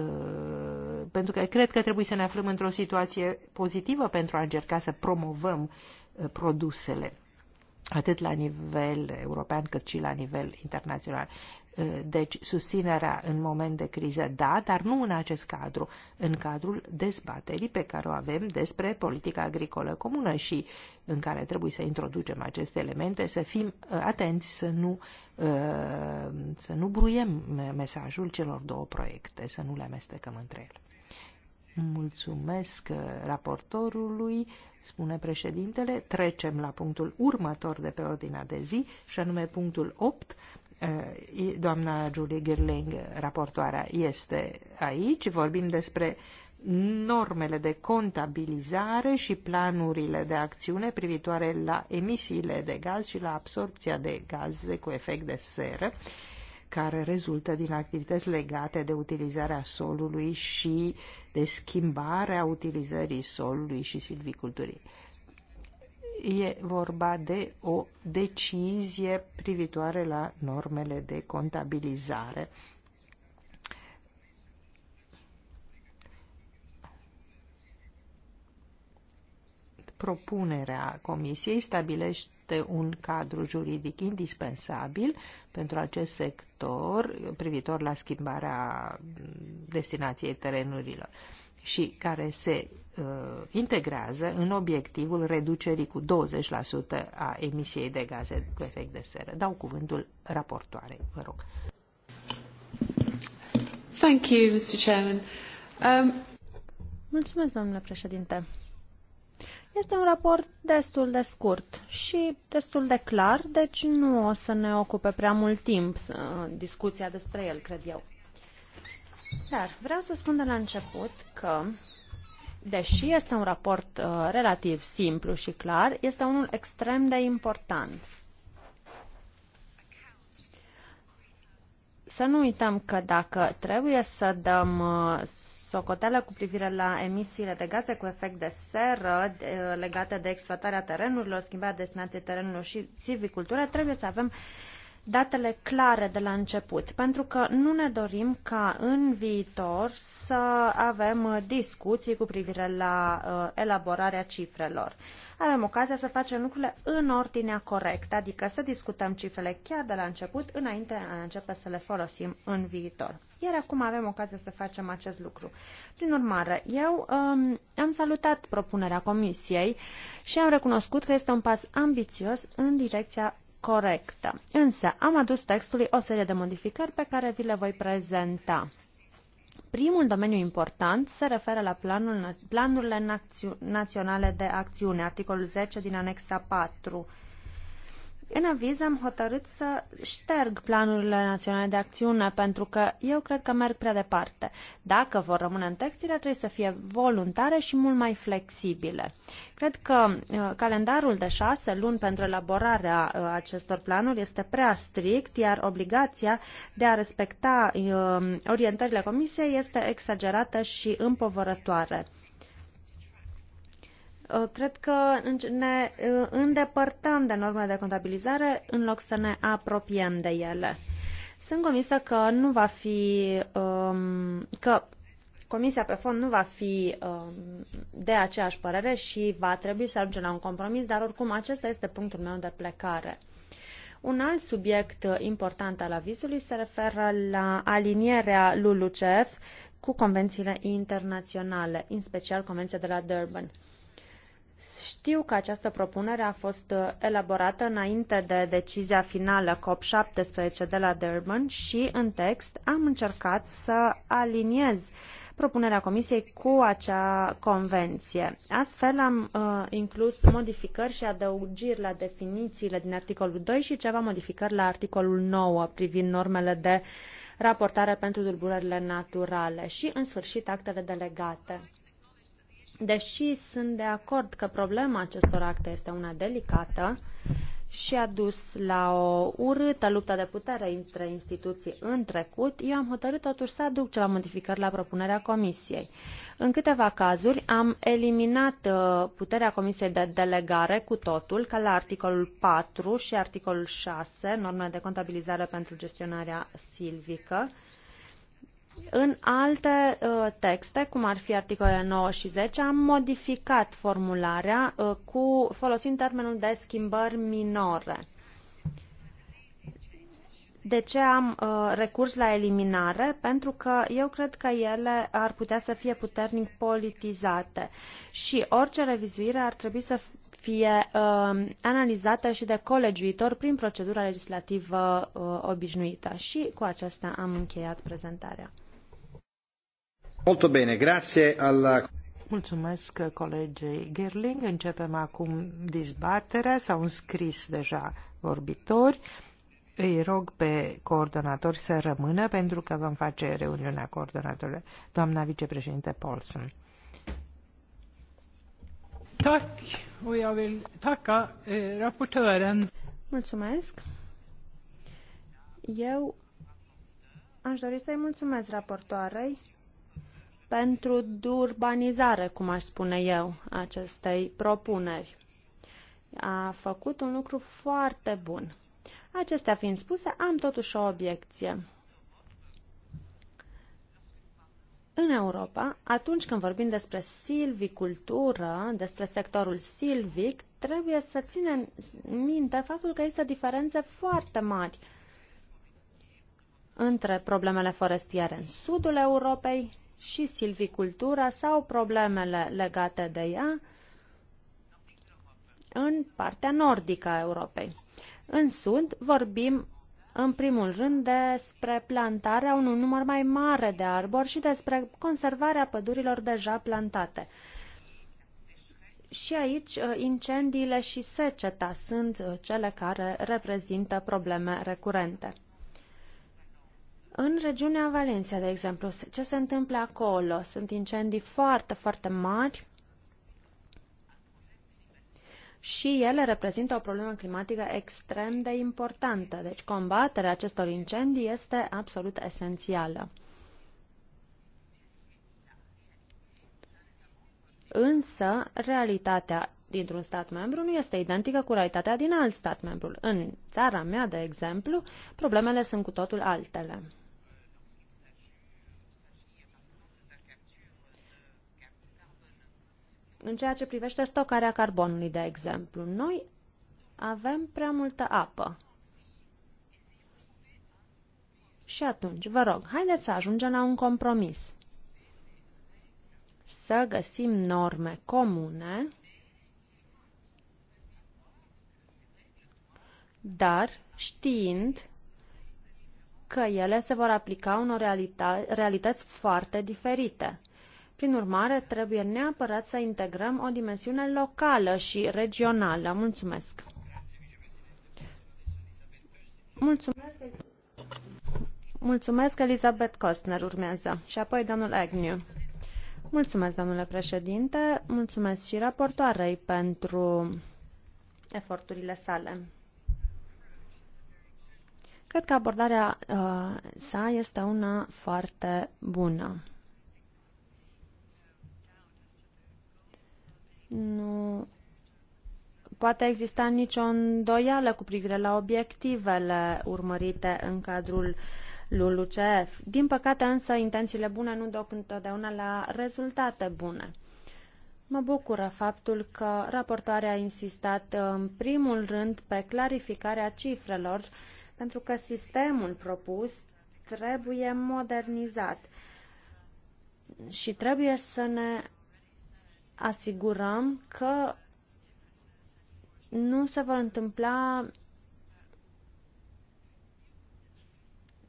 pentru că cred că trebuie să ne aflăm într-o situație pozitivă pentru a încerca să promovăm uh, produsele atât la nivel european cât și la nivel internațional. Uh, deci susținerea în moment de criză, da, dar nu în acest cadru, în cadrul dezbaterii pe care o avem despre politica agricolă comună și în care trebuie să introducem aceste elemente, să fim uh, atenți să nu, uh, să nu bruiem mesajul celor două proiecte, să nu le amestecăm între ele. Mulțumesc uh, raportorului, spune președintele. Trecem la punctul următor de pe ordinea de zi, și anume punctul 8. Uh, doamna Julie Girling, raportoarea, este aici. Vorbim despre normele de contabilizare și planurile de acțiune privitoare la emisiile de gaz și la absorpția de gaze cu efect de seră. Uh, care rezultă din activități legate de utilizarea solului și de schimbarea utilizării solului și silviculturii. E vorba de o decizie privitoare la normele de contabilizare. Propunerea Comisiei stabilește este un cadru juridic indispensabil pentru acest sector privitor la schimbarea destinației terenurilor și care se uh, integrează în obiectivul reducerii cu 20% a emisiei de gaze cu efect de seră. Dau cuvântul raportoare, vă rog. Thank you, Mr. Chairman. Um... Mulțumesc, domnule președinte. Este un raport destul de scurt și destul de clar, deci nu o să ne ocupe prea mult timp discuția despre el, cred eu. Dar vreau să spun de la început că, deși este un raport uh, relativ simplu și clar, este unul extrem de important. Să nu uităm că dacă trebuie să dăm uh, socoteală cu privire la emisiile de gaze cu efect de seră legate de exploatarea terenurilor, schimbarea destinației terenurilor și silvicultură, trebuie să avem uh, datele clare de la început, pentru că nu ne dorim ca în viitor să avem uh, discuții cu privire la uh, elaborarea cifrelor. Avem ocazia să facem lucrurile în ordinea corectă, adică să discutăm cifrele chiar de la început, înainte de a începe să le folosim în viitor. Iar acum avem ocazia să facem acest lucru. Prin urmare, eu um, am salutat propunerea Comisiei și am recunoscut că este un pas ambițios în direcția corectă. Însă am adus textului o serie de modificări pe care vi le voi prezenta. Primul domeniu important se referă la planul, planurile naționale de acțiune, articolul 10 din anexa 4 în aviz am hotărât să șterg planurile naționale de acțiune pentru că eu cred că merg prea departe. Dacă vor rămâne în text, trebuie să fie voluntare și mult mai flexibile. Cred că uh, calendarul de șase luni pentru elaborarea uh, acestor planuri este prea strict, iar obligația de a respecta uh, orientările comisiei este exagerată și împovărătoare. Uh, cred că ne uh, îndepărtăm de normele de contabilizare în loc să ne apropiem de ele. Sunt convinsă că nu va fi um, că Comisia pe fond nu va fi um, de aceeași părere și va trebui să ajungem la un compromis, dar oricum acesta este punctul meu de plecare. Un alt subiect important al avizului se referă la alinierea LULUCEF cu convențiile internaționale, în special Convenția de la Durban. Știu că această propunere a fost uh, elaborată înainte de decizia finală COP17 de la Durban și în text am încercat să aliniez propunerea Comisiei cu acea convenție. Astfel am uh, inclus modificări și adăugiri la definițiile din articolul 2 și ceva modificări la articolul 9 privind normele de raportare pentru tulburările naturale și, în sfârșit, actele delegate. Deși sunt de acord că problema acestor acte este una delicată și a dus la o urâtă luptă de putere între instituții în trecut, eu am hotărât totuși să aduc ceva modificări la propunerea Comisiei. În câteva cazuri am eliminat uh, puterea Comisiei de delegare cu totul, ca la articolul 4 și articolul 6, norme de contabilizare pentru gestionarea silvică, în alte uh, texte, cum ar fi articolele 9 și 10, am modificat formularea uh, cu folosind termenul de schimbări minore. De ce am uh, recurs la eliminare? Pentru că eu cred că ele ar putea să fie puternic politizate și orice revizuire ar trebui să fie uh, analizată și de colegiuitor prin procedura legislativă uh, obișnuită. Și cu aceasta am încheiat prezentarea. Molto bene, grazie alla... Mulțumesc colegei Gerling. Începem acum dezbaterea. S-au înscris deja vorbitori. Îi rog pe coordonatori să rămână pentru că vom face reuniunea coordonatorilor. Doamna vicepreședinte Paulson. Tack, och jag vill tacka eh, Mulțumesc. Eu aș dori să-i mulțumesc raportoarei pentru durbanizare, cum aș spune eu, acestei propuneri. A făcut un lucru foarte bun. Acestea fiind spuse, am totuși o obiecție. În Europa, atunci când vorbim despre silvicultură, despre sectorul silvic, trebuie să ținem minte faptul că există diferențe foarte mari între problemele forestiere în sudul Europei și silvicultura sau problemele legate de ea în partea nordică a Europei. În sud vorbim în primul rând despre plantarea unui număr mai mare de arbori și despre conservarea pădurilor deja plantate. Și aici uh, incendiile și seceta sunt uh, cele care reprezintă probleme recurente. În regiunea Valencia, de exemplu, ce se întâmplă acolo? Sunt incendii foarte, foarte mari și ele reprezintă o problemă climatică extrem de importantă. Deci combaterea acestor incendii este absolut esențială. Însă, realitatea dintr-un stat membru nu este identică cu realitatea din alt stat membru. În țara mea, de exemplu, problemele sunt cu totul altele. în ceea ce privește stocarea carbonului, de exemplu, noi avem prea multă apă. Și atunci, vă rog, haideți să ajungem la un compromis. Să găsim norme comune, dar știind că ele se vor aplica unor realita- realități foarte diferite. Prin urmare, trebuie neapărat să integrăm o dimensiune locală și regională. Mulțumesc! Mulțumesc! Mulțumesc, Elizabeth Costner urmează și apoi domnul Agnew. Mulțumesc, domnule președinte, mulțumesc și raportoarei pentru eforturile sale. Cred că abordarea uh, sa este una foarte bună. poate exista nicio îndoială cu privire la obiectivele urmărite în cadrul LULUCF. Din păcate însă, intențiile bune nu duc întotdeauna la rezultate bune. Mă bucură faptul că raportoarea a insistat în primul rând pe clarificarea cifrelor, pentru că sistemul propus trebuie modernizat și trebuie să ne asigurăm că nu se vor întâmpla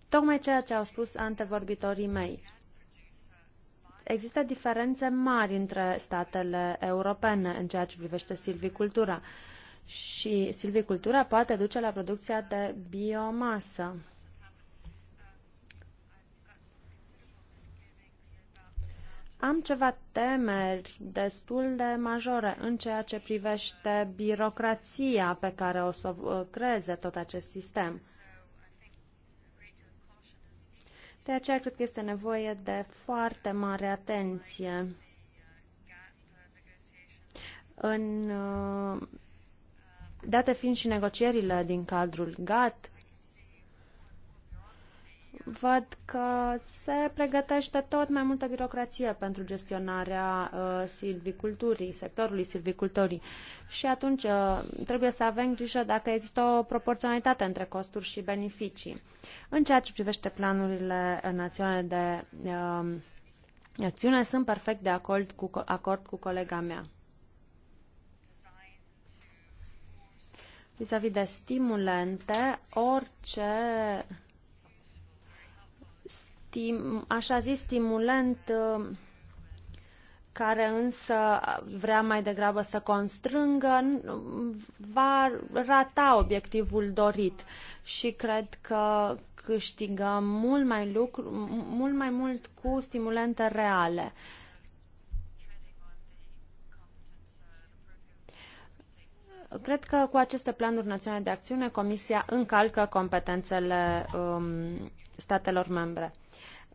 tocmai ceea ce au spus antevorbitorii mei. Există diferențe mari între statele europene în ceea ce privește silvicultura și silvicultura poate duce la producția de biomasă. Am ceva temeri destul de majore în ceea ce privește birocrația pe care o să o creeze tot acest sistem. De aceea cred că este nevoie de foarte mare atenție în uh, date fiind și negocierile din cadrul GATT, văd că se pregătește tot mai multă birocrație pentru gestionarea uh, silviculturii, sectorului silvicultorii. Și atunci uh, trebuie să avem grijă dacă există o proporționalitate între costuri și beneficii. În ceea ce privește planurile uh, naționale de uh, acțiune, sunt perfect de acord cu, acord cu colega mea. Vis-a-vis -vis de stimulente, orice stim, așa zis stimulant uh, care însă vrea mai degrabă să constrângă, va rata obiectivul dorit și cred că câștigăm mult mai, lucru, mult mai mult cu stimulente reale. Cred că cu aceste planuri naționale de acțiune Comisia încalcă competențele um, statelor membre.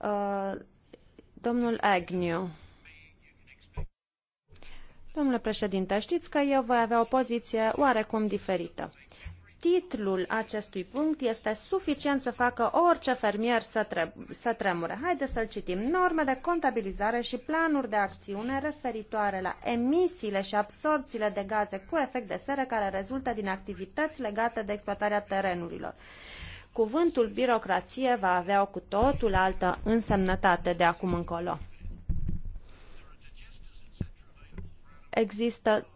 Uh, domnul Agnew. Domnule președinte, știți că eu voi avea o poziție oarecum diferită. Titlul acestui punct este suficient să facă orice fermier să, tre- să tremure. Haideți să-l citim. Norme de contabilizare și planuri de acțiune referitoare la emisiile și absorțiile de gaze cu efect de seră care rezultă din activități legate de exploatarea terenurilor. Cuvântul birocrație va avea o cu totul altă însemnătate de acum încolo. Există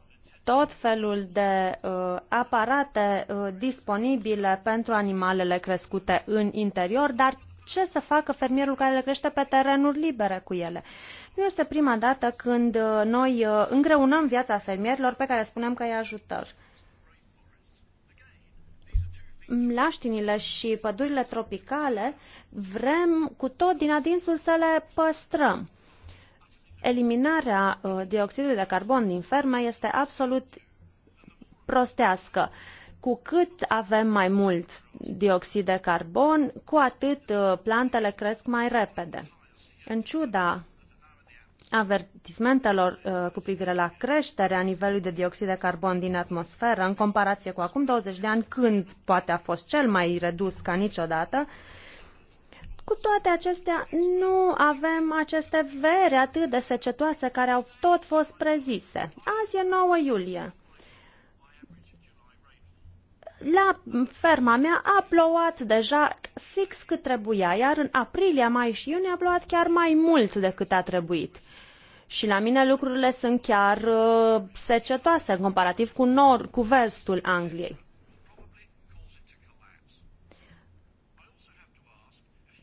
tot felul de uh, aparate uh, disponibile pentru animalele crescute în interior, dar ce să facă fermierul care le crește pe terenuri libere cu ele? Nu este prima dată când uh, noi uh, îngreunăm viața fermierilor pe care spunem că îi ajutăm mlaștinile și pădurile tropicale, vrem cu tot din adinsul să le păstrăm. Eliminarea uh, dioxidului de carbon din fermă este absolut prostească. Cu cât avem mai mult dioxid de carbon, cu atât uh, plantele cresc mai repede. În ciuda avertismentelor uh, cu privire la creșterea nivelului de dioxid de carbon din atmosferă în comparație cu acum 20 de ani, când poate a fost cel mai redus ca niciodată, cu toate acestea, nu avem aceste veri atât de secetoase care au tot fost prezise. Azi e 9 iulie. La ferma mea a plouat deja fix cât trebuia, iar în aprilie, mai și iunie a plouat chiar mai mult decât a trebuit. Și la mine lucrurile sunt chiar uh, secetoase comparativ cu, nord, cu vestul Angliei.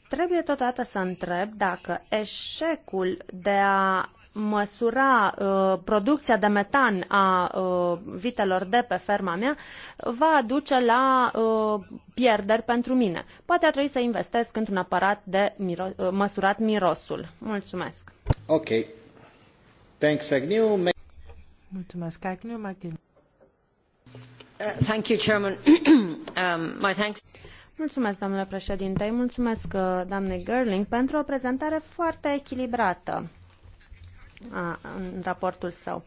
Trebuie totodată să întreb dacă eșecul de a măsura uh, producția de metan a uh, vitelor de pe ferma mea va aduce la uh, pierderi pentru mine. Poate ar trebui să investesc într-un aparat de miro- uh, măsurat mirosul. Mulțumesc. Ok. Mulțumesc, Agnew. Uh, um, mulțumesc, domnule președinte. Mulțumesc, uh, doamnei Gerling, pentru o prezentare foarte echilibrată a, uh, în raportul său.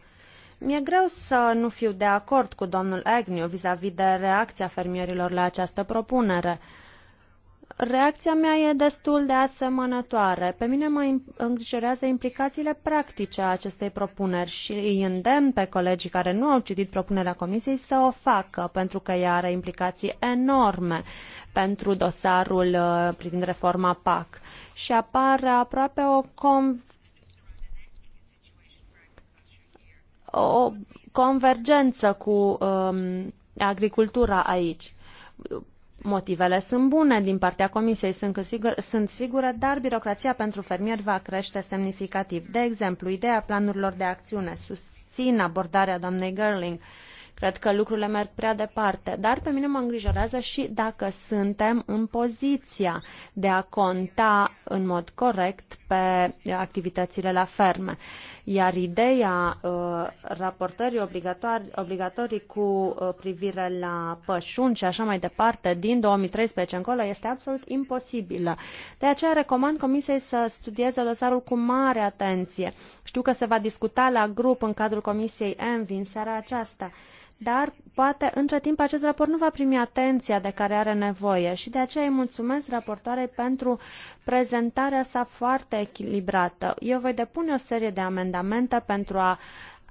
Mi-e greu să nu fiu de acord cu domnul Agnew vis-a-vis de reacția fermierilor la această propunere. Reacția mea e destul de asemănătoare. Pe mine mă îngrijorează implicațiile practice a acestei propuneri și îi îndemn pe colegii care nu au citit propunerea Comisiei să o facă, pentru că ea are implicații enorme pentru dosarul uh, privind reforma PAC. Și apare aproape o, con... o convergență cu um, agricultura aici Motivele sunt bune din partea Comisiei, sunt, sigur, sunt sigură, dar birocrația pentru fermieri va crește semnificativ. De exemplu, ideea planurilor de acțiune susțin abordarea doamnei Gerling, uh, Cred că lucrurile merg prea departe, dar pe mine mă îngrijorează și dacă suntem în poziția de a conta în mod corect pe activitățile la ferme. Iar ideea uh, raportării obligatorii, obligatorii cu uh, privire la pășuni și așa mai departe din 2013 încolo este absolut imposibilă. De aceea recomand Comisiei să studieze dosarul cu mare atenție. Știu că se va discuta la grup în cadrul Comisiei ENVI în seara aceasta dar poate între timp acest raport nu va primi atenția de care are nevoie și de aceea îi mulțumesc raportoarei pentru prezentarea sa foarte echilibrată. Eu voi depune o serie de amendamente pentru a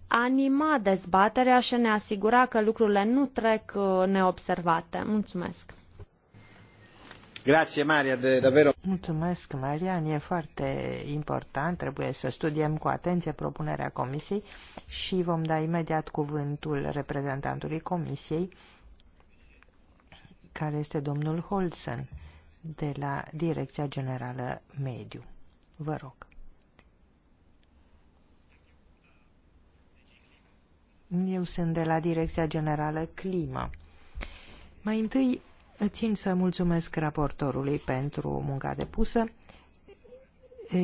anima dezbaterea și a ne asigura că lucrurile nu trec uh, neobservate. Mulțumesc! Grazie, Maria, davvero. Mulțumesc, Marian. E foarte important. Trebuie să studiem cu atenție propunerea Comisiei și vom da imediat cuvântul reprezentantului Comisiei, care este domnul Holzen, de la Direcția Generală Mediu. Vă rog. Eu sunt de la Direcția Generală Climă. Mai întâi Țin să mulțumesc raportorului pentru munca depusă.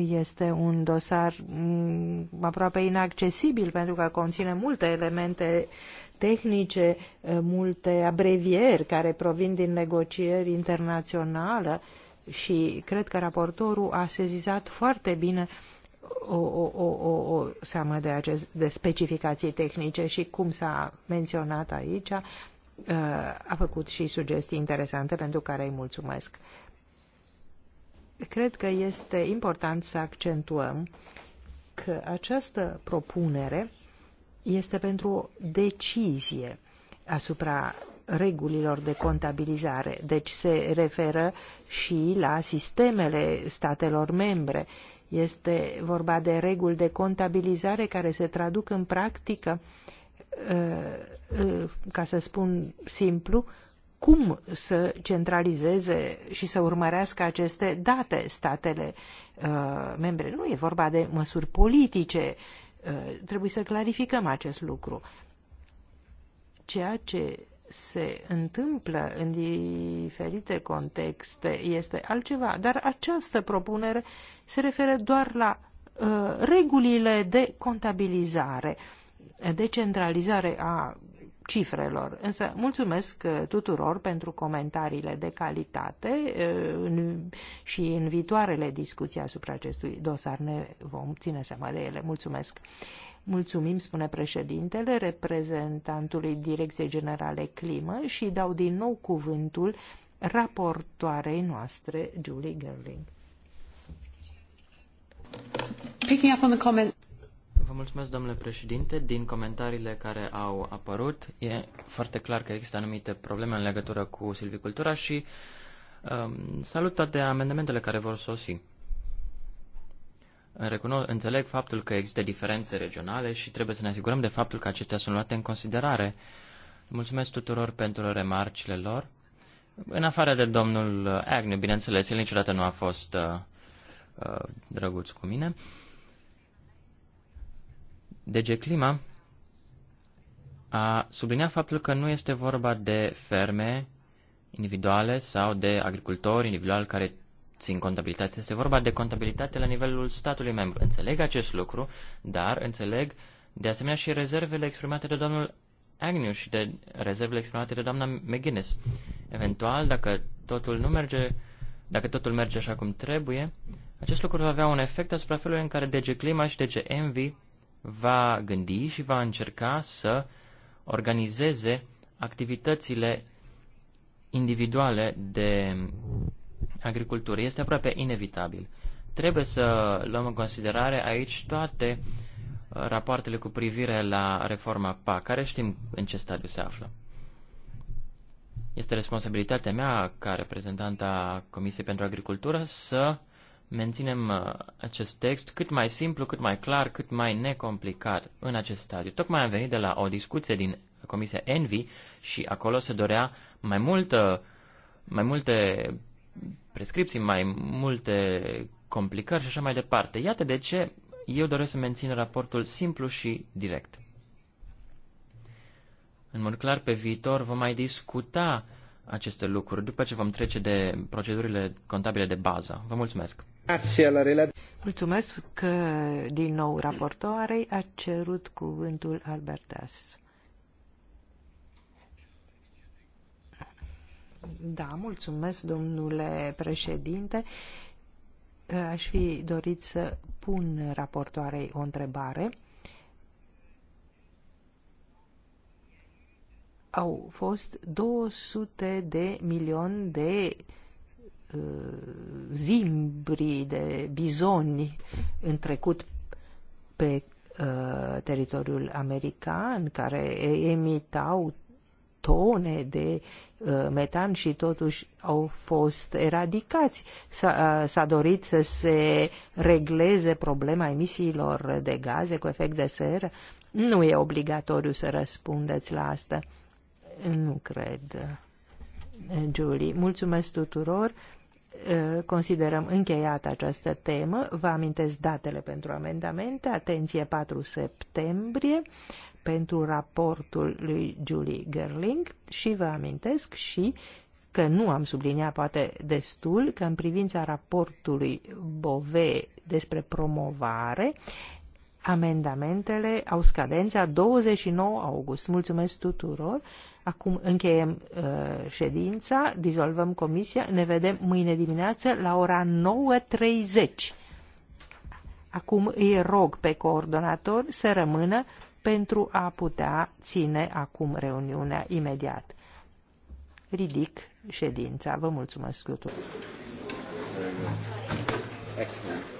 Este un dosar mm, aproape inaccesibil pentru că conține multe elemente tehnice, multe abrevieri care provin din negocieri internaționale și cred că raportorul a sezizat foarte bine o, o, o, o, o seamă de, acest, de specificații tehnice și cum s-a menționat aici, Uh, a făcut și sugestii interesante pentru care îi mulțumesc. Cred că este important să accentuăm că această propunere este pentru o decizie asupra regulilor de contabilizare. Deci se referă și la sistemele statelor membre. Este vorba de reguli de contabilizare care se traduc în practică uh, Uh, uh, ca să spun simplu, cum să centralizeze și să urmărească aceste date statele uh, membre. Nu e vorba de măsuri politice. trebuie să clarificăm acest lucru. Ceea ce se întâmplă în diferite contexte este altceva, dar această propunere se referă doar la uh, regulile de contabilizare. Uh, decentralizare a cifrelor. Însă mulțumesc uh, tuturor pentru comentariile de calitate uh, și în viitoarele discuții asupra acestui dosar ne vom ține seama de ele. Mulțumesc! Mulțumim, spune președintele, reprezentantului Direcției Generale Climă și dau din nou cuvântul raportoarei noastre, Julie Gerling. Picking up on the comment Vă mulțumesc, domnule președinte. Din comentariile care au apărut, e foarte clar că există anumite probleme în legătură cu silvicultura și um, salut toate amendamentele care vor sosi. Recuno- înțeleg faptul că există diferențe regionale și trebuie să ne asigurăm de faptul că acestea sunt luate în considerare. Mulțumesc tuturor pentru remarcile lor. În afară de domnul Agnew, bineînțeles, el niciodată nu a fost uh, uh, drăguț cu mine. Uh, DG Clima a subliniat faptul că nu este vorba de ferme individuale sau de agricultori individuali care țin contabilitate. Este vorba de contabilitate la nivelul statului membru. Înțeleg acest lucru, dar înțeleg de asemenea și rezervele exprimate de domnul Agnew și de rezervele exprimate de doamna McGuinness. Eventual, dacă totul nu merge, dacă totul merge așa cum trebuie, acest lucru va avea un efect asupra felului în care DG Clima și DG Envy va gândi și va încerca să organizeze activitățile individuale de agricultură. Este aproape inevitabil. Trebuie să luăm în considerare aici toate uh, rapoartele cu privire la reforma PA, care știm în ce stadiu se află. Este responsabilitatea mea, ca reprezentanta Comisiei pentru Agricultură, să menținem uh, acest text cât mai simplu, cât mai clar, cât mai necomplicat în acest stadiu. Tocmai am venit de la o discuție din Comisia Envy și acolo se dorea mai, multă, mai multe prescripții, mai multe complicări și așa mai departe. Iată de ce eu doresc să mențin raportul simplu și direct. În mod clar, pe viitor vom mai discuta aceste lucruri după ce vom trece de procedurile contabile de bază. Vă mulțumesc! Mulțumesc că din nou raportoarei a cerut cuvântul Albertas. Da, mulțumesc, domnule președinte. Aș fi dorit să pun raportoarei o întrebare. au fost 200 de milioane de uh, zimbri, de bizoni în trecut pe uh, teritoriul american, care emitau tone de uh, metan și totuși au fost eradicați. Uh, s-a dorit să se regleze problema emisiilor de gaze cu efect de seră. Nu e obligatoriu să răspundeți la asta. Nu cred, Julie. Mulțumesc tuturor. Considerăm încheiată această temă. Vă amintesc datele pentru amendamente. Atenție, 4 septembrie pentru raportul lui Julie Gerling și vă amintesc și că nu am subliniat poate destul că în privința raportului Bove despre promovare Amendamentele au scadența 29 august. Mulțumesc tuturor. Acum încheiem uh, ședința, dizolvăm comisia, ne vedem mâine dimineață la ora 9.30. Acum îi rog pe coordonator să rămână pentru a putea ține acum reuniunea imediat. Ridic ședința. Vă mulțumesc tuturor. Excellent.